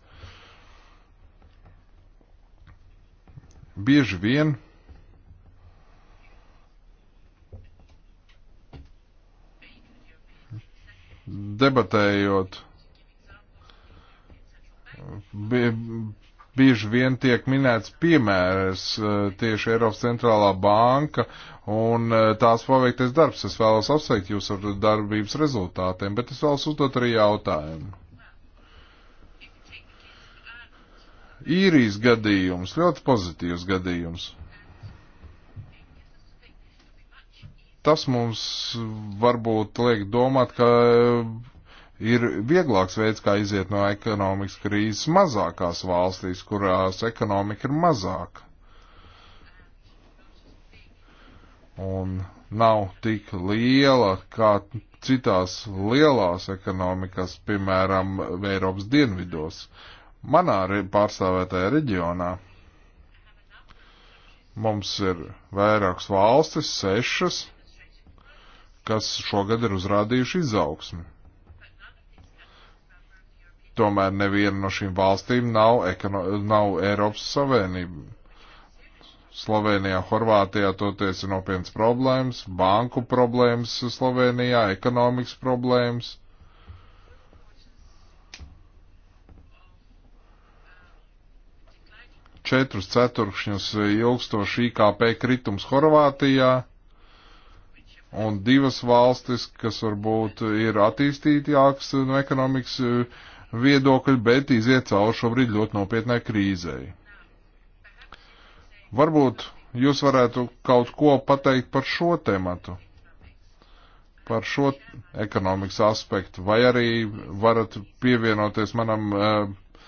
Bieži vien debatējot, bieži vien tiek minēts piemērs eh, tieši Eiropas centrālā banka un eh, tās paveiktais darbs. Es vēlos apsveikt jūs ar darbības rezultātiem, bet es vēlos uzdot arī jautājumu. Īrijas gadījums, ļoti pozitīvs gadījums. Tas mums varbūt liek domāt, ka ir vieglāks veids, kā iziet no ekonomikas krīzes mazākās valstīs, kurās ekonomika ir mazāka. Un nav tik liela kā citās lielās ekonomikas, piemēram, Eiropas dienvidos. Manā pārstāvētajā reģionā mums ir vairākas valstis, sešas, kas šogad ir uzrādījuši izaugsmi tomēr neviena no šīm valstīm nav, ekono, nav Eiropas Savienība. Slovenijā, Horvātijā toties ir nopietnas problēmas, banku problēmas Slovenijā, ekonomikas problēmas. Četrus ceturkšņus ilgstoši IKP kritums Horvātijā un divas valstis, kas varbūt ir attīstītākas no ekonomikas viedokļi, bet iziet cauri šobrīd ļoti nopietnai krīzei. Varbūt jūs varētu kaut ko pateikt par šo tematu, par šo ekonomikas aspektu, vai arī varat pievienoties manam, eh,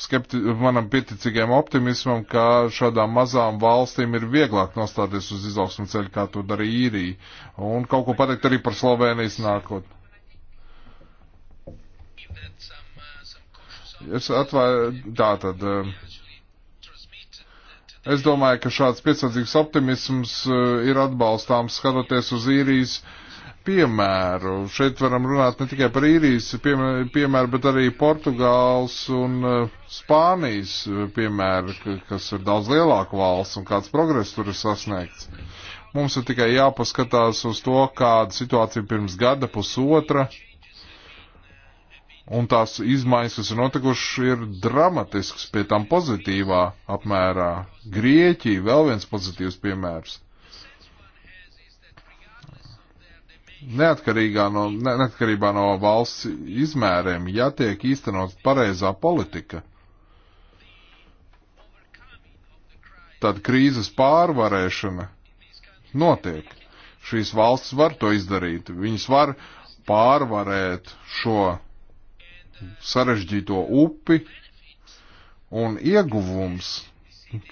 skepti, manam pieticīgajam optimismam, ka šādām mazām valstīm ir vieglāk nostāties uz izaugsmu ceļu, kā to darīja īrija, un kaut ko pateikt arī par Slovenijas nākotni. That's, uh... Es atvainu, tā tad. Eh, es domāju, ka šāds piesardzīgs optimisms eh, ir atbalstāms skatoties uz īrijas piemēru. Šeit varam runāt ne tikai par īrijas piemēru, bet arī Portugāls un eh, Spānijas piemēru, kas ir daudz lielāka valsts un kāds progress tur ir sasniegts. Mums ir tikai jāpaskatās uz to, kāda situācija pirms gada, pusotra un tās izmaiņas, kas ir notikušas, ir dramatisks, pie tam pozitīvā apmērā. Grieķija vēl viens pozitīvs piemērs. Neatkarīgā no, ne, neatkarībā no valsts izmēriem, ja tiek īstenot pareizā politika, tad krīzes pārvarēšana notiek. Šīs valsts var to izdarīt. Viņas var pārvarēt šo sarežģīto upi un ieguvums,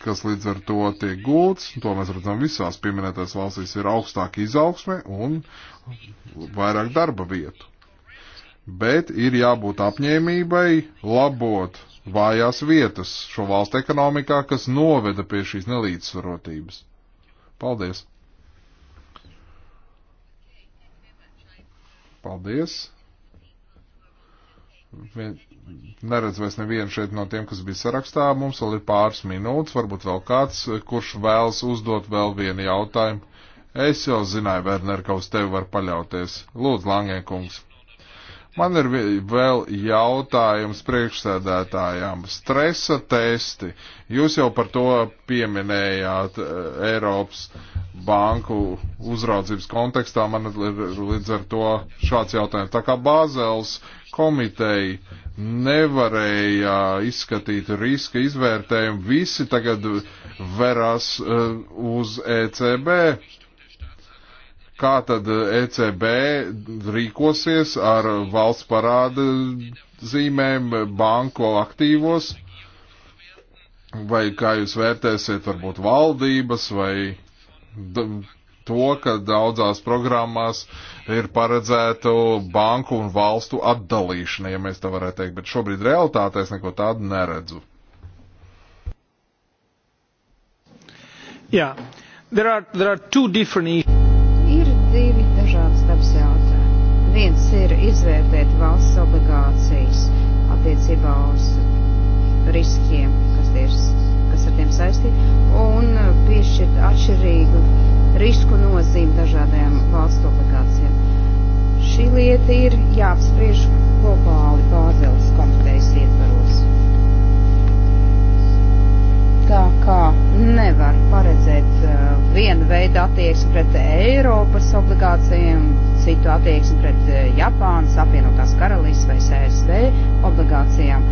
kas līdz ar to tiek gūts, to mēs redzam visās pieminētās valstīs, ir augstāka izaugsme un vairāk darba vietu. Bet ir jābūt apņēmībai labot vājās vietas šo valstu ekonomikā, kas noveda pie šīs nelīdzsvarotības. Paldies! Paldies! Neredz vairs nevienu šeit no tiem, kas bija sarakstā. Mums vēl ir pāris minūtes, varbūt vēl kāds, kurš vēlas uzdot vēl vienu jautājumu. Es jau zināju, Werner, ka uz tevi var paļauties. Lūdzu, Langē kungs. Man ir vēl jautājums priekšsēdētājām. Stresa testi. Jūs jau par to pieminējāt e, Eiropas banku uzraudzības kontekstā. Man ir līdz ar to šāds jautājums. Tā kā Bāzels komiteja nevarēja izskatīt riska izvērtējumu, visi tagad veras e, uz ECB kā tad ECB rīkosies ar valsts parāda zīmēm banko aktīvos, vai kā jūs vērtēsiet varbūt valdības vai to, ka daudzās programmās ir paredzētu banku un valstu atdalīšana, ja mēs tā varētu teikt, bet šobrīd realitātē es neko tādu neredzu. Jā, yeah. there are, there are two different issues. Viens ir izvērtēt valsts obligācijas attiecībā uz riskiem, kas, ir, kas ar tiem saistīti, un piešķirt atšķirīgu risku nozīmi dažādajām valsts obligācijām. Šī lieta ir jāapspriež globāli Bāzeles komitejas ietvaros. Tā kā nevar paredzēt uh, vienu veidu attieksmi pret Eiropas obligācijām, citu attieksmi pret eh, Japānas, apvienotās karalīs vai SSV obligācijām.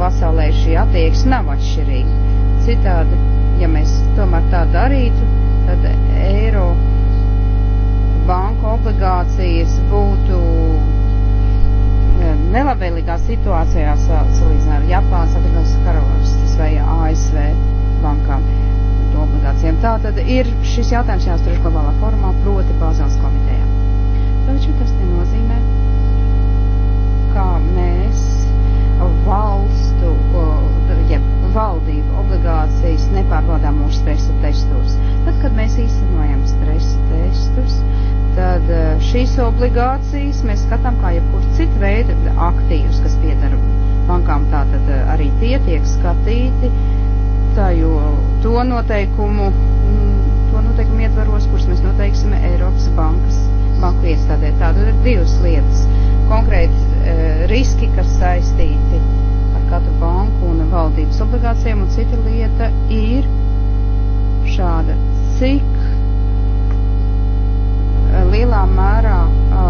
Pasaulē šī attieksme nav atšķirīga. Citādi, ja mēs tomēr tā darītu, tad eiro banku obligācijas būtu eh, nelabvēlīgā situācijā salīdzinājumā ar Japānas, apvienotās karalistes vai ASV bankām obligācijām. Tā tad ir šis jautājums jāuztur globālā formā, proti Bāzēlas komitejā. Taču tas nenozīmē, ka mēs valstu, jeb ja, valdību obligācijas nepārbaudām mūsu stresa testos. Tad, kad mēs īstenojam stresa testus, tad e, šīs obligācijas mēs skatām kā jebkur citu veidu aktīvus, kas piedara bankām, tātad e, arī tie tiek skatīti, tā, jo to noteikumu, mm, to noteikumu ietvaros, kurus mēs noteiksim Eiropas bankas māku iestādē. Tātad ir divas lietas. Konkrēti uh, riski, kas saistīti ar katru banku un valdības obligācijām, un cita lieta ir šāda. Cik eh, lielā mērā uh, eh,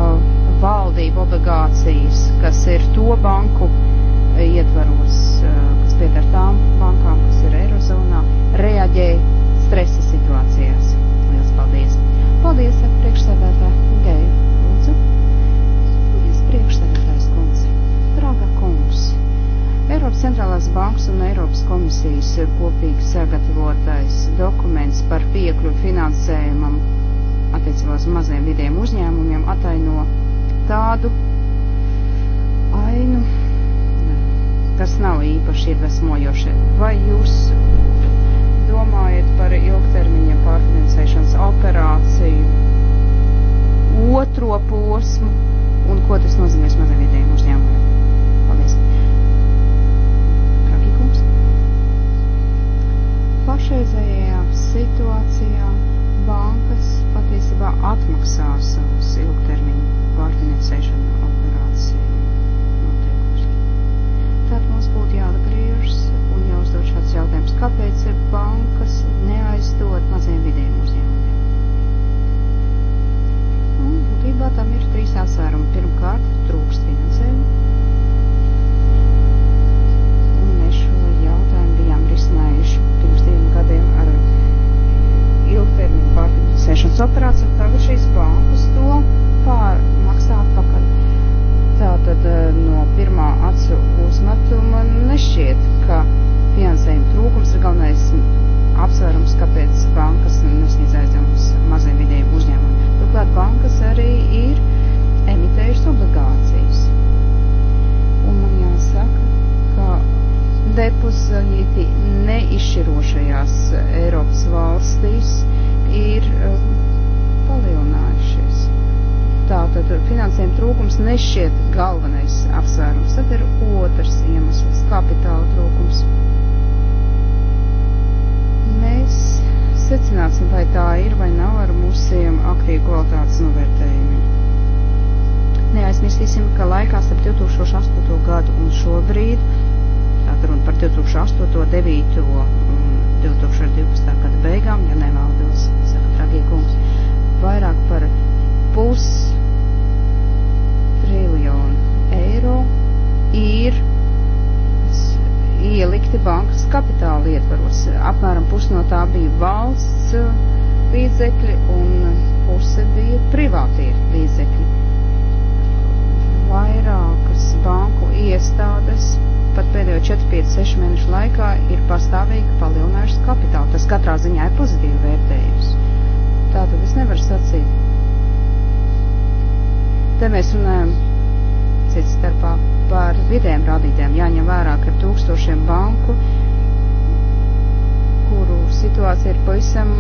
valdību obligācijas, kas ir to banku ietvaros, uh, kas pieder tām bankām, kas ir Eirozonā, reaģē stresa situācijās. Paldies, ar priekšsēdētā Geju. Lūdzu. Paldies, priekšsēdētājs kundze. Draga kungs. Eiropas centrālās bankas un Eiropas komisijas kopīgi sagatavotais dokuments par piekļuvu finansējumam attiecībā uz maziem vidiem uzņēmumiem ataino tādu ainu, kas nav īpaši iedvesmojoši. Vai jūs domājat par ilgtermiņa pārfinansēšanas operāciju otro posmu un ko tas nozīmēs maziem vidējiem uzņēmumiem? Paldies. Rakīkums. Pašreizējā situācijā bankas patiesībā atmaksā savus ilgtermiņu pārfinansēšanu operāciju noteikumus. Tad mums būtu jāatgriežas jautājums, kāpēc bankas neaizdod maziem vidiem uzņēmumiem? Un būtībā tam ir trīs apsvērumi. Pirmkārt, trūkst finansējumu. Un mēs šo jautājumu bijām risinājuši pirms diviem gadiem ar ilgtermiņu pārfinansēšanas operāciju. Tagad šīs bankas to pārmaksā atpakaļ. Tātad eh, no pirmā acu uzmetuma nešķiet, ka finansējuma trūkums ir galvenais apsvērums, kāpēc bankas nesniedz aizdevumus maziem vidējiem uzņēmumiem. Turklāt bankas arī ir emitējušas obligācijas. Un man jāsaka, ka depozīti neizšķirošajās Eiropas valstīs ir uh, palielinājušies. Tātad finansējuma trūkums nešķiet galvenais apsvērums. Tad ir otrs iemesls - kapitāla trūkums mēs secināsim, vai tā ir vai nav ar mūsiem aktīvu kvalitātes novērtējumiem. Neaizmirsīsim, ka laikā starp 2008. gadu un šobrīd, tātad runa par 2008., 9. un 2012. gada beigām, ja nemaldos, saka Tragīkums, vairāk par pus triljonu eiro ir ielikti bankas kapitāla ietvaros. Apmēram pus no tā bija valsts uh, līdzekļi un uh, puse bija privātie līdzekļi. Vairākas banku iestādes pat pēdējo 4, 5, 6 mēnešu laikā ir pastāvīgi palielinājušas kapitālu. Tas katrā ziņā ir pozitīvi vērtējums. Tā tad es nevaru sacīt. Te mēs runājam cits starpā par vidiem rādītēm. Jāņem vērā, ka ir tūkstošiem banku, kuru situācija ir pavisam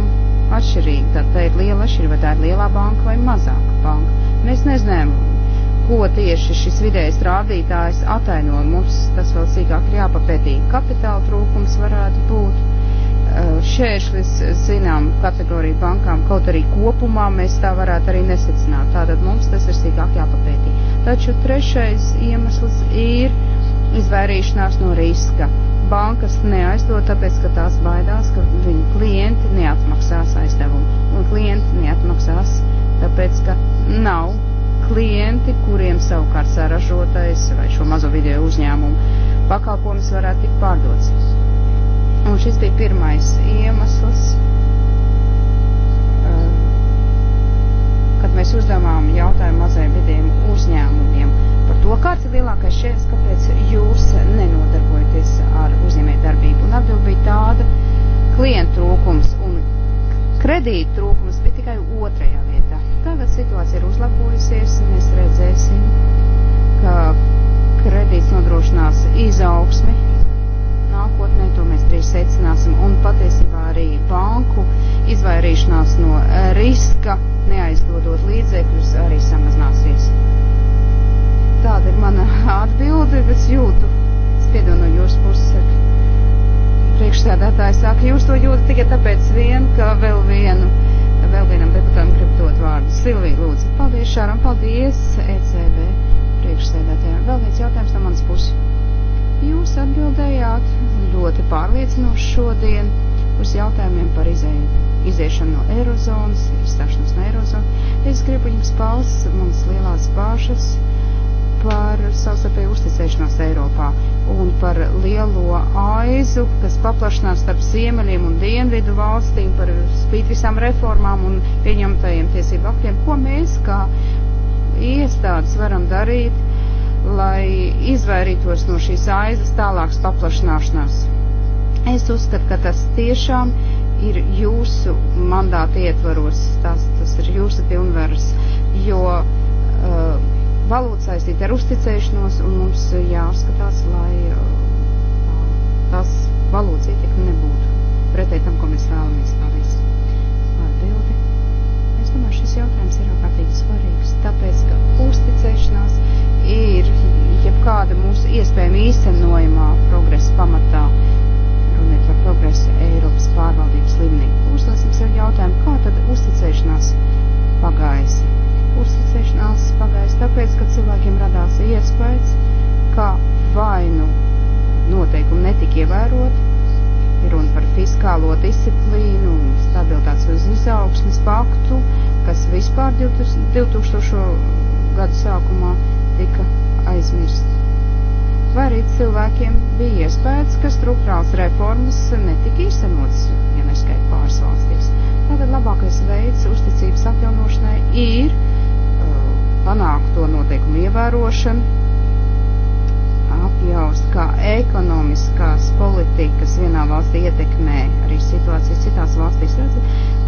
atšķirīga. Tad tā ir liela atšķirība, vai tā ir lielā banka vai mazāka banka. Mēs nezinām, ko tieši šis vidējais rādītājs ataino. Mums tas vēl sīkāk ir jāpapētī. Kapitāla trūkums varētu būt eh, šķēršļis zinām kategoriju bankām, kaut arī kopumā mēs tā varētu arī nesecināt. Tātad mums tas ir sīkāk jāpapētī. Taču trešais iemesls ir izvairīšanās no riska. Bankas neaizdod, tāpēc, ka tās baidās, ka viņu klienti neatmaksās aizdevumu. Un klienti neatmaksās, tāpēc, ka nav klienti, kuriem savukārt saražotais vai šo mazo video uzņēmumu pakalpojums varētu tikt pārdots. Un šis bija pirmais iemesls mēs uzdevām jautājumu mazajiem vidiem uzņēmumiem par to, kāds ir lielākais šķērs, kāpēc jūs nenodarbojaties ar uzņēmē darbību. Un atbild bija tāda klientu trūkums un kredītu trūkums bija tikai otrajā vietā. Tagad situācija ir uzlabojusies, mēs redzēsim, ka kredīts nodrošinās izaugsmi nākotnē, to mēs drīz secināsim, un patiesībā arī banku izvairīšanās no eh, riska, neaizdodot līdzekļus, arī samazināsies. Tāda ir mana atbilde, bet es jūtu spiedienu no jūsu puses. Priekšsēdētāji saka, jūs to jūtat tikai tāpēc vien, ka vēl vienu vēl vienam deputātam gribu dot vārdu. Silvija, lūdzu. Paldies, Šāram, paldies ECB priekšsēdētājiem. Vēl viens jautājums no manas puses. Jūs atbildējāt ļoti pārliecinoši šodien uz jautājumiem par izēju. Iziešana no Eirozonas, izstāšanos no Eirozonas. Es gribu jums paust manas lielās bāžas par savstarpēju uzticēšanos Eiropā un par lielo aizu, kas paplašinās starp ziemeļiem un dienvidu valstīm par spīt visām reformām un pieņemtajiem tiesību aktiem, ko mēs kā iestādes varam darīt, lai izvairītos no šīs aizas tālākas paplašināšanās. Es uzskatu, ka tas tiešām ir jūsu mandāta ietvaros, tas, tas ir jūsu pilnvaras, jo uh, valūta saistīta ar uzticēšanos un mums jāskatās, lai uh, tas valūtas ietekme nebūtu pretēji tam, ko mēs vēlamies. Paldies! Atbildi. Es domāju, šis jautājums ir ārkārtīgi svarīgs, tāpēc, ka uzticēšanās ir jebkāda mūsu iespējama īstenojumā progresa pamatā. Runiet par progresu Eiropas pārvaldības līmenī. Uzdosim sev jautājumu, kā tad uzticēšanās pagājas. Uzticēšanās pagājas tāpēc, ka cilvēkiem radās iespējas, ka vainu noteikumi netika ievēroti, ir runa par fiskālo disciplīnu, stabilitātes uz izaugsmes paktu, kas vispār 2000. gadu sākumā tika aizmirst. Vai arī cilvēkiem bija iespējas, ka struktūrāls reformas netika īstenotas, ja neskait pāris valstīs. Tātad labākais veids uzticības atjaunošanai ir uh, panākt to noteikumu ievērošanu, apjaust, kā ekonomiskās politikas vienā valstī ietekmē arī situācijas citās valstīs.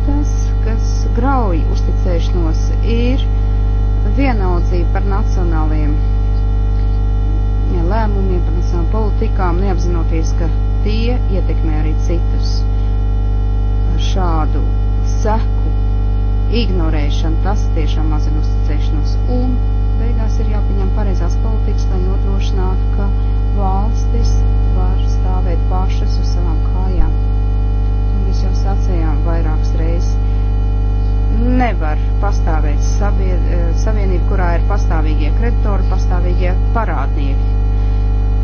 Tas, kas grauj uzticēšanos, ir vienaudzību par nacionāliem lēmumiem, par nacionālām politikām, neapzinoties, ka tie ietekmē arī citus. Šādu seku ignorēšana, tas tiešām mazina uzticēšanos. Un beigās ir jāpieņem pareizās politikas, lai nodrošinātu, ka valstis var stāvēt pašas uz savām kājām. Un mēs jau sacījām vairākas reizes nevar pastāvēt sabied, eh, savienība, kurā ir pastāvīgie kreditori, pastāvīgie parādnieki.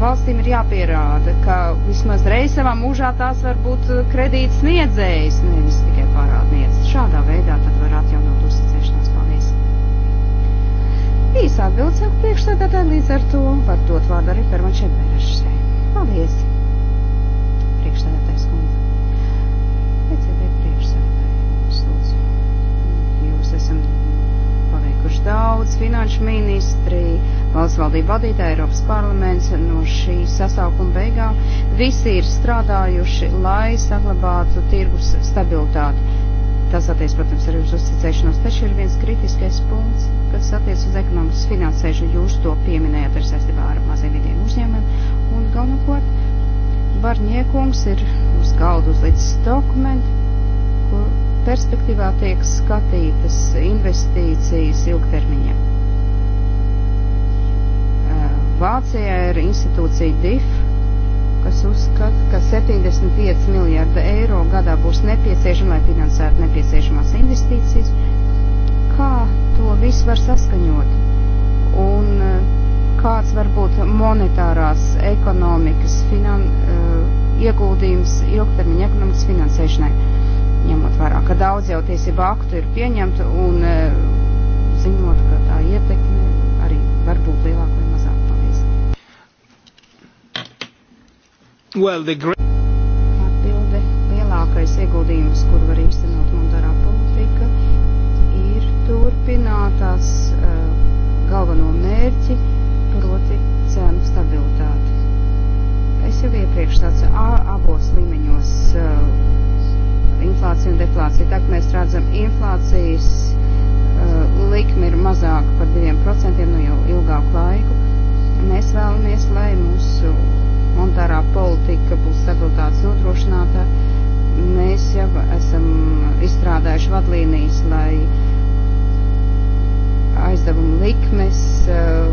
Valstīm ir jāpierāda, ka vismaz reiz savā mūžā tās var būt eh, kredīts sniedzējs, nevis tikai parādnieks. Šādā veidā tad var atjaunot uzticēšanās. Paldies! Īsā atbildes saka priekšsēdētāji līdz ar to var dot vārdu arī Permačē Berešsē. Paldies! Priekšsēdētāji. esam paveikuši daudz. Finanšu ministri, valsts valdība vadītāja, Eiropas parlaments no šī sasaukuma beigām visi ir strādājuši, lai saglabātu tirgus stabilitāti. Tas attiec, protams, arī uz uzticēšanos, taču ir viens kritiskais punkts, kas attiec uz ekonomikas finansēšanu. Jūs to pieminējat ar saistībā ar maziem vidiem uzņēmumiem un galvenokārt. Barņiekungs ir uz galdu uzlicis dokumentu, kur perspektīvā tiek skatītas investīcijas ilgtermiņā. Eh, Vācijā ir institūcija DIF, kas uzskata, ka 75 miljārda eiro gadā būs nepieciešama, lai finansētu nepieciešamās investīcijas. Kā to visu var saskaņot? Un eh, kāds var būt monetārās ekonomikas finan, eh, ieguldījums ilgtermiņa ekonomikas finansēšanai? ņemot vērā, ka daudz jau tiesību aktu ir pieņemta un e, zinot, ka tā ietekme arī var būt lielāka vai mazāka. Paldies. Well, the... inflāciju un deflāciju. Tagad mēs redzam, inflācijas uh, likme ir mazāka par 2% nu jau ilgāku laiku. Mēs vēlamies, lai mūsu monetārā politika būs stabilitātes nodrošinātā. Mēs jau esam izstrādājuši vadlīnijas, lai aizdevumu likmes uh,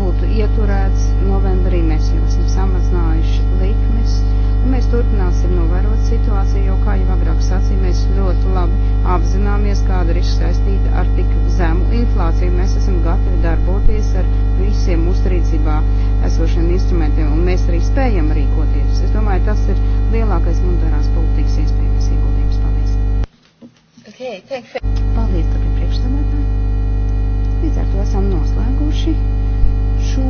būtu ieturēts. Novembrī mēs jau esam samazinājuši likmes. Uh, Mēs turpināsim novērot situāciju, jo, kā jau agrāk sacīja, mēs ļoti labi apzināmies, kāda ir saistīta ar tik zemu inflāciju. Mēs esam gatavi darboties ar visiem mūsu rīcībā esošiem instrumentiem, un mēs arī spējam rīkoties. Es domāju, tas ir lielākais monetārās politikas iespējamais ieguldījums. Paldies! Okay, Paldies, tāpēc priekšsēdētāji! Līdz ar to esam noslēguši šo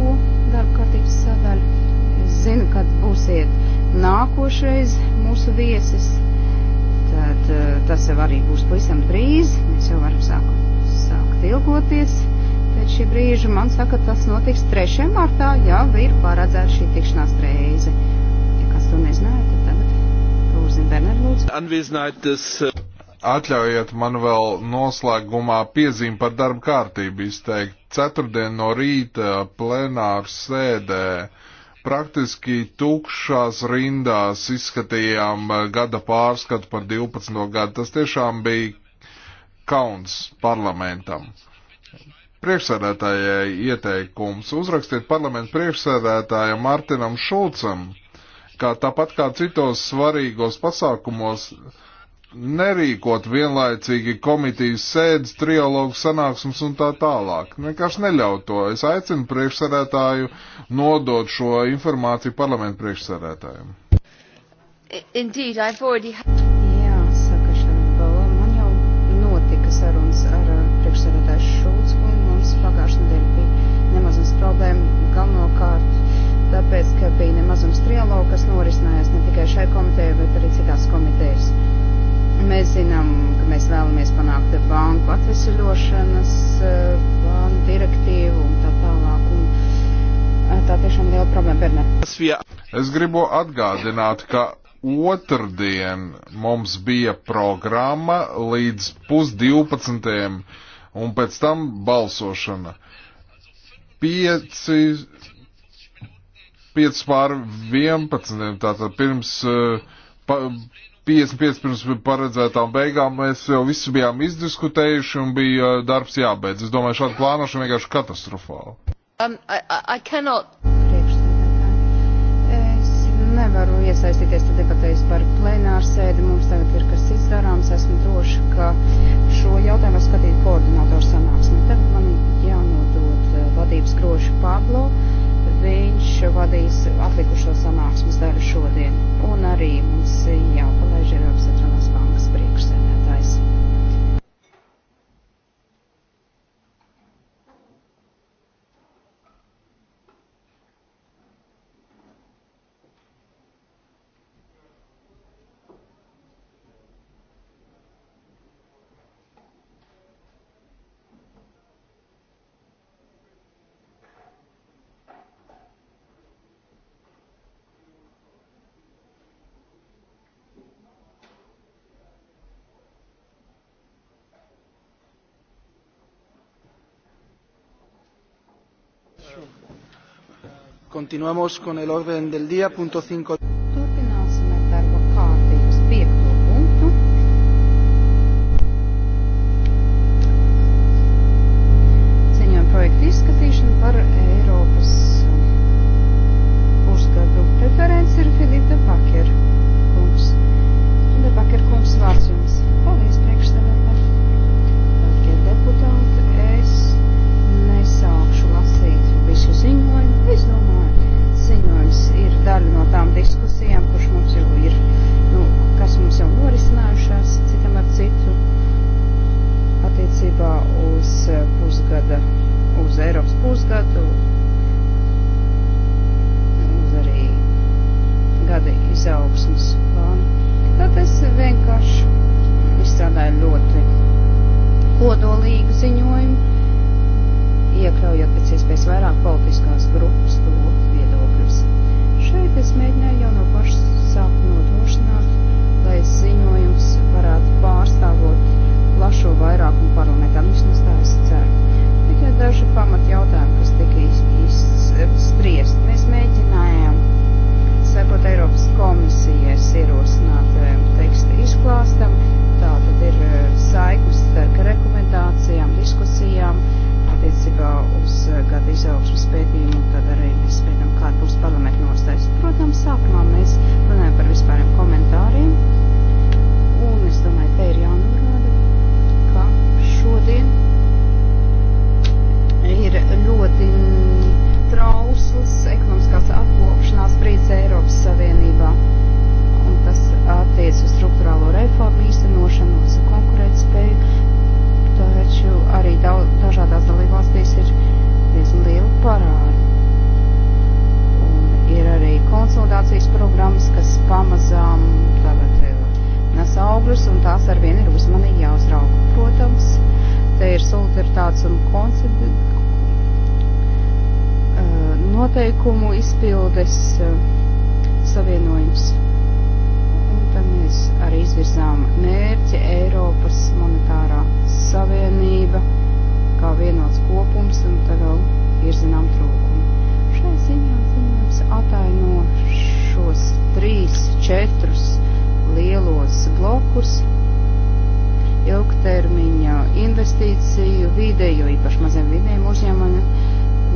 darba kārtības sadaļu. Es zinu, kad būsiet nākošais mūsu viesis. Tad eh, tas jau arī būs pavisam drīz. Mēs jau varam sākt, sākt ilgoties. Pēc šī brīža man saka, tas notiks 3. martā, jau ir paredzēta šī tikšanās reize. Ja kas to nezināja, tad tagad to uzzina Bernard Lūdzu. Eh, Atļaujiet man vēl noslēgumā piezīmi par darba kārtību izteikt. Ceturtdien no rīta plenāru sēdē uh, praktiski tukšās rindās izskatījām eh, gada pārskatu par 12. gadu. Tas tiešām bija kauns parlamentam. Priekšsēdētājai ieteikums uzrakstiet parlamentu priekšsēdētājam Martinam Šulcam, kā tāpat kā citos svarīgos pasākumos nerīkot vienlaicīgi komitijas sēdes, trialogu sanāksmes un tā tālāk. Vienkārši neļaut to. Es aicinu priekšsarētāju nodot šo informāciju parlamentu priekšsarētājiem. Indeed, I've already had... Jā, saka Šanbola, man jau notika sarunas ar uh, priekšsarētāju Šulcu, un mums pagājušajā nedēļā bija nemazums problēma galvenokārt tāpēc, ka bija nemazums trialogu, kas norisinājās ne tikai šai komitejai, bet arī citās komitejas. Uh, Mēs zinām, ka mēs vēlamies panākt banku atvesaļošanas eh, plānu direktīvu un tā tālāk. Un eh, tā tiešām liela problēma, Bernē. Es gribu atgādināt, ka otrdien mums bija programma līdz pusdivpadsmitiem un pēc tam balsošana. Pieci, pieci pār vienpadsmitiem, tātad pirms. Uh, pa, 55 pirms paredzētām beigām mēs jau visu bijām izdiskutējuši un bija darbs jābeidz. Es domāju, šāda plānošana vienkārši katastrofāla. Um, I, I cannot... Es nevaru iesaistīties debatēs par plenāru sēdi. Mums tagad ir kas cits darāms. Esmu droši, ka šo jautājumu skatīt koordinātoru sanāksmi. Tad man jānodod vadības groši Pablo. Uh, viņš vadīs atlikušo sanāksmes daļu šodien. Un arī mums jāpalaiž Eiropas atrādes. continuamos con el orden del día punto cinco likumu izpildes eh, savienojums. Un tad mēs arī izvirzām mērķi Eiropas monetārā savienība kā vienots kopums, un tad vēl ir zinām trūkumi. Šai ziņā ziņojums ataino šos trīs, četrus lielos blokus ilgtermiņa investīciju, vidējo īpaši maziem vidējiem uzņēmumiem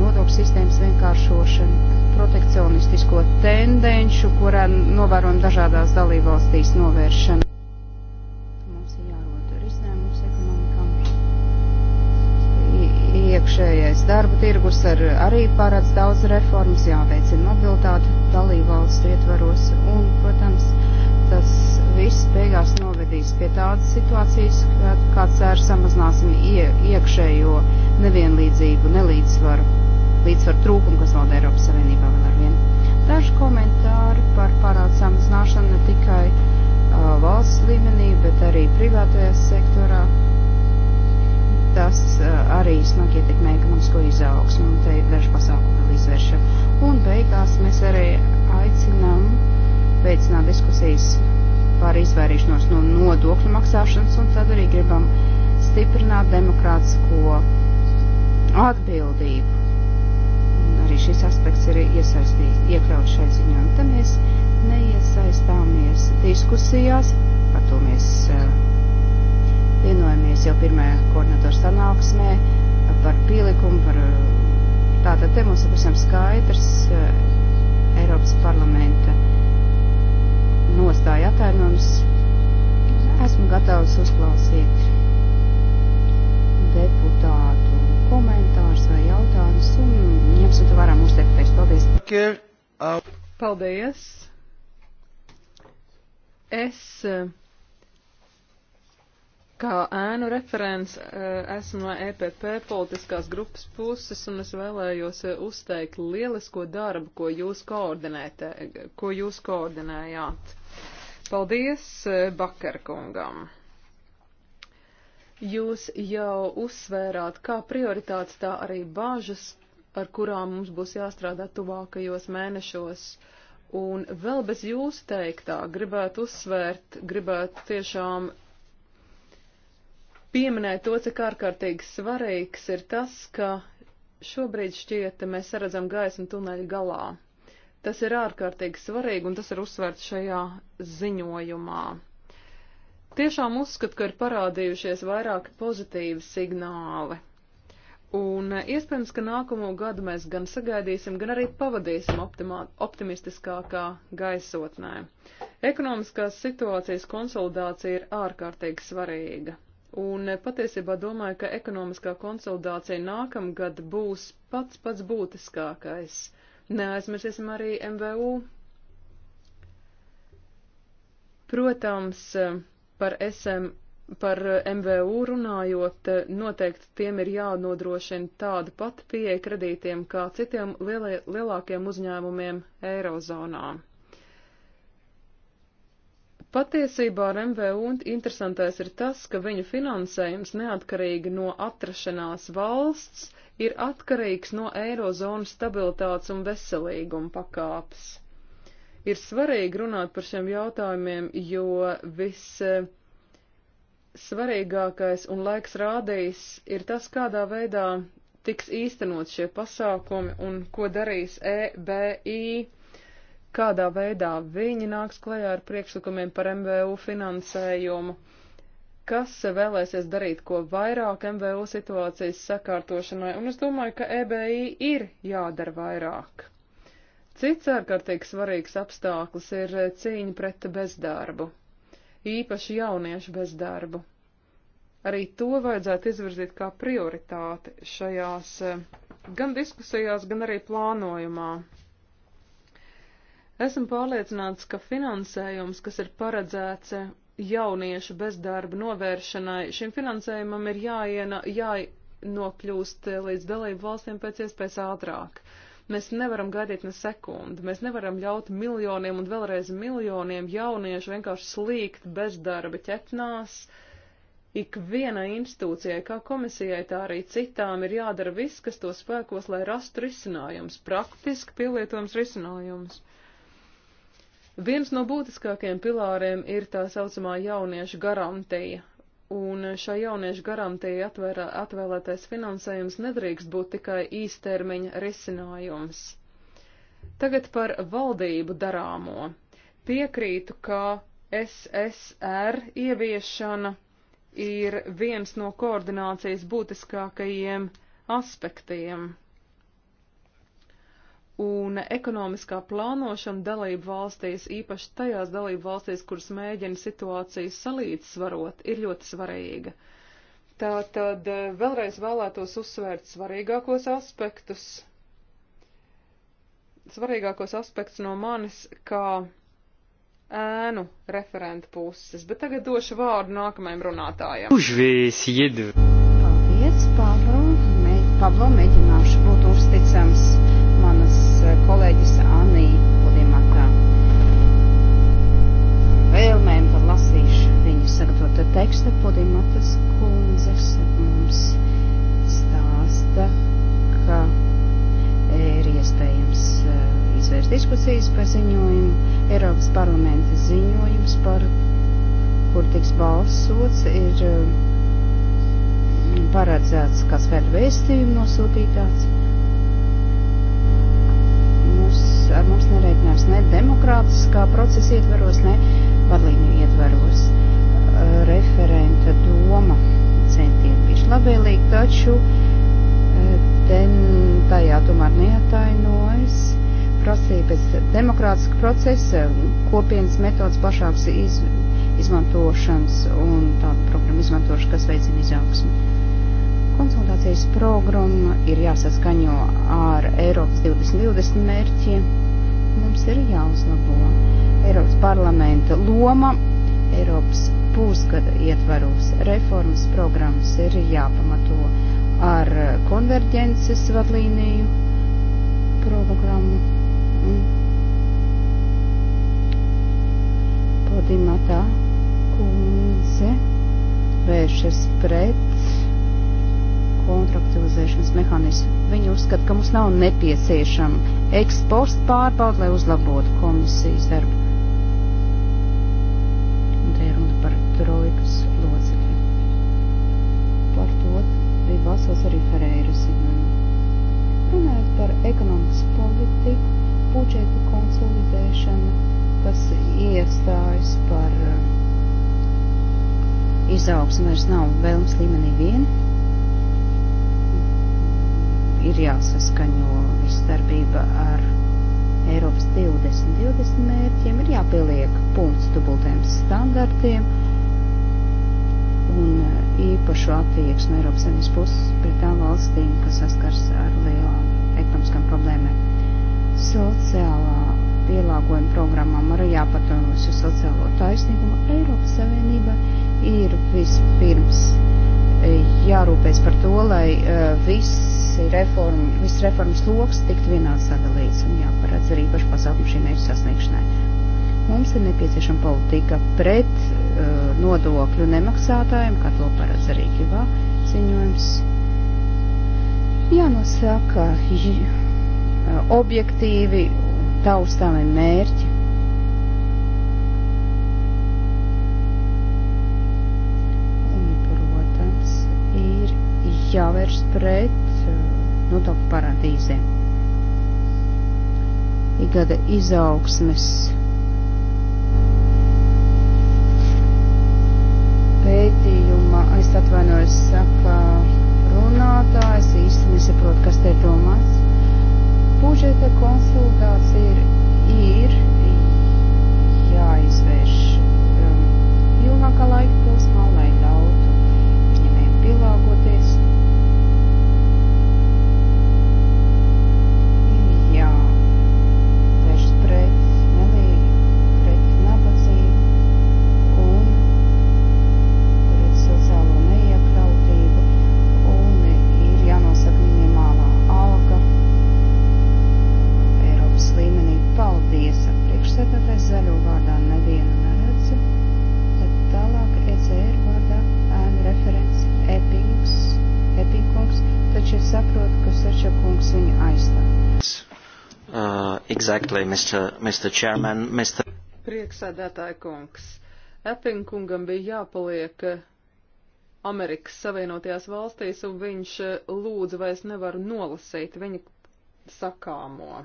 nodokļu sistēmas vienkāršošanu, protekcionistisko tendenšu, kurā novērojam dažādās dalībvalstīs novēršanu. Mums ir jārod risinājums ekonomikam. Iekšējais darba tirgus ar, arī paredz daudz reformas, jāveicina mobilitāte dalībvalstu ietvaros un, protams, tas viss beigās novedīs pie tādas situācijas, kad kāds ar samazināsim ie, iekšējo nevienlīdzību, nelīdzsvaru līdzsvaru trūkumu, kas valda Eiropas Savienībā vēl ar vienu. Daži komentāri par pārādu samazināšanu ne tikai uh, valsts līmenī, bet arī privātajā sektorā. Tas uh, arī smagi ietekmē ekonomisko izaugsmu, un te ir daži pasākumi vēl izvēršana. Un beigās mēs arī aicinām veicināt diskusijas par izvairīšanos no nodokļu maksāšanas, un tad arī gribam stiprināt demokrātisko atbildību arī šis aspekts ir iesaistīts, iekļauts šai ziņā. Tad mēs neiesaistāmies diskusijās, par to mēs eh, vienojamies jau pirmajā koordinatoru sanāksmē par pielikumu, par eh, tātad te mums ir visam skaidrs eh, Eiropas parlamenta nostāja atainojums. Esmu gatavs uzklausīt deputātu komentāru komentārus vai jautājumus un ņemsim to vērā mūsu deputēs. Paldies! Paldies! Es kā ēnu referents esmu no EPP politiskās grupas puses un es vēlējos uzteikt lielisko darbu, ko jūs, ko jūs koordinējāt. Paldies Bakarkungam! Jūs jau uzsvērāt, kā prioritātes tā arī bāžas, ar kurām mums būs jāstrādā tuvākajos mēnešos. Un vēl bez jūsu teiktā gribētu uzsvērt, gribētu tiešām pieminēt to, cik ārkārtīgi svarīgs ir tas, ka šobrīd šķiet mēs redzam gaismu tuneļa galā. Tas ir ārkārtīgi svarīgi un tas ir uzsvērts šajā ziņojumā. Tiešām uzskatu, ka ir parādījušies vairāki pozitīvi signāli. Un eh, iespējams, ka nākamo gadu mēs gan sagaidīsim, gan arī pavadīsim optimā, optimistiskākā gaisotnē. Ekonomiskās situācijas konsolidācija ir ārkārtīgi svarīga. Un eh, patiesībā domāju, ka ekonomiskā konsolidācija nākamgad būs pats pats būtiskākais. Neaizmirsīsim arī MVU. Protams, eh, Par SM, par eh, MVU runājot, eh, noteikti tiem ir jānodrošina tāda pati pieeja kredītiem kā citiem lielie, lielākiem uzņēmumiem Eirozonā. Patiesībā ar MVU interesantais ir tas, ka viņu finansējums neatkarīgi no atrašanās valsts ir atkarīgs no eirozonu stabilitātes un veselīguma pakāpes. Ir svarīgi runāt par šiem jautājumiem, jo viss eh, svarīgākais un laiks rādīs ir tas, kādā veidā tiks īstenot šie pasākumi un ko darīs EBI, kādā veidā viņi nāks klajā ar priekšlikumiem par MVU finansējumu, kas vēlēsies darīt ko vairāk MVU situācijas sakārtošanai, un es domāju, ka EBI ir jādara vairāk. Cits ārkārtīgi svarīgs apstākļus ir eh, cīņa pret bezdarbu, īpaši jauniešu bezdarbu. Arī to vajadzētu izvirzīt kā prioritāti šajās eh, gan diskusijās, gan arī plānojumā. Esmu pārliecināts, ka finansējums, kas ir paredzēts eh, jauniešu bezdarba novēršanai, šim finansējumam ir jāiena, jānokļūst līdz dalību valstīm pēc iespējas ātrāk. Mēs nevaram gaidīt ne sekundi, mēs nevaram ļaut miljoniem un vēlreiz miljoniem jauniešu vienkārši slīgt bezdarba ķetnās. Ikvienai institūcijai, kā komisijai, tā arī citām ir jādara viss, kas to spēkos, lai rastu risinājums, praktiski pielietojums risinājums. Viens no būtiskākajiem pilāriem ir tā saucamā jauniešu garantija, Un šai jauniešu garantija atvērā, atvēlētais finansējums nedrīkst būt tikai īstermiņa risinājums. Tagad par valdību darāmo. Piekrītu, ka SSR ieviešana ir viens no koordinācijas būtiskākajiem aspektiem un ekonomiskā plānošana dalību valstīs, īpaši tajās dalību valstīs, kuras mēģina situāciju salīdzsvarot, ir ļoti svarīga. Tātad eh, vēlreiz vēlētos uzsvērt svarīgākos aspektus. Svarīgākos aspektus no manis kā ēnu referentu puses, bet tagad došu vārdu nākamajam runātājam. Paldies, Pablo. Mē, Pablo, mēģināšu būt uzticams teksta Podimatas kundzes mums stāsta, ka e, ir iespējams e, izvērst diskusijas par ziņojumu. Eiropas parlamenta ziņojums, par kur tiks balsots, ir e, paredzēts kā skaļu vēstījumu nosūtītāts. Mums, ar mums nereitinās ne demokrātiskā procesa ietveros, ne vadlīniju ietveros. Uh, referenta doma centieni bijuši labvēlīgi, taču eh, te tajā tomēr neatainojas prasīja pēc demokrātiska procesa, kopienas metodas plašāks iz, izmantošanas un tādu programmu izmantošanu, kas veicina izaugsmu. Konsultācijas programma ir jāsaskaņo ar Eiropas 2020 mērķiem. Mums ir jāuzlabo Eiropas parlamenta loma, Eiropas pusgada ietvaros. Reformas programmas ir jāpamato ar konverģences vadlīniju programmu. Podimatā kundze vēršas pret kontraktualizēšanas mehānismu. Viņi uzskata, ka mums nav nepieciešama ekspost pārbauda, lai uzlabotu komisijas darbu. republikas locekļi. Par to bija balsos arī Ferreira Zimana. Runājot par ekonomikas politiku, budžeta konsolidēšanu, kas iestājas par um, izaugsmu vairs nav vēlms līmenī vien, ir jāsaskaņo viss darbība ar Eiropas 2020 mērķiem ir jāpieliek punkts dubultiem standartiem un uh, īpašu attieksmi Eiropas Savienības puses pret tām valstīm, kas saskars ar lielām ekonomiskām problēmām. Sociālā pielāgojuma programmām arī jāpaturmas uz sociālo taisnīgumu. Eiropas Savienība ir vispirms eh, jārūpēs par to, lai eh, visi reformu, viss reformas loks tiktu vienāds sadalīts un jāparedz arī pašu pasākumu šī mērķa sasniegšanai. Mums ir nepieciešama politika pret uh, nodokļu nemaksātājiem, kā to paredz arī Kivā ziņojums. Jānosaka eh, objektīvi taustāmi mērķi. Un, protams, ir jāvērst pret eh, nodokļu paradīzēm. Igada izaugsmes Es atvainojos, saka runātājs, īsti nesaprotu, kas te ir domāts. Budžeta konsultācija ir, ir jāizvērš um, ilgākā laika posmā, lai ļautu viņiem pielāgoties. Jā, vērš pret priekšsēdētājs zaļo vārdā nevienu neredzu, tad tālāk ECR vārdā ēnu referents Epings, Epinkungs, taču es saprotu, ka Seča kungs viņu aizstāv. Uh, exactly, Mr. Mr. Chairman, Mr. Prieksēdētāja kungs. Epinkungam bija jāpaliek Amerikas Savienotajās valstīs, un viņš uh, lūdza, vai es nevaru nolasīt viņa sakāmo.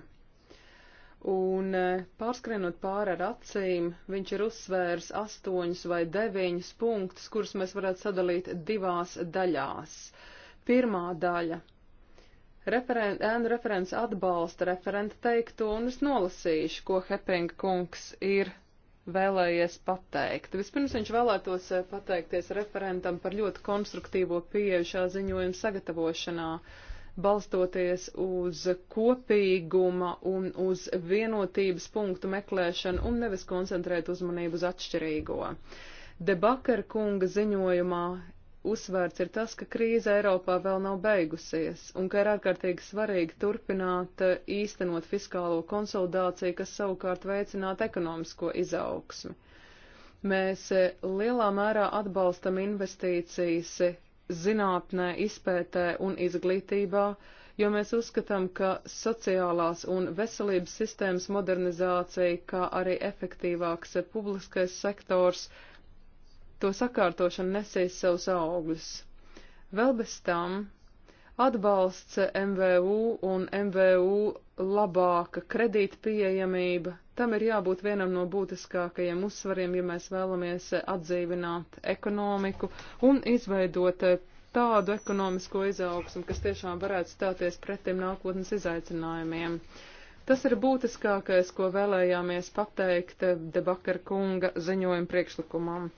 Un e, pārskrienot pāri ar acīm, viņš ir uzsvērs astoņus vai deviņus punktus, kurus mēs varētu sadalīt divās daļās. Pirmā daļa. Referen Ēnu referents atbalsta referenta teikto, un es nolasīšu, ko Hepinga kungs ir vēlējies pateikt. Vispirms viņš vēlētos e, pateikties referentam par ļoti konstruktīvo pieeju šā ziņojuma sagatavošanā. Uh, balstoties uz kopīguma un uz vienotības punktu meklēšanu un nevis koncentrēt uzmanību uz atšķirīgo. Debakar kunga ziņojumā uzsvērts ir tas, ka krīze Eiropā vēl nav beigusies un ka ir ārkārtīgi svarīgi turpināt eh, īstenot fiskālo konsolidāciju, kas savukārt veicinātu ekonomisko izaugsmi. Mēs eh, lielā mērā atbalstam investīcijas eh, zinātnē, izpētē un izglītībā, jo mēs uzskatām, ka sociālās un veselības sistēmas modernizācija, kā arī efektīvāks publiskais sektors, to sakārtošana nesīs savus augļus. Vēl bez tam atbalsts MVU un MVU labāka kredīta pieejamība, Tam ir jābūt vienam no būtiskākajiem uzsvariem, ja mēs vēlamies atdzīvināt ekonomiku un izveidot eh, tādu ekonomisko izaugsmu, kas tiešām varētu stāties pretim nākotnes izaicinājumiem. Tas ir būtiskākais, ko vēlējāmies pateikt eh, debakar kunga ziņojuma priekšlikumam.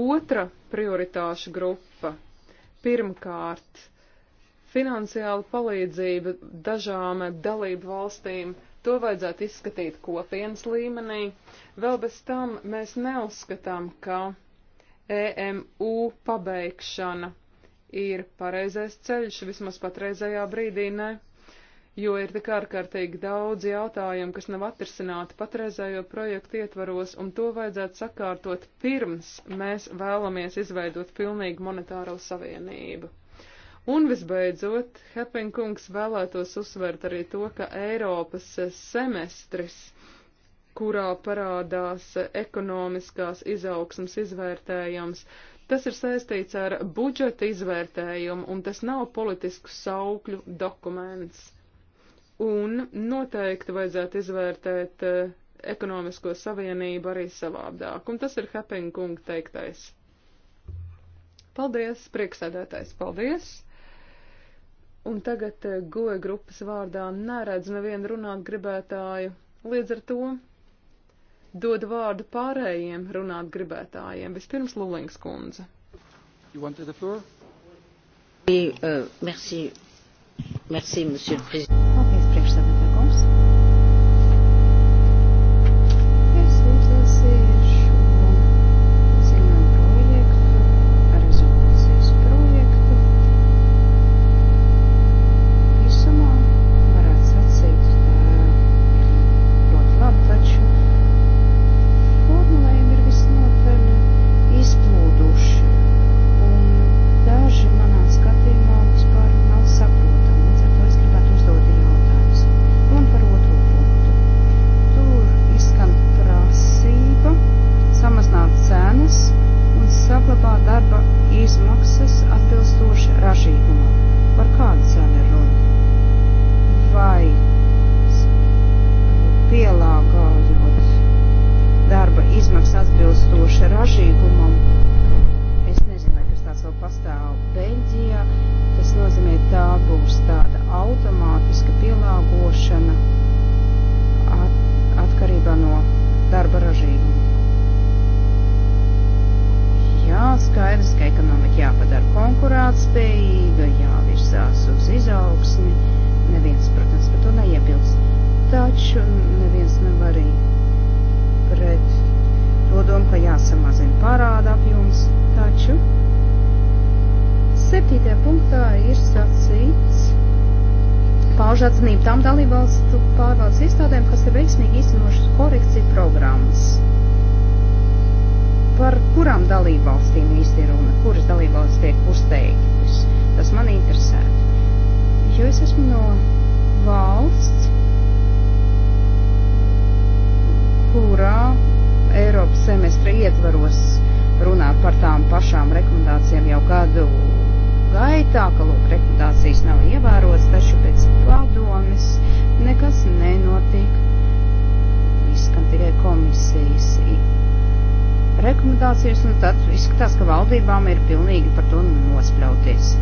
Otra prioritāšu grupa. Pirmkārt, finansiāla palīdzība dažām dalību valstīm To vajadzētu izskatīt kopienas līmenī. Vēl bez tam mēs neuzskatām, ka EMU pabeigšana ir pareizais ceļš, vismaz patreizajā brīdī ne, jo ir tik ārkārtīgi daudz jautājumu, kas nav atrisināti patreizējo projektu ietvaros, un to vajadzētu sakārtot pirms mēs vēlamies izveidot pilnīgu monetāro savienību. Un visbeidzot, Hepinkungs vēlētos uzsvērt arī to, ka Eiropas semestris, kurā parādās ekonomiskās izaugsmas izvērtējums, tas ir saistīts ar budžeta izvērtējumu, un tas nav politisku saukļu dokuments. Un noteikti vajadzētu izvērtēt eh, ekonomisko savienību arī savādāk, un tas ir Hepinkunga teiktais. Paldies, prieksēdētājs, paldies! Un tagad eh, goja grupas vārdā neredz nevienu runāt gribētāju. Līdz ar to dod vārdu pārējiem runāt gribētājiem. Vispirms Lulings kundze. Euh, merci, merci, monsieur le président. ražošana at, atkarībā no darba ražīguma. Jā, skaidrs, ka ekonomika jāpadara konkurētspējīga, jāvirzās uz izaugsmi. Neviens, protams, par to neiebilst. Taču neviens nevar arī pret to domu, ka jāsamazina parāda apjoms. Taču septītajā punktā ir sacīts pauž atzinību tām dalībvalstu pārvaldes iestādēm, kas ir veiksmīgi īstenošas korekciju programmas. Par kurām dalībvalstīm īsti runa, kuras dalībvalstis tiek uzteiktas, tas man interesētu. Jo es esmu no valsts, kurā Eiropas semestra ietvaros runā par tām pašām rekomendācijām jau gadu gaitā, ka lūk rekomendācijas nav ievērotas, taču pēc padomes nekas nenotiek. Izskan tikai komisijas rekomendācijas, un tad izskatās, ka valdībām ir pilnīgi par to nospļauties.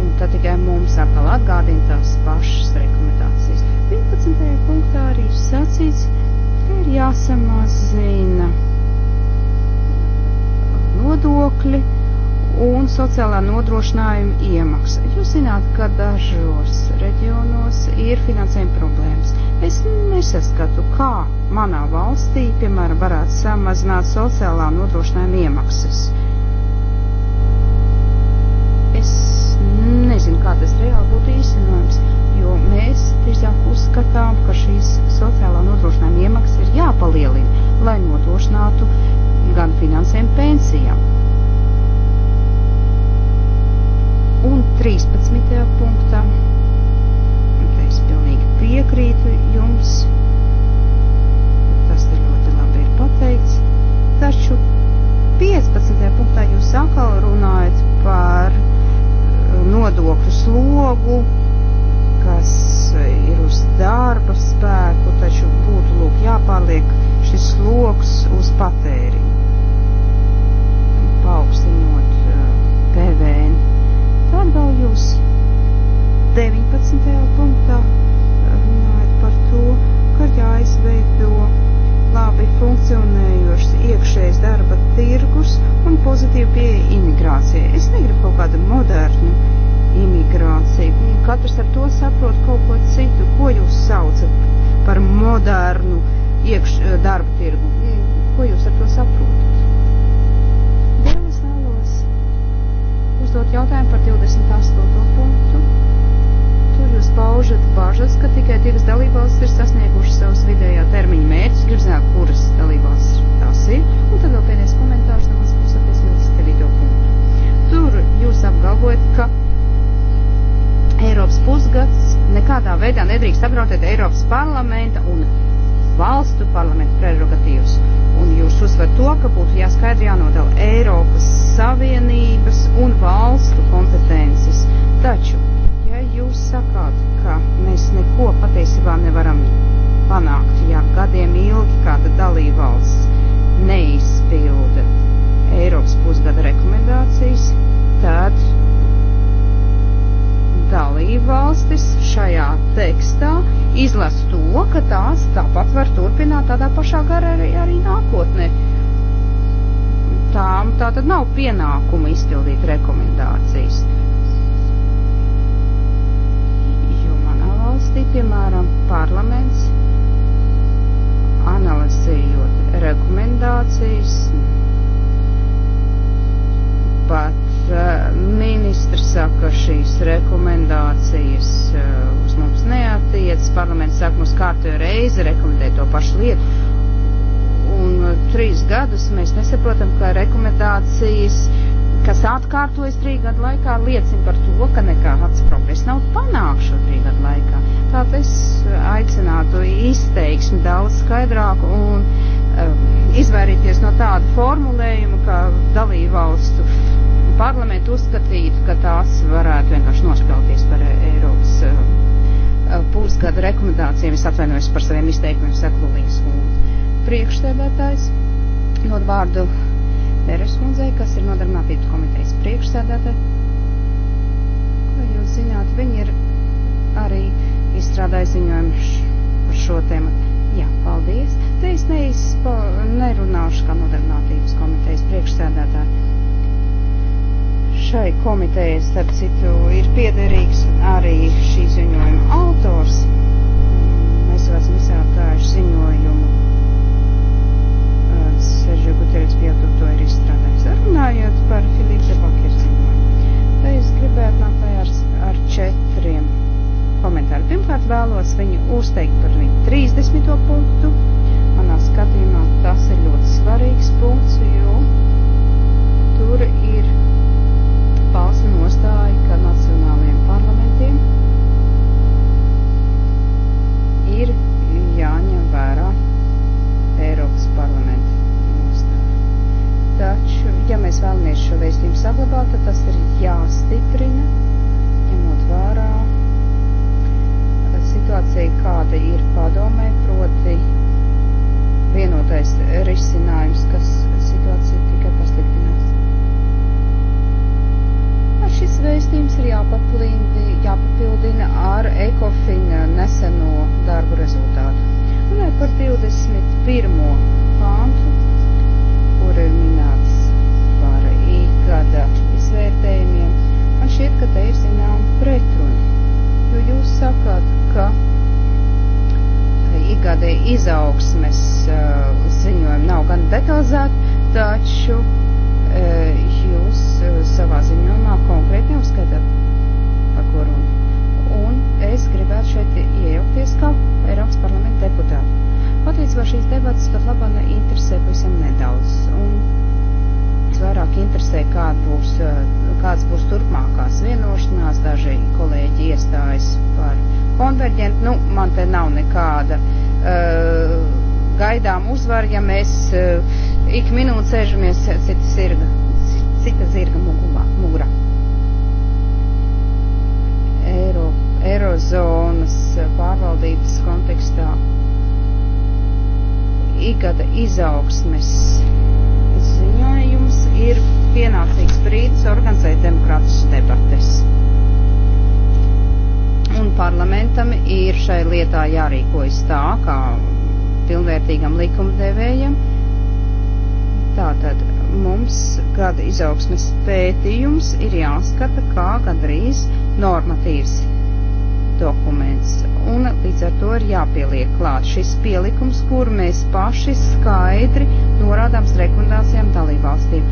Un tad tikai mums atkal atgādina tās pašas rekomendācijas. 15. punktā arī sacīts, ka ir jāsamazina nodokļi un sociālā nodrošinājuma iemaksa. Jūs zināt, ka dažos reģionos ir finansējuma problēmas. Es nesaskatu, kā manā valstī, piemēram, varētu samazināt sociālā nodrošinājuma iemaksas. Es nezinu, kā tas reāli būtu īstenojams, jo mēs drīzāk uzskatām, ka šīs sociālā nodrošinājuma iemaksas ir jāpalielina, lai nodrošinātu gan finansējumu pensijām Un 13. punktā, te es pilnīgi piekrītu jums, tas te ļoti labi ir pateikts, taču 15. punktā jūs atkal runājat par eh, nodokļu slogu, kas eh, ir uz darba spēku, taču būtu lūk jāpārliek šis sloks uz patēriņu. Paaugstinot atbal jūs 19. punktā runājat par to, ka jāizveido labi funkcionējošs iekšējs darba tirgus un pozitīva pieeja imigrācijai. Es negribu kaut kādu modernu imigrāciju. Katrs ar to saprot kaut ko citu. Ko jūs saucat par modernu iekš, darba tirgu? Ko jūs ar to saprotat? uzdot jautājumu par 28. punktu. Tur jūs paužat bažas, ka tikai divas dalībvalstis ir sasniegušas savus vidējā termiņa mērķus, grib zināt, kuras dalībvalstis tās ir, un tad vēl pēdējais komentārs no manas puses attiecībā uz 9. punktu. Tur jūs apgalvojat, ka Eiropas pusgads nekādā veidā nedrīkst apdraudēt Eiropas parlamenta un valstu parlamentu prerogatīvas. Un jūs uzsver to, ka būtu jāskaidri jānodala Eiropas Savienības un valstu kompetences. Taču, ja jūs sakāt, ka mēs neko patiesībā nevaram panākt, ja gadiem ilgi kāda dalībvalsts neizpilda Eiropas pusgada rekomendācijas, tad dalībvalstis šajā tekstā izlas to, ka tās tāpat var turpināt tādā pašā garā arī, arī nākotnē. Tām tā tad nav pienākuma izpildīt rekomendācijas. Jo manā valstī, piemēram, parlaments analizējot rekomendācijas, pat Ministri saka, šīs rekomendācijas uh, uz mums neatiec. Parlaments saka, mums kārtējo reizi rekomendē to pašu lietu. Un uh, trīs gadus mēs nesaprotam, ka rekomendācijas, kas atkārtojas trīs gadu laikā, liecina par to, ka nekāds progress nav panākts šo trīs gadu laikā. Tātad es aicinātu izteiksmi daudz skaidrāku un um, izvairīties no tādu formulējumu, ka dalībvalstu parlamentu uzskatītu, ka tās varētu vienkārši nošķelties par eh, Eiropas uh, pusgada rekomendācijām. Es atvainojos par saviem izteikumiem, saku Līgas kundze. Priekšsēdētājs dod vārdu Beres kundzei, kas ir nodarbinātības komitejas priekšsēdētāja. Kā jūs zināt, viņi ir arī izstrādāja ziņojumu par šo tēmu. Jā, paldies. Te es neizpa, ne, šai komitejai, starp citu, ir piederīgs arī šī ziņojuma autors. Mēs jau esam izsētājuši ziņojumu. Uh, Seržio Guterres pietu to ir izstrādājis. Runājot par Filipa de Bakir ziņojumu, te es gribētu nākt klajā ar, ar četriem komentāriem. Pirmkārt vēlos viņu uzteikt par viņu 30. punktu. Manā skatījumā tas ir ļoti svarīgs punkts, jo tur ir pausa nostāja, ka nacionāliem parlamentiem ir jāņem vērā Eiropas parlamenta nostāja. Taču, ja mēs vēlamies šo vēstījumu saglabāt, tad tas ir jāstiprina, ņemot vērā uh, situācija, kāda ir padomē, proti vienotais risinājums, kas situācija šis vēstījums ir jāpapildina ar ekofina neseno darbu rezultātu. Runājot par 21. pāntu, kur ir minēts par īgada izvērtējumiem, man šķiet, ka te ir zinām pretruna. Jo jūs sakāt, ka e, īgada izaugsmes e, ziņojumi nav gan detalizēti, taču e, jūs eh, savā ziņojumā konkrēti neuzskatāt, par ko runa. Un es gribētu šeit iejaukties kā Eiropas parlamenta deputāti. Patiesībā šīs debatas pat labāk interesē pavisam nedaudz. Un es vairāk interesē, kāda būs, eh, kāds būs turpmākās vienošanās. Daži kolēģi iestājas par konverģentu. Nu, man te nav nekāda. Uh, gaidām uzvaru, ja mēs uh, ik minūti sēžamies cita sirga cita zirga mugulā, mugura. Eiro, Eirozonas pārvaldības kontekstā ikgada izaugsmes ziņojums ir pienācīgs brīdis organizēt demokrātiskas debates. Un parlamentam ir šai lietā jārīkojas tā, kā pilnvērtīgam likumdevējam. Tātad mums gada izaugsmes pētījums ir jāskata kā gandrīz normatīvs dokuments, un līdz ar to ir jāpieliek klāt šis pielikums, kur mēs paši skaidri norādām uz rekomendācijām dalībvalstīm.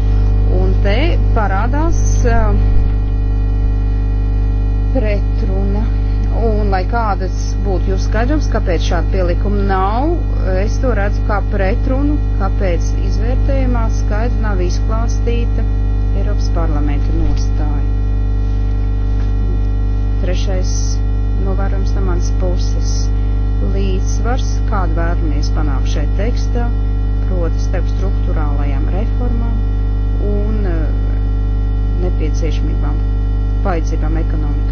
Un te parādās uh, pretruna un lai kādas būtu jūsu skaidrums, kāpēc šāda pielikuma nav, es to redzu kā pretrunu, kāpēc izvērtējumā skaidri nav izklāstīta Eiropas parlamenta nostāja. Trešais novērums no manas puses - līdzsvars, kādu vēlamies panākt šeit tekstā, proti starp struktūrālajām reformām un eh, nepieciešamībām, vajadzībām ekonomikai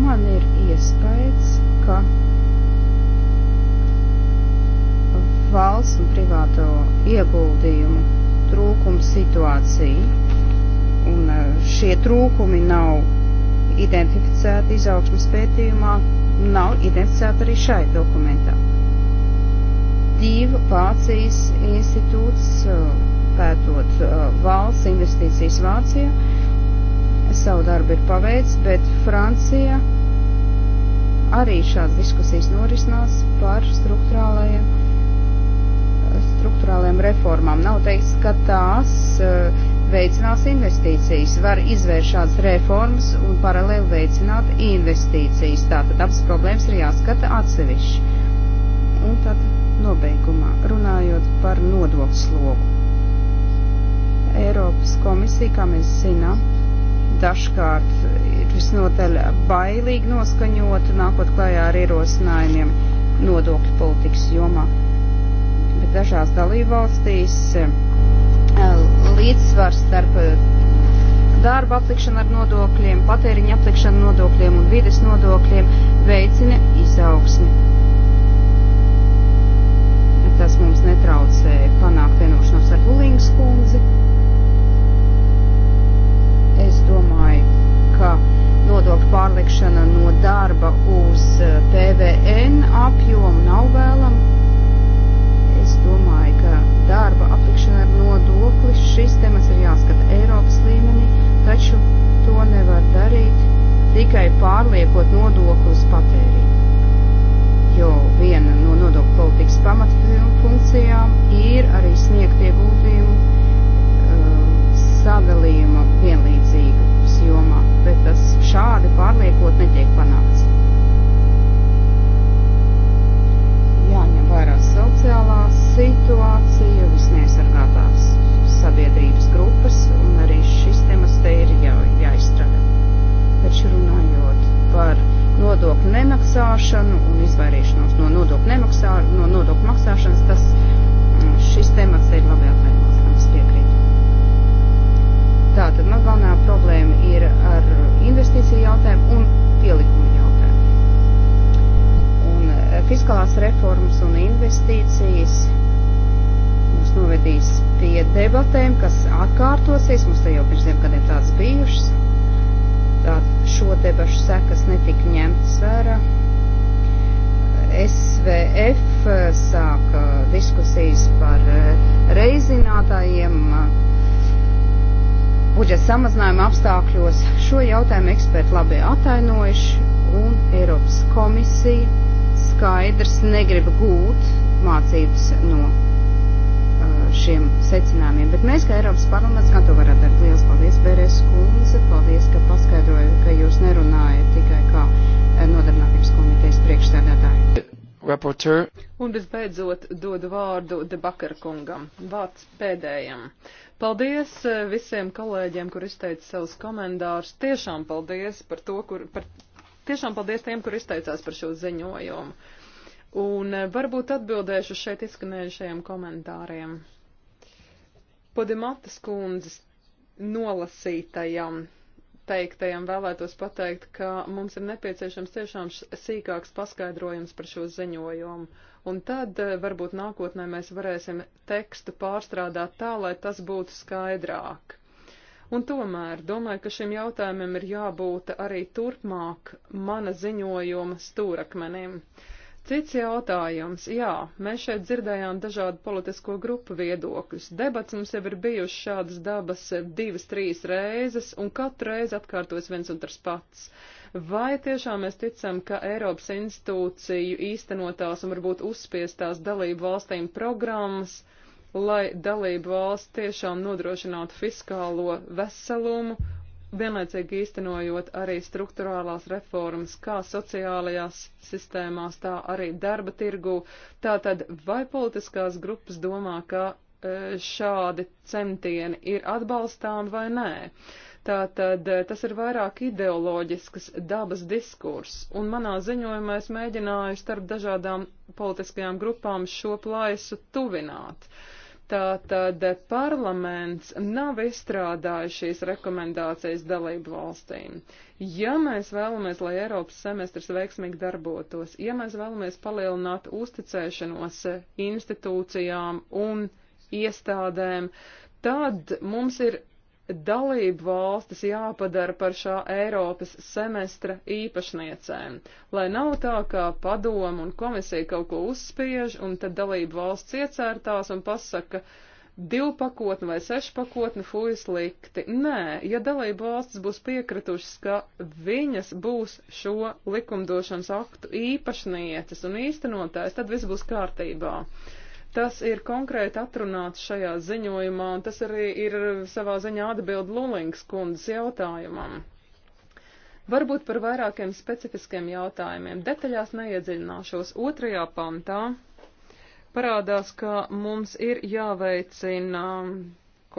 man ir iespējas, ka valsts un privāto ieguldījumu trūkumu situācija un e, šie trūkumi nav identificēti izaugsmas pētījumā, nav identificēti arī šai dokumentā. Divu Vācijas institūts e, pētot e, valsts investīcijas Vācijā savu darbu ir paveicis, bet Francija arī šādas diskusijas norisinās par struktūrālajiem struktūrāliem reformām. Nav teiks, ka tās uh, veicinās investīcijas. Var izvērst šādas reformas un paralēli veicināt investīcijas. Tātad abas problēmas ir jāskata atsevišķi. Un tad nobeigumā runājot par nodokļu slogu. Eiropas komisija, kā mēs zinām, dažkārt ir visnotaļ bailīgi noskaņota, nākot klājā ar ierosinājumiem nodokļu politikas jomā. Bet dažās dalībvalstīs eh, līdzsvars starp eh, darba aplikšana ar nodokļiem, patēriņa aplikšana nodokļiem un vides nodokļiem veicina izaugsmi. Tas mums netraucē panākt vienošanos ar Hulīngas kundzi. Es domāju, ka nodokļu pārlikšana no darba uz e, PVN apjomu nav vēlama. Es domāju, ka darba aplikšana ar nodokli šis temats ir jāskata Eiropas līmenī, taču to nevar darīt tikai pārliekot nodokli uz patēriņu. investīcijas mums novedīs pie debatēm, kas atkārtosies, mums te jau pirms diviem gadiem tādas bijušas. Tā šo debašu sekas netika ņemtas vērā. SVF eh, sāka diskusijas par eh, reizinātājiem eh, budžeta samazinājuma apstākļos. Šo jautājumu eksperti labi atainojuši un Eiropas komisija skaidrs negrib gūt mācības no uh, šiem secinājumiem. Bet mēs, kā Eiropas parlaments, kā to varat darīt? Lielas paldies, Bērēs kundze, paldies, ka paskaidroju, ka jūs nerunājat tikai kā uh, nodarbinātības komitejas priekšstādātāji. Reporter. Un visbeidzot dodu vārdu Debakar kungam, vārds pēdējam. Paldies uh, visiem kolēģiem, kur izteica savus komentārus. Tiešām paldies par to, kur, par Tiešām paldies tiem, kur izteicās par šo ziņojumu. Un eh, varbūt atbildēšu šeit izskanējušajiem komentāriem. Podimatas kundzes nolasītajam teiktajam vēlētos pateikt, ka mums ir nepieciešams tiešām sīkāks paskaidrojums par šo ziņojumu. Un tad eh, varbūt nākotnē mēs varēsim tekstu pārstrādāt tā, lai tas būtu skaidrāk. Un tomēr domāju, ka šim jautājumam ir jābūt arī turpmāk mana ziņojuma stūrakmenim. Cits jautājums. Jā, mēs šeit dzirdējām dažādu politisko grupu viedokļus. Debats mums jau ir bijušas šādas dabas divas, trīs reizes, un katru reizi atkārtojas viens un tas pats. Vai tiešām mēs ticam, ka Eiropas institūciju īstenotās un varbūt uzspiestās dalību valstīm programmas uh, lai dalību valsts tiešām nodrošinātu fiskālo veselumu, vienlaicīgi īstenojot arī struktūrālās reformas kā sociālajās sistēmās, tā arī darba tirgū. Tātad, vai politiskās grupas domā, ka e, šādi centieni ir atbalstām vai nē? Tātad e, tas ir vairāk ideoloģisks dabas diskurs, un manā ziņojumā es mēģināju starp dažādām politiskajām grupām šo plaisu tuvināt. Uh, Tātad parlaments nav izstrādājis šīs rekomendācijas dalību valstīm. Ja mēs vēlamies, lai Eiropas semestrs veiksmīgi darbotos, ja mēs vēlamies palielināt uzticēšanos institūcijām un iestādēm, tad mums ir dalību valstis jāpadara par šā Eiropas semestra īpašniecēm, lai nav tā, ka padoma un komisija kaut ko uzspiež, un tad dalību valsts iecērtās un pasaka, divu pakotni vai sešu pakotni fuj slikti. Nē, ja dalību valstis būs piekritušas, ka viņas būs šo likumdošanas aktu īpašnieces un īstenotājs, tad viss būs kārtībā. Uh, Tas ir konkrēti atrunāts šajā ziņojumā, un tas arī ir savā ziņā atbild Lulings kundzes jautājumam. Varbūt par vairākiem specifiskiem jautājumiem. Detaļās neiedziļināšos. Otrajā pantā parādās, ka mums ir jāveicina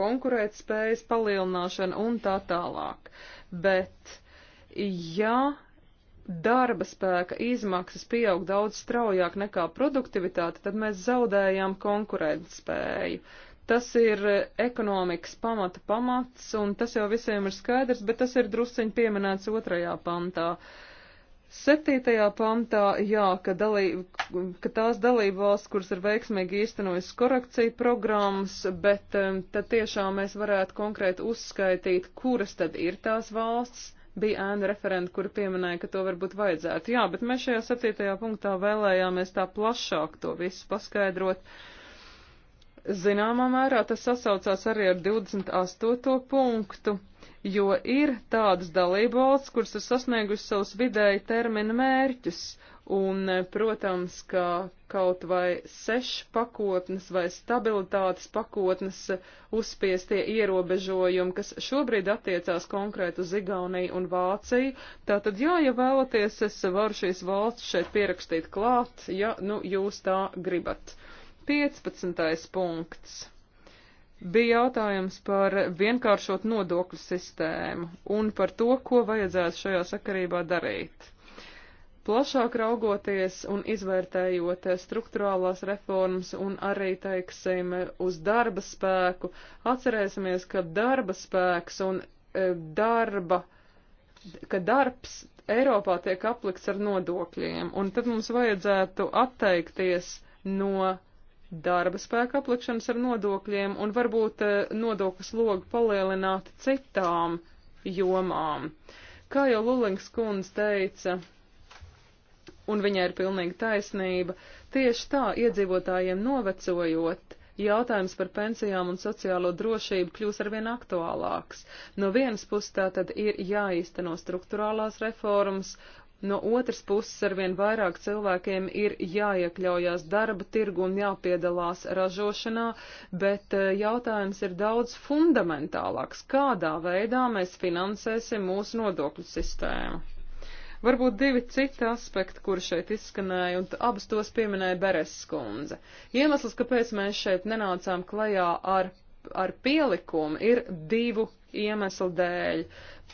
konkurētspējas palielināšana un tā tālāk. Bet, ja darba spēka izmaksas pieaug daudz straujāk nekā produktivitāte, tad mēs zaudējam konkurētspēju. Tas ir ekonomikas pamata pamats, un tas jau visiem ir skaidrs, bet tas ir drusciņi pieminēts otrajā pantā. Septītajā pantā, jā, ka, dalība, ka tās dalībvalsts, kuras ir veiksmīgi īstenojas korekciju programmas, bet tad tiešām mēs varētu konkrēti uzskaitīt, kuras tad ir tās valsts, bija ēnu referenti, kuri pieminēja, ka to varbūt vajadzētu. Jā, bet mēs šajā septītajā punktā vēlējāmies tā plašāk to visu paskaidrot. Zināmā mērā tas sasaucās arī ar 28. punktu, jo ir tādas dalībvalsts, kuras ir sasniegušas savus vidēji termina mērķus, Un, protams, ka kaut vai sešu pakotnes vai stabilitātes pakotnes uzspiestie ierobežojumi, kas šobrīd attiecās konkrēt uz Igauniju un Vāciju. Tātad, jā, ja vēlaties, es varu šīs valsts šeit pierakstīt klāt, ja, nu, jūs tā gribat. 15. punkts. Bija jautājums par vienkāršot nodokļu sistēmu un par to, ko vajadzētu šajā sakarībā darīt. Plašāk raugoties un izvērtējot eh, struktūrālās reformas un arī, teiksim, uz darba spēku, atcerēsimies, ka darba spēks un eh, darba, ka darbs Eiropā tiek aplikts ar nodokļiem, un tad mums vajadzētu atteikties no darba spēka aplikšanas ar nodokļiem un varbūt eh, nodokļu slogu palielināt citām jomām. Kā jau Lulings kundze teica, un viņai ir pilnīga taisnība, tieši tā iedzīvotājiem novecojot, jautājums par pensijām un sociālo drošību kļūs arvien aktuālāks. No vienas puses tā tad ir jāīsteno struktūrālās reformas, no otras puses arvien vairāk cilvēkiem ir jāiekļaujās darba tirgu un jāpiedalās ražošanā, bet eh, jautājums ir daudz fundamentālāks, kādā veidā mēs finansēsim mūsu nodokļu sistēmu. Varbūt divi citi aspekti, kuri šeit izskanēja, un abus tos pieminēja Beres skundze. Iemesls, kāpēc mēs šeit nenācām klajā ar, ar pielikumu, ir divu iemeslu dēļ.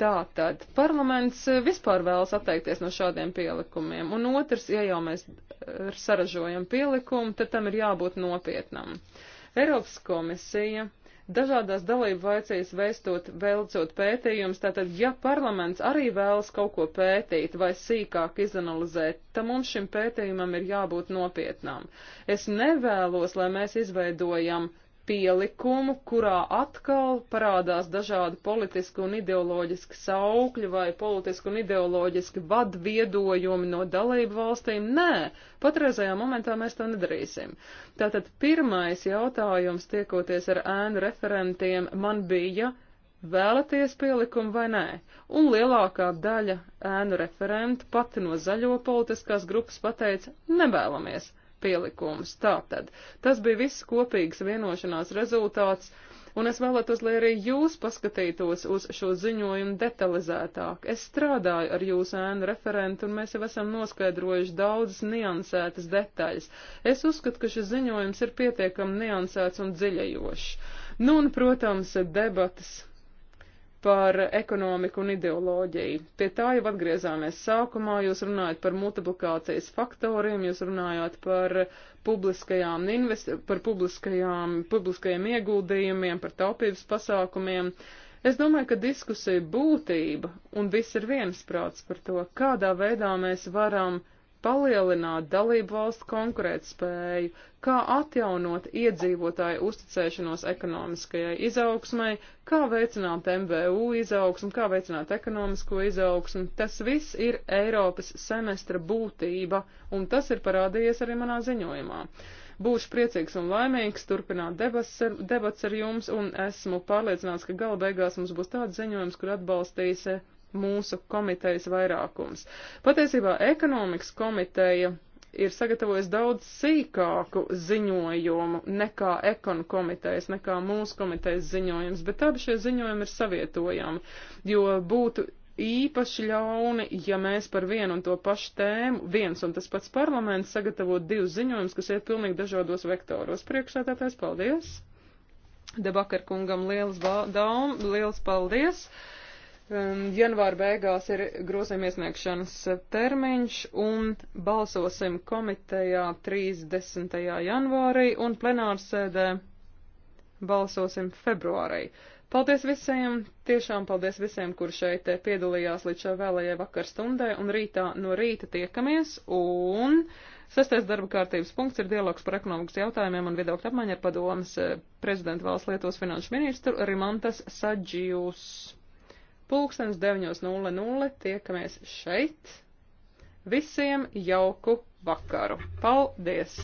Tātad parlaments eh, vispār vēlas atteikties no šādiem pielikumiem, un otrs, ja jau mēs eh, saražojam pielikumu, tad tam ir jābūt nopietnam. Eiropas komisija Dažādās dalību vaicīs veistot, veicot pētījumus, tātad, ja parlaments arī vēlas kaut ko pētīt vai sīkāk izanalizēt, tad mums šim pētījumam ir jābūt nopietnām. Es nevēlos, lai mēs izveidojam pielikumu, kurā atkal parādās dažādi politiski un ideoloģiski saukļi vai politiski un ideoloģiski vadviedojumi no dalību valstīm. Nē, patreizajā momentā mēs to nedarīsim. Tātad pirmais jautājums tiekoties ar ēnu referentiem man bija. Vēlaties pielikumu vai nē? Un lielākā daļa ēnu referentu pat no zaļo politiskās grupas pateica, nevēlamies pielikums. Tātad, tas bija viss kopīgs vienošanās rezultāts, un es vēlētos, lai arī jūs paskatītos uz šo ziņojumu detalizētāk. Es strādāju ar jūsu ēnu referentu, un mēs jau esam noskaidrojuši daudzas niansētas detaļas. Es uzskatu, ka šis ziņojums ir pietiekami niansēts un dziļajošs. Nu, un, protams, debatas par ekonomiku un ideoloģiju. Pie tā jau atgriezāmies sākumā, jūs runājat par multiplikācijas faktoriem, jūs runājāt par publiskajām, par publiskajām, publiskajiem ieguldījumiem, par taupības pasākumiem. Es domāju, ka diskusija būtība un viss ir viensprāts par to, kādā veidā mēs varam palielināt dalību valstu konkurētspēju, kā atjaunot iedzīvotāju uzticēšanos ekonomiskajai izaugsmai, kā veicināt MVU izaugsmu, kā veicināt ekonomisko izaugsmu. Tas viss ir Eiropas semestra būtība, un tas ir parādījies arī manā ziņojumā. Būšu priecīgs un laimīgs turpināt debats ar, debats ar jums, un esmu pārliecināts, ka gala beigās mums būs tāds ziņojums, kur atbalstīs mūsu komitejas vairākums. Patiesībā ekonomikas komiteja ir sagatavojis daudz sīkāku ziņojumu nekā ekonu komitejas, nekā mūsu komitejas ziņojums, bet abi šie ziņojumi ir savietojami, jo būtu īpaši ļauni, ja mēs par vienu un to pašu tēmu, viens un tas pats parlaments sagatavot divus ziņojumus, kas iet pilnīgi dažādos vektoros. Priekšsētātājs, paldies! Debakar kungam liels, ba daum, liels paldies! Uh, Um, janvāra beigās ir grozījuma iesniegšanas termiņš un balsosim komitejā 30. janvārī un plenārsēdē balsosim februārī. Paldies visiem, tiešām paldies visiem, kur šeit piedalījās līdz šai vēlējai vakar stundai un rītā no rīta tiekamies un sestais darba kārtības punkts ir dialogs par ekonomikas jautājumiem un viedokļu apmaiņa ar padomas eh, prezidentu valsts lietos finanšu ministru Rimantas Sadžijus. Pulkstens 9.00 tiekamies šeit. Visiem jauku vakaru! Paldies!